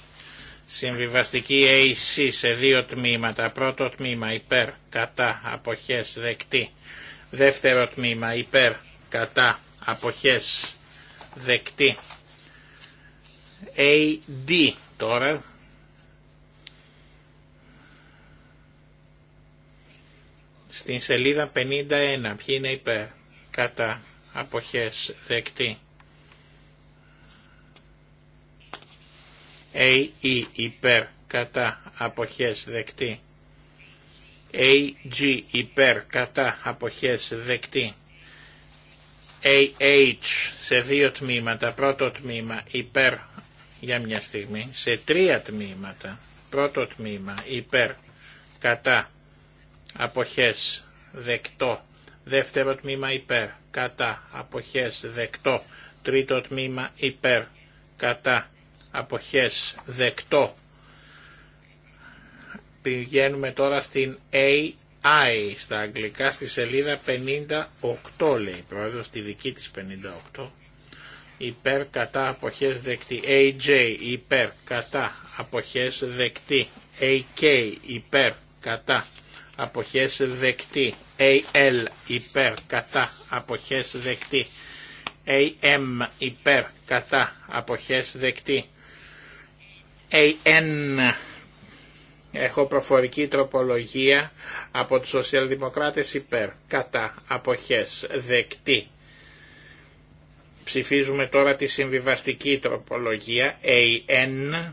Συμβιβαστική AC σε δύο τμήματα. Πρώτο τμήμα υπέρ, κατά, αποχές, δεκτή. Δεύτερο τμήμα υπέρ, κατά, αποχές, δεκτή. AD τώρα. Στην σελίδα 51, ποιοι είναι υπέρ, κατά, αποχές, δεκτή. AE υπέρ κατά αποχές δεκτή. AG υπέρ κατά αποχές δεκτή. AH σε δύο τμήματα, πρώτο τμήμα υπέρ για μια στιγμή, σε τρία τμήματα, πρώτο τμήμα υπέρ κατά αποχές δεκτό, δεύτερο τμήμα υπέρ κατά αποχές δεκτό, τρίτο τμήμα υπέρ κατά αποχές δεκτό. Πηγαίνουμε τώρα στην AI στα αγγλικά στη σελίδα 58 λέει πρόεδρος στη δική της 58 υπέρ κατά αποχές δεκτή AJ υπέρ κατά αποχές δεκτή AK υπέρ κατά αποχές δεκτή AL υπέρ κατά αποχές δεκτή AM υπέρ κατά αποχές δεκτή AN. Έχω προφορική τροπολογία από τους σοσιαλδημοκράτες υπέρ, κατά, αποχές, δεκτή. Ψηφίζουμε τώρα τη συμβιβαστική τροπολογία AN.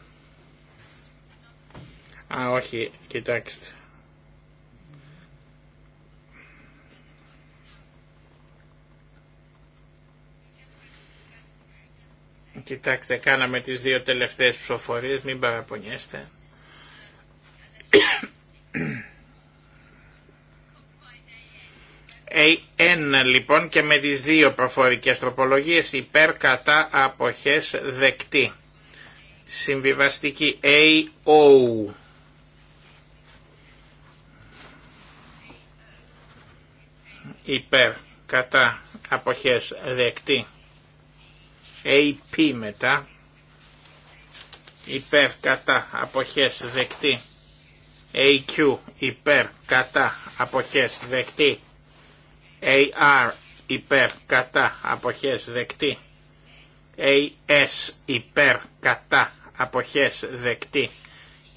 Α, όχι, κοιτάξτε. Κοιτάξτε, κάναμε τις δύο τελευταίες ψηφοφορίες, μην παραπονιέστε. Ε, ένα λοιπόν και με τις δύο προφορικές τροπολογίες υπέρ κατά αποχές δεκτή. Συμβιβαστική AO. Υπέρ κατά αποχές δεκτή. AP μετά υπέρ κατά αποχές δεκτή AQ υπέρ κατά αποχές δεκτή AR υπέρ κατά αποχές δεκτή AS υπέρ κατά αποχές δεκτή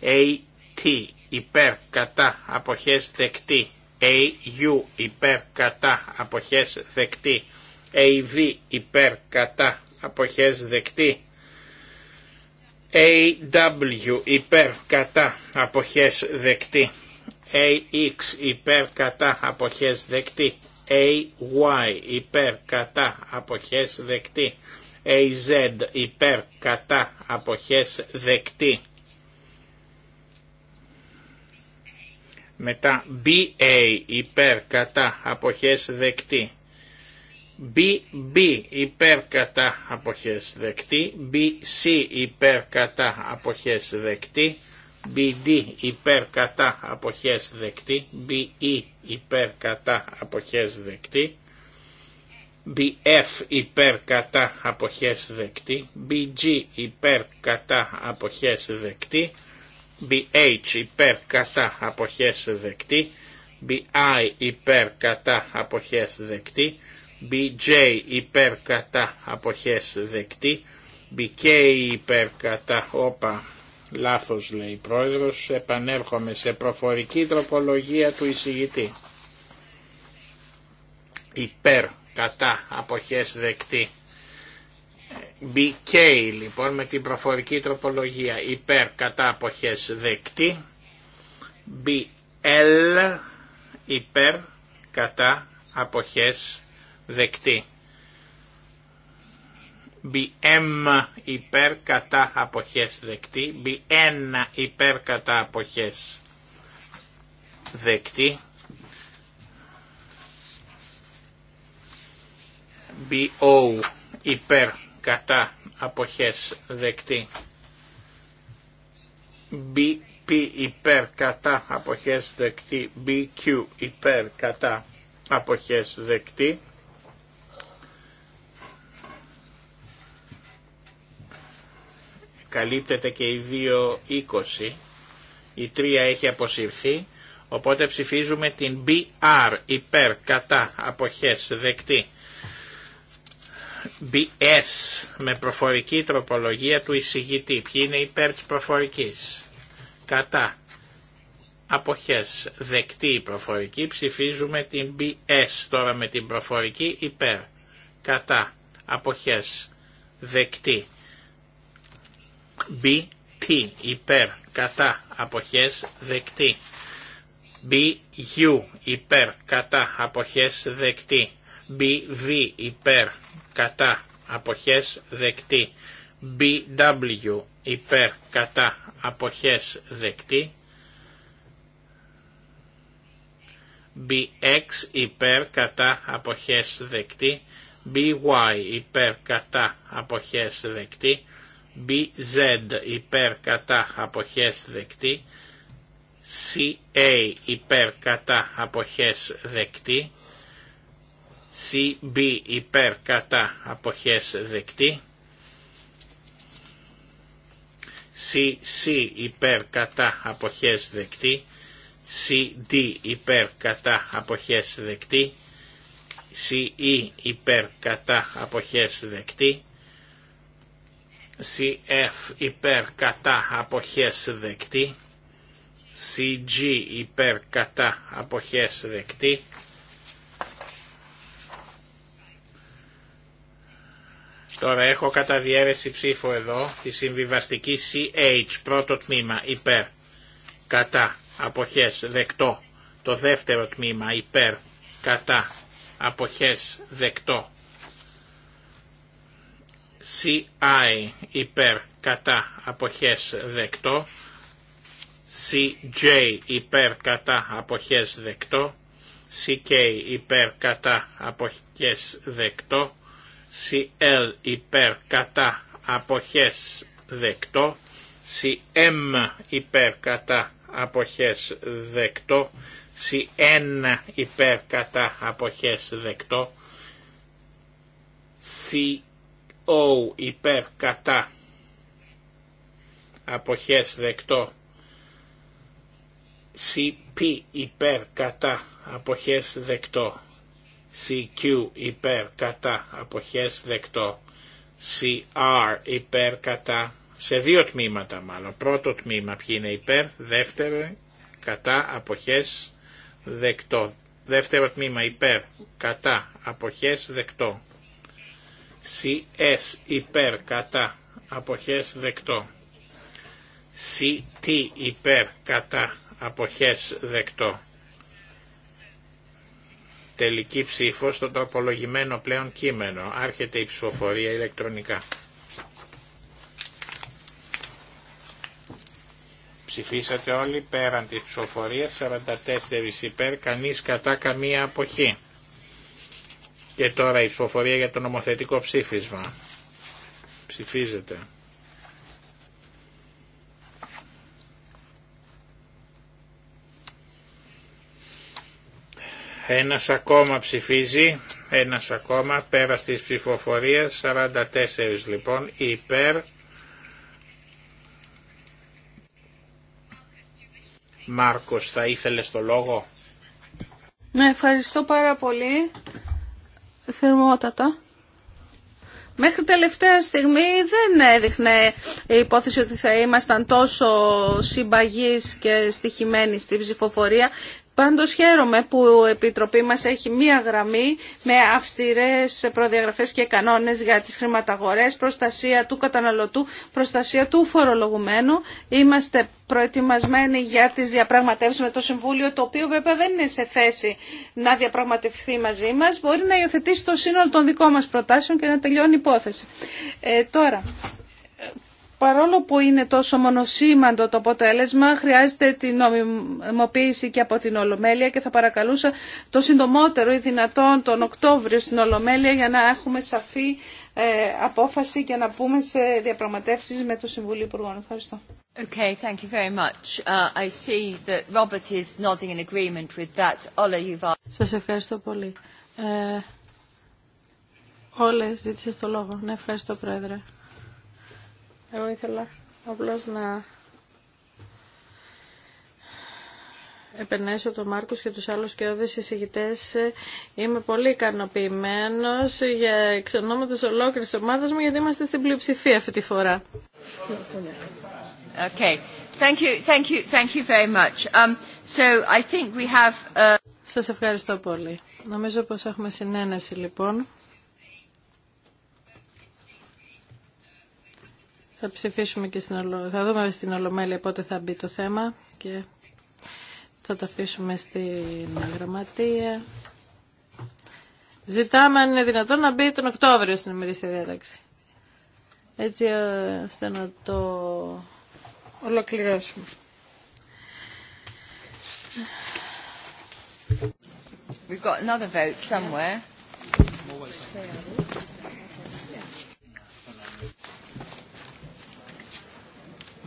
AT υπέρ κατά αποχές δεκτή AU υπέρ κατά αποχές δεκτή AV υπέρ κατά αποχές δεκτή. AW υπέρ κατά αποχές δεκτή. AX υπέρ κατά αποχές δεκτή. AY υπέρ κατά αποχές δεκτή. AZ υπέρ κατά αποχές δεκτή. Μετά BA υπέρ κατά αποχές δεκτή. BB υπέρ κατά αποχές δεκτή, BC υπέρ κατά αποχές δεκτή, BD υπέρ κατά αποχές δεκτή, BE υπέρ κατά αποχές δεκτή, BF υπέρ κατά αποχές δεκτή, BG υπέρ κατά αποχές δεκτή, BH υπέρ κατά αποχές δεκτή, BI υπέρ κατά αποχές δεκτή, BJ υπέρ κατά αποχές δεκτή, BK υπέρ κατά, όπα, λάθος λέει η πρόεδρος, επανέρχομαι σε προφορική τροπολογία του εισηγητή. Υπέρ κατά αποχές δεκτή. BK λοιπόν με την προφορική τροπολογία υπέρ κατά αποχές δεκτή. BL υπέρ κατά αποχές δεκτή δεκτή. BM υπέρ κατά αποχές BN υπέρ κατά αποχές δεκτή, BO υπέρ κατά αποχές δεκτή, BP υπέρ κατά αποχές δεκτή, BQ υπέρ κατά αποχές δεκτή, καλύπτεται και η 2.20, η 3 έχει αποσυρθεί, οπότε ψηφίζουμε την BR, υπέρ, κατά, αποχές, δεκτή. BS, με προφορική τροπολογία του εισηγητή. Ποιοι είναι υπέρ της προφορικής. Κατά. Αποχές. Δεκτή η προφορική. Ψηφίζουμε την BS τώρα με την προφορική υπέρ. Κατά. Αποχές. Δεκτή. BT υπέρ κατά αποχές δεκτή. BU υπέρ κατά αποχές δεκτή. BV υπέρ κατά αποχές δεκτή. BW υπέρ κατά αποχές δεκτή. BX υπέρ κατά αποχές δεκτή. BY υπέρ κατά αποχές δεκτή. BZ υπέρ κατά αποχές δεκτή, CA υπέρ κατά αποχές δεκτή, CB υπέρ κατά αποχές δεκτή, CC υπέρ κατά αποχές δεκτή, CD υπέρ κατά αποχές δεκτή, CE υπέρ κατά αποχές δεκτή, CF υπέρ κατά αποχές δεκτή, CG υπέρ κατά αποχές δεκτή, Τώρα έχω κατά διέρεση ψήφο εδώ τη συμβιβαστική CH πρώτο τμήμα υπέρ κατά αποχές δεκτό. Το δεύτερο τμήμα υπέρ κατά αποχές δεκτό. CI υπέρ κατά αποχές δεκτό, CJ υπέρ κατά αποχές δεκτό, CK υπέρ κατά αποχές δεκτό, CL υπέρ κατά αποχές δεκτό, CM υπέρ κατά αποχές δεκτό, CN υπέρ κατά αποχές δεκτό, CE ο υπέρ κατά αποχές δεκτό CP υπέρ κατά αποχές δεκτό CQ υπέρ κατά αποχές δεκτό CR υπέρ κατά σε δύο τμήματα μάλλον πρώτο τμήμα ποιοι είναι υπέρ δεύτερο κατά αποχές δεκτό δεύτερο τμήμα υπέρ κατά αποχές δεκτό CS υπέρ κατά αποχές δεκτό. CT υπέρ κατά αποχές δεκτό. Τελική ψήφο στο τροπολογημένο πλέον κείμενο. Άρχεται η ψηφοφορία ηλεκτρονικά. Ψηφίσατε όλοι πέραν της ψηφοφορίας 44 υπέρ, κανείς κατά καμία αποχή. Και τώρα η ψηφοφορία για το νομοθετικό ψήφισμα. Ψηφίζεται. Ένας ακόμα ψηφίζει, ένας ακόμα, πέρα στις ψηφοφορίες, 44 λοιπόν, υπέρ. Μάρκος, θα ήθελες το λόγο. Ναι, ευχαριστώ πάρα πολύ θερμότατα. Μέχρι τελευταία στιγμή δεν έδειχνε η υπόθεση ότι θα ήμασταν τόσο συμπαγείς και στοιχημένοι στη ψηφοφορία. Πάντως χαίρομαι που η Επιτροπή μας έχει μία γραμμή με αυστηρές προδιαγραφές και κανόνες για τις χρηματαγορές, προστασία του καταναλωτού, προστασία του φορολογουμένου. Είμαστε προετοιμασμένοι για τις διαπραγματεύσεις με το Συμβούλιο, το οποίο βέβαια δεν είναι σε θέση να διαπραγματευθεί μαζί μας. Μπορεί να υιοθετήσει το σύνολο των δικών μας προτάσεων και να τελειώνει υπόθεση. Ε, τώρα, παρόλο που είναι τόσο μονοσήμαντο το αποτέλεσμα, χρειάζεται την νομιμοποίηση και από την Ολομέλεια και θα παρακαλούσα το συντομότερο ή δυνατόν τον Οκτώβριο στην Ολομέλεια για να έχουμε σαφή ε, απόφαση και να πούμε σε διαπραγματεύσεις με το Συμβούλιο Υπουργών. Ευχαριστώ. Okay, thank you very much. Uh, I see that Robert is nodding in agreement with that. Ola, Σας ευχαριστώ πολύ. Ε, όλες το λόγο. Ναι, ευχαριστώ Πρόεδρε. Εγώ ήθελα απλώς να επενέσω τον Μάρκους και τους άλλους και όδες εισηγητές. Είμαι πολύ ικανοποιημένος για εξ ονόματος ολόκληρης ομάδας μου γιατί είμαστε στην πλειοψηφία αυτή τη φορά. Okay. Thank you, thank you, thank you very much. Um, so I think we have, uh, Σας ευχαριστώ πολύ. Νομίζω πως έχουμε συνένεση λοιπόν. Θα ψηφίσουμε και στην Ολομέλεια. Θα δούμε στην Ολομέλεια πότε θα μπει το θέμα και θα το αφήσουμε στην γραμματεία. Ζητάμε αν είναι δυνατόν να μπει τον Οκτώβριο στην ημερήσια διάταξη. Έτσι ε, ώστε να το ολοκληρώσουμε. We've got another vote somewhere.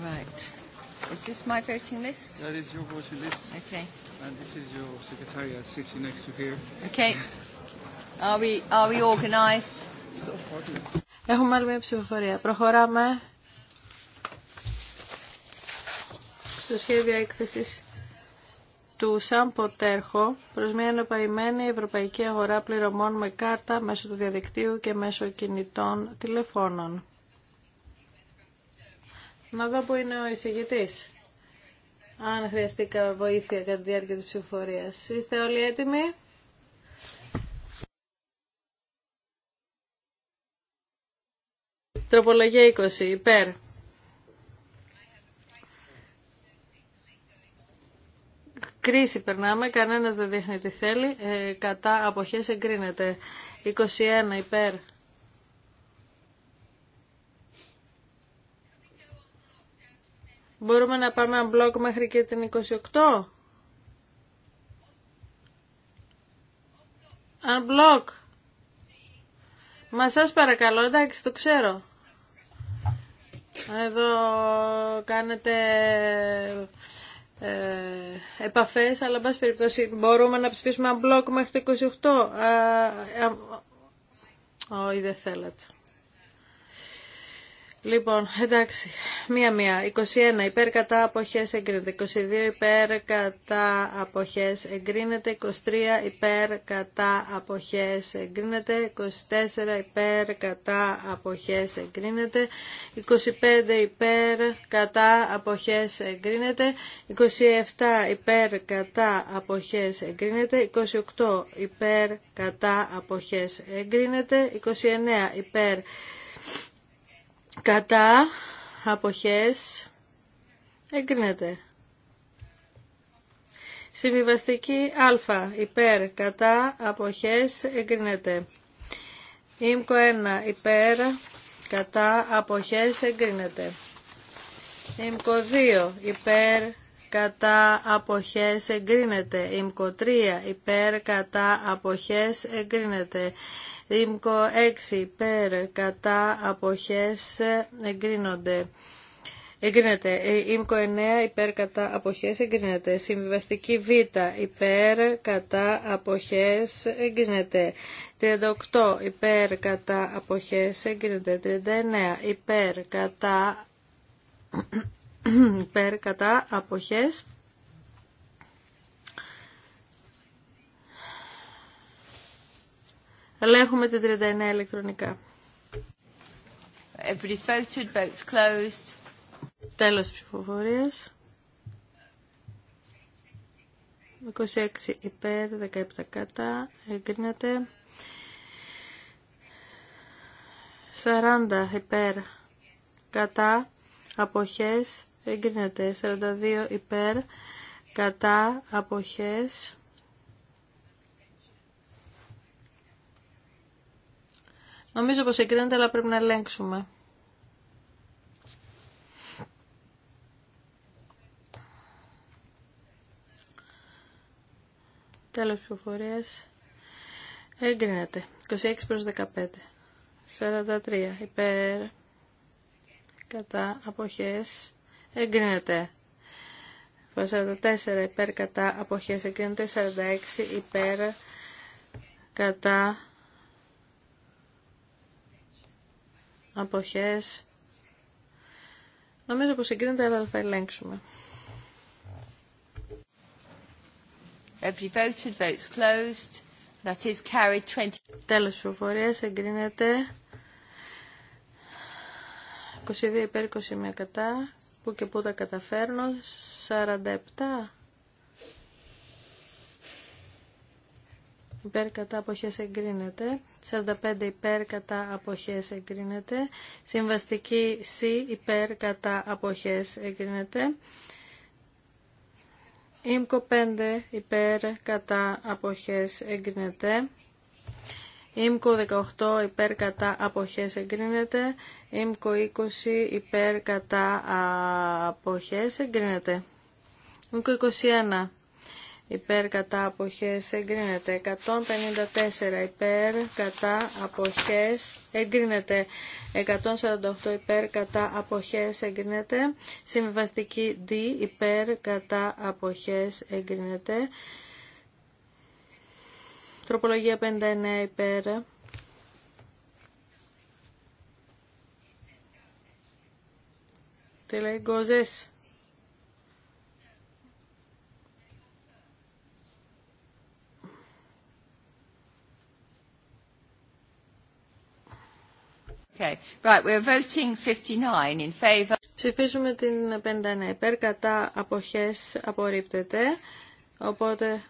Right. Is this my voting list? That is your voting list. Okay. And this is your secretariat sitting next to here. Okay. Are we, are we organized? Έχουμε άλλη μια ψηφοφορία. Προχωράμε στο σχέδιο έκθεσης του Σαν Ποτέρχο προς μια ενωπαϊμένη ευρωπαϊκή αγορά πληρωμών με κάρτα μέσω του διαδικτύου και μέσω κινητών τηλεφώνων. Να δω που είναι ο εισηγητή. Αν χρειαστεί βοήθεια κατά τη διάρκεια τη ψηφοφορία. Είστε όλοι έτοιμοι. Τροπολογία 20. Υπέρ. Κρίση περνάμε, κανένας δεν δείχνει τι θέλει, ε, κατά αποχές εγκρίνεται. 21 υπέρ, Μπορούμε να πάμε ένα μπλοκ μέχρι και την 28. Unblock. Μα σας παρακαλώ, εντάξει, το ξέρω. Εδώ κάνετε ε, επαφές, αλλά μπας περιπτώσει μπορούμε να ψηφίσουμε unblock μέχρι την 28. Όχι, δεν θέλατε. Λοιπόν, εντάξει, μία-μία. 21 υπέρ κατά αποχές εγκρίνεται. 22 υπέρ κατά αποχές εγκρίνεται. 23 υπέρ κατά αποχές εγκρίνεται. 24 υπέρ κατά αποχές εγκρίνεται. 25 υπέρ κατά αποχές εγκρίνεται. 27 υπέρ κατά αποχές εγκρίνεται. 28 υπέρ κατά αποχές εγκρίνεται. 29 υπέρ κατά αποχές εγκρίνεται. Συμβιβαστική α υπέρ κατά αποχές εγκρίνεται. Ήμκο 1 υπέρ κατά αποχές εγκρίνεται. Ήμκο 2 υπέρ κατά αποχές εγκρίνεται. Ήμκο 3 υπέρ κατά αποχές εγκρίνεται. ΥΜΚΟ 6 υπέρ κατά αποχές εγκρίνονται. Εγκρίνεται. Ε, Ήμκο 9 υπέρ κατά αποχές εγκρίνεται. Συμβιβαστική Β υπέρ κατά αποχές εγκρίνεται. 38 υπέρ κατά αποχές εγκρίνεται. 39 υπέρ κατά, υπέρ κατά αποχές έχουμε την 39 ηλεκτρονικά. Everybody's voted, closed. Τέλος της ψηφοφορίας. 26 υπέρ, 17 κατά, εγκρίνεται. 40 υπέρ, κατά, αποχές, εγκρίνεται. 42 υπέρ, κατά, αποχές, Νομίζω πως εγκρίνεται, αλλά πρέπει να ελέγξουμε. Τέλος ψηφοφορίας. Εγκρίνεται. 26 προς 15. 43. Υπέρ. Κατά. Αποχές. Εγκρίνεται. 44. Υπέρ. Κατά. Αποχές. Εγκρίνεται. 46. Υπέρ. Κατά. αποχές. Νομίζω πως εγκρίνεται, αλλά θα ελέγξουμε. Every voted, votes closed. That is carried 20. Τέλος εγκρίνεται 22 υπέρ 21 κατά. Πού και πού τα καταφέρνω. 47 υπέρ κατά αποχές εγκρίνεται. 45 υπέρ κατά αποχές εγκρίνεται. Συμβαστική C υπέρ κατά αποχές εγκρίνεται. Ήμκο 5 υπέρ κατά αποχές εγκρίνεται. Ήμκο 18 υπέρ κατά αποχές εγκρίνεται. Ήμκο 20 υπέρ κατά αποχές εγκρίνεται. Ήμκο 21 υπέρ κατά αποχές εγκρίνεται 154 υπέρ κατά αποχές εγκρίνεται 148 υπέρ κατά αποχές εγκρίνεται συμβιβαστική D υπέρ κατά αποχές εγκρίνεται τροπολογία 59 υπέρ τι λέει Okay. 59 Ψηφίζουμε την 59 υπέρ, κατά αποχές απορρίπτεται, οπότε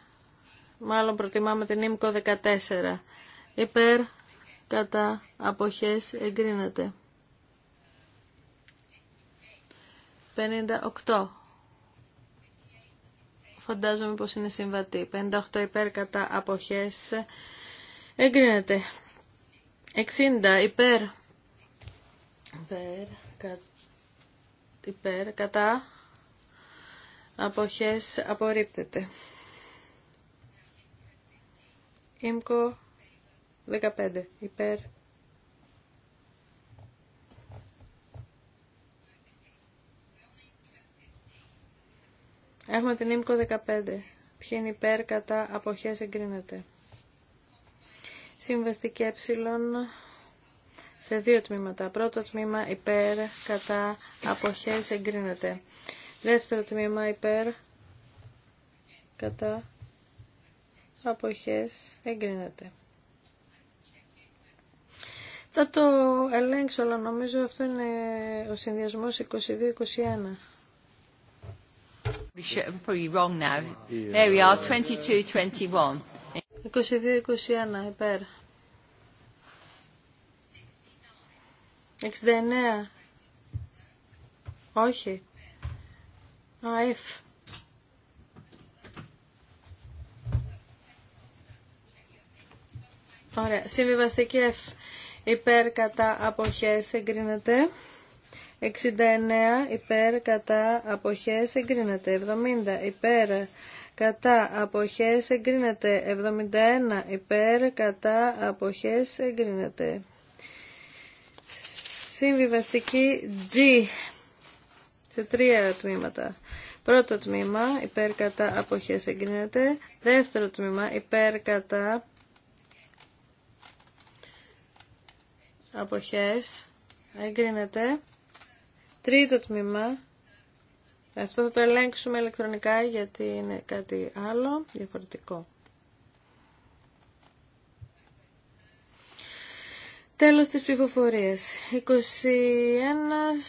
μάλλον προτιμάμε την ΙΜΚΟ 14. Υπέρ, κατά αποχές εγκρίνεται. 58. Φαντάζομαι πως είναι συμβατή. 58 υπέρ κατά αποχές εγκρίνεται. 60 υπέρ Υπέρ, κα... υπέρ κατά αποχές απορρίπτεται. Ήμκο 15. Υπέρ. Έχουμε την ΙΜΚΟ 15. Ποιοι είναι υπέρ κατά αποχές εγκρίνεται. Συμβαστική ε σε δύο τμήματα. Πρώτο τμήμα υπέρ κατά αποχές εγκρίνεται. Δεύτερο τμήμα υπέρ κατά αποχές εγκρίνεται. Θα το ελέγξω, αλλά νομίζω αυτό είναι ο συνδυασμός 22-21. probably wrong now. we are, 22-21. 22-21, υπέρ. 69. Όχι. Α, F. Ωραία. Συμβιβαστική F. Υπέρ κατά αποχές εγκρίνεται. 69 υπέρ κατά αποχές εγκρίνεται. 70 υπέρ κατά αποχές εγκρίνεται. 71 υπέρ κατά αποχές εγκρίνεται. Συμβιβαστική G σε τρία τμήματα. Πρώτο τμήμα υπέρ κατά αποχές εγκρίνεται. Δεύτερο τμήμα υπέρ κατά αποχές εγκρίνεται. Τρίτο τμήμα. Αυτό θα το ελέγξουμε ηλεκτρονικά γιατί είναι κάτι άλλο διαφορετικό. Τέλος της ψηφοφορίας. 21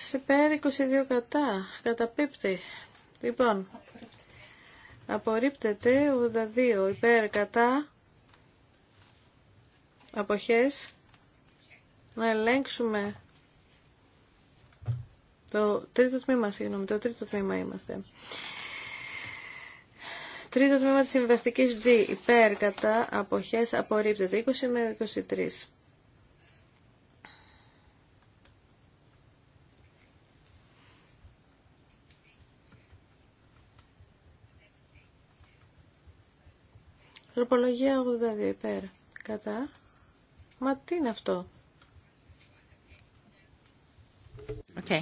σε πέρι, 22 κατά. Καταπίπτει. Λοιπόν, απορρίπτεται 82 υπέρ κατά. Αποχές. Να ελέγξουμε το τρίτο τμήμα, συγγνώμη, το τρίτο τμήμα είμαστε. Τρίτο τμήμα της συμβαστικής G, υπέρ, κατά, αποχές, απορρίπτεται, 20 με 23. Τροπολογία 82 υπέρ. Κατά. Μα τι είναι αυτό. Okay. 82.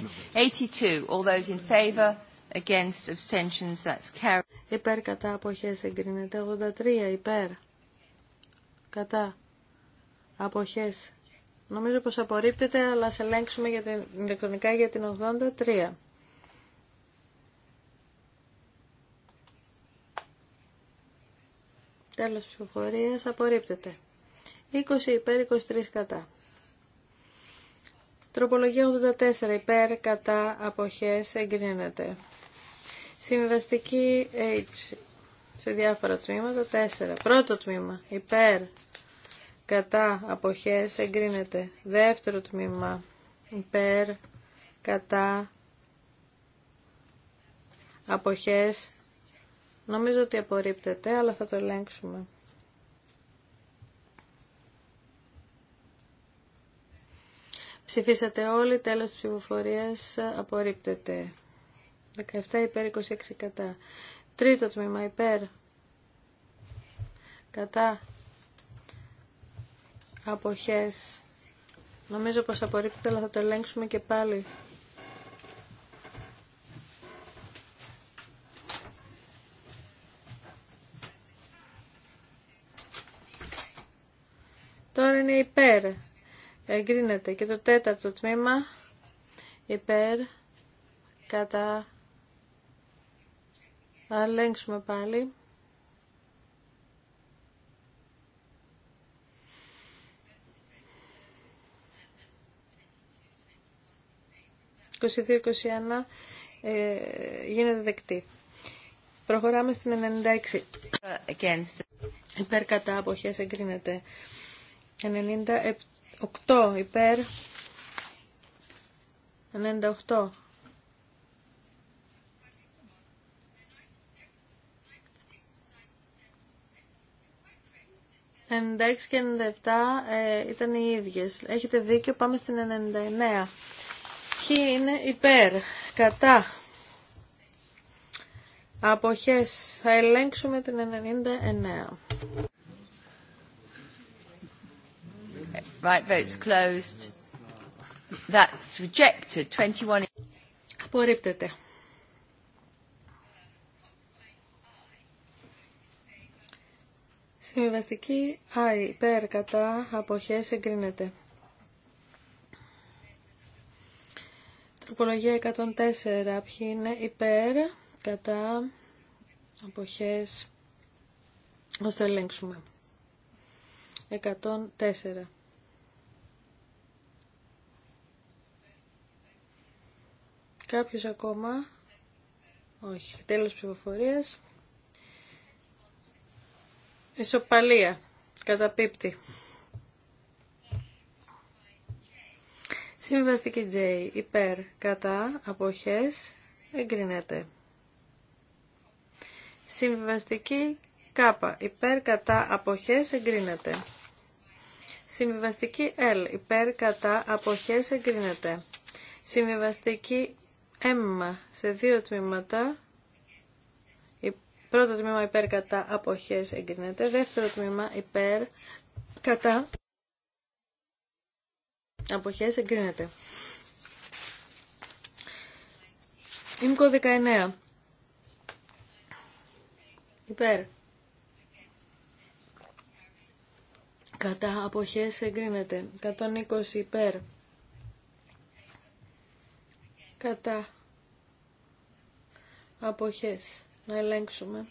All those in favor, against abstentions, that's carried. Υπέρ κατά αποχές εγκρίνεται. 83 υπέρ. Κατά. Αποχές. Νομίζω πως απορρίπτεται, αλλά σε ελέγξουμε για την, ηλεκτρονικά για την 83. Τέλος ψηφοφορίας. Απορρίπτεται. 20 υπέρ, 23 κατά. Τροπολογία 84 υπέρ, κατά, αποχές, εγκρίνεται. Συμβαστική H σε διάφορα τμήματα. 4. Πρώτο τμήμα υπέρ, κατά, αποχές, εγκρίνεται. Δεύτερο τμήμα υπέρ, κατά, αποχές, Νομίζω ότι απορρίπτεται, αλλά θα το ελέγξουμε. Ψηφίσατε όλοι, τέλος της ψηφοφορίας απορρίπτεται. 17 υπέρ, 26 κατά. Τρίτο τμήμα υπέρ. Κατά. Αποχές. Νομίζω πως απορρίπτεται, αλλά θα το ελέγξουμε και πάλι. τώρα είναι υπέρ. Εγκρίνεται. Και το τέταρτο τμήμα υπέρ κατά θα ελέγξουμε πάλι. Ε, γίνεται δεκτή. Προχωράμε στην 96. Υπέρ κατά αποχές εγκρίνεται. 98 υπέρ 98 96 και 97 ε, ήταν οι ίδιες. Έχετε δίκιο, πάμε στην 99. Ποιοι είναι υπέρ, κατά, αποχές. Θα ελέγξουμε την 99. Right, votes closed. That's rejected. 21. Απορρίπτεται. Συμβιβαστική υπέρ κατά αποχές εγκρίνεται. Τροπολογία 104. Ποιοι είναι υπέρ κατά αποχές. Ας το ελέγξουμε. 104. Κάποιος ακόμα. Όχι. Τέλος ψηφοφορίας. Ισοπαλία. Καταπίπτει. Συμβαστική J. Υπέρ. Κατά. Αποχές. Εγκρίνεται. Συμβιβαστική K. Υπέρ. Κατά. Αποχές. Εγκρίνεται. Συμβιβαστική L. Υπέρ. Κατά. Αποχές. Εγκρίνεται. Συμβιβαστική ΕΜΜΑ. σε δύο τμήματα. Η πρώτο τμήμα υπέρ κατά αποχές εγκρίνεται. Δεύτερο τμήμα υπέρ κατά αποχές εγκρίνεται. Ήμκο 19. Υπέρ. Κατά αποχές εγκρίνεται. 120 υπέρ κατά αποχές να ελέγξουμε.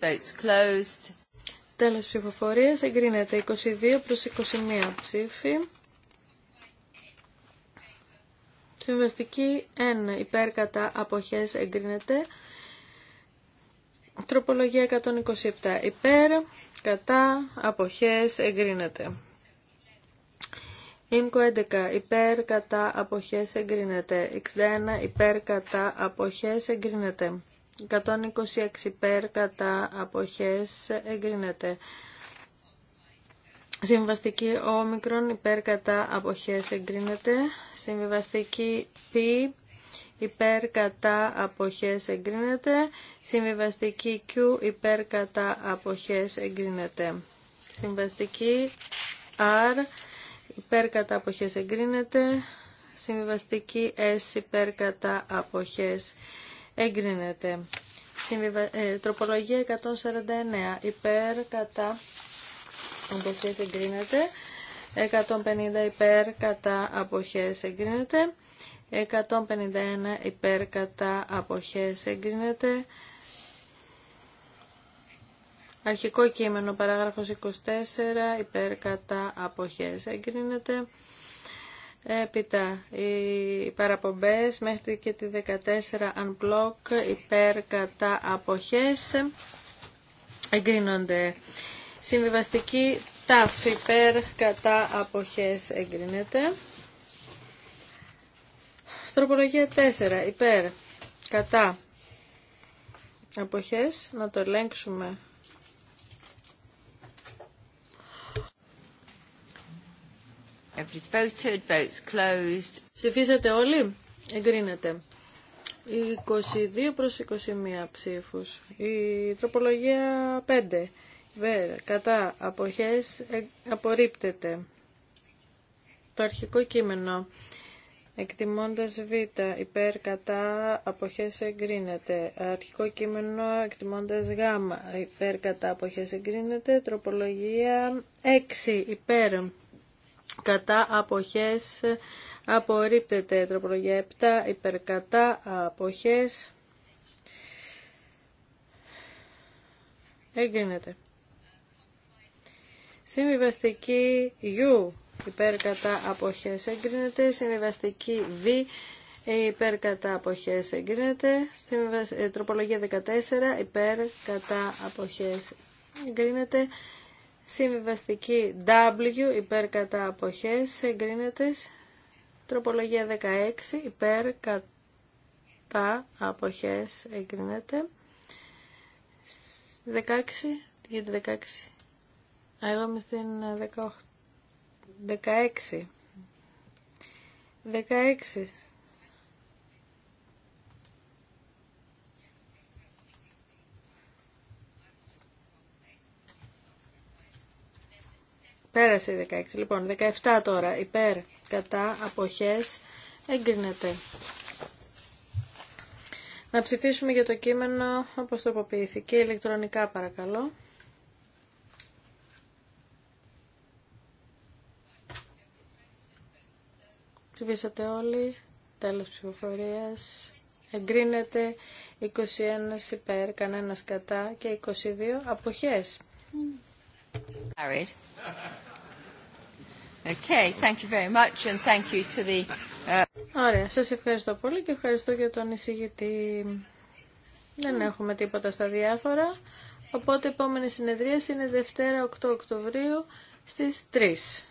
Votes closed. Τέλος ψηφοφορίας εγκρίνεται 22 προς 21 ψήφι. Συμβαστική 1 υπέρ κατά αποχές εγκρίνεται. Τροπολογία 127 υπέρ, κατά, αποχές, εγκρίνεται. Ήμκο 11 υπέρ, κατά, αποχές, εγκρίνεται. 61 υπέρ, κατά, αποχές, εγκρίνεται. 126 υπέρ, κατά, αποχές, εγκρίνεται. Συμβαστική όμικρον υπέρ κατά αποχές εγκρίνεται. Συμβαστική π υπέρ κατά αποχές εγκρίνεται. Συμβιβαστική Q υπέρ κατά αποχές εγκρίνεται. Συμβαστική R υπέρ κατά αποχές εγκρίνεται. Συμβιβαστική S υπέρ κατά αποχές εγκρίνεται. Συμβιβα... Ε, τροπολογία 149 υπέρ κατά αποχές εγκρίνεται. 150 υπέρ κατά αποχές εγκρίνεται. 151 υπέρ κατά αποχές εγκρίνεται. Αρχικό κείμενο παράγραφος 24 υπέρ κατά αποχές εγκρίνεται. Έπειτα, οι παραπομπές μέχρι και τη 14 unblock υπέρ κατά αποχές εγκρίνονται. Συμβιβαστική τάφ υπέρ κατά αποχές εγκρίνεται. Τροπολογία 4. Υπέρ. Κατά. Αποχές. Να το ελέγξουμε. votes closed. Ψηφίσατε όλοι. Εγκρίνεται. 22 προς 21 ψήφους. Η τροπολογία 5. υπέρ, κατά αποχές ε, απορρίπτεται. Το αρχικό κείμενο Εκτιμώντας β, υπέρ κατά αποχές εγκρίνεται. Αρχικό κείμενο εκτιμώντας γ, υπέρ κατά αποχές εγκρίνεται. Τροπολογία 6, υπέρ κατά αποχές απορρίπτεται. Τροπολογία 7, υπέρ κατά αποχές εγκρίνεται. Συμβιβαστική U υπέρ κατά αποχές εγκρίνεται. Συμβιβαστική Β υπέρ κατά αποχές εγκρίνεται. Ε, τροπολογία 14 υπέρ κατά αποχές εγκρίνεται. Συμβιβαστική W υπέρ κατά αποχές εγκρίνεται. Τροπολογία 16 υπέρ κατά αποχές εγκρίνεται. 16, γιατί 16. Α, εγώ είμαι στην 18. 16. 16. Πέρασε η 16. Λοιπόν, 17 τώρα. Υπέρ, κατά, αποχές, εγκρίνεται. Να ψηφίσουμε για το κείμενο όπως τροποποιηθήκε ηλεκτρονικά παρακαλώ. Ψηφίσατε όλοι. Τέλος ψηφοφορίας. Εγκρίνεται 21 υπέρ, κανένα κατά και 22 αποχές. Ωραία, σας ευχαριστώ πολύ και ευχαριστώ για τον εισηγητή. Δεν έχουμε τίποτα στα διάφορα, οπότε επόμενη συνεδρίαση είναι Δευτέρα 8 Οκτωβρίου στις 3.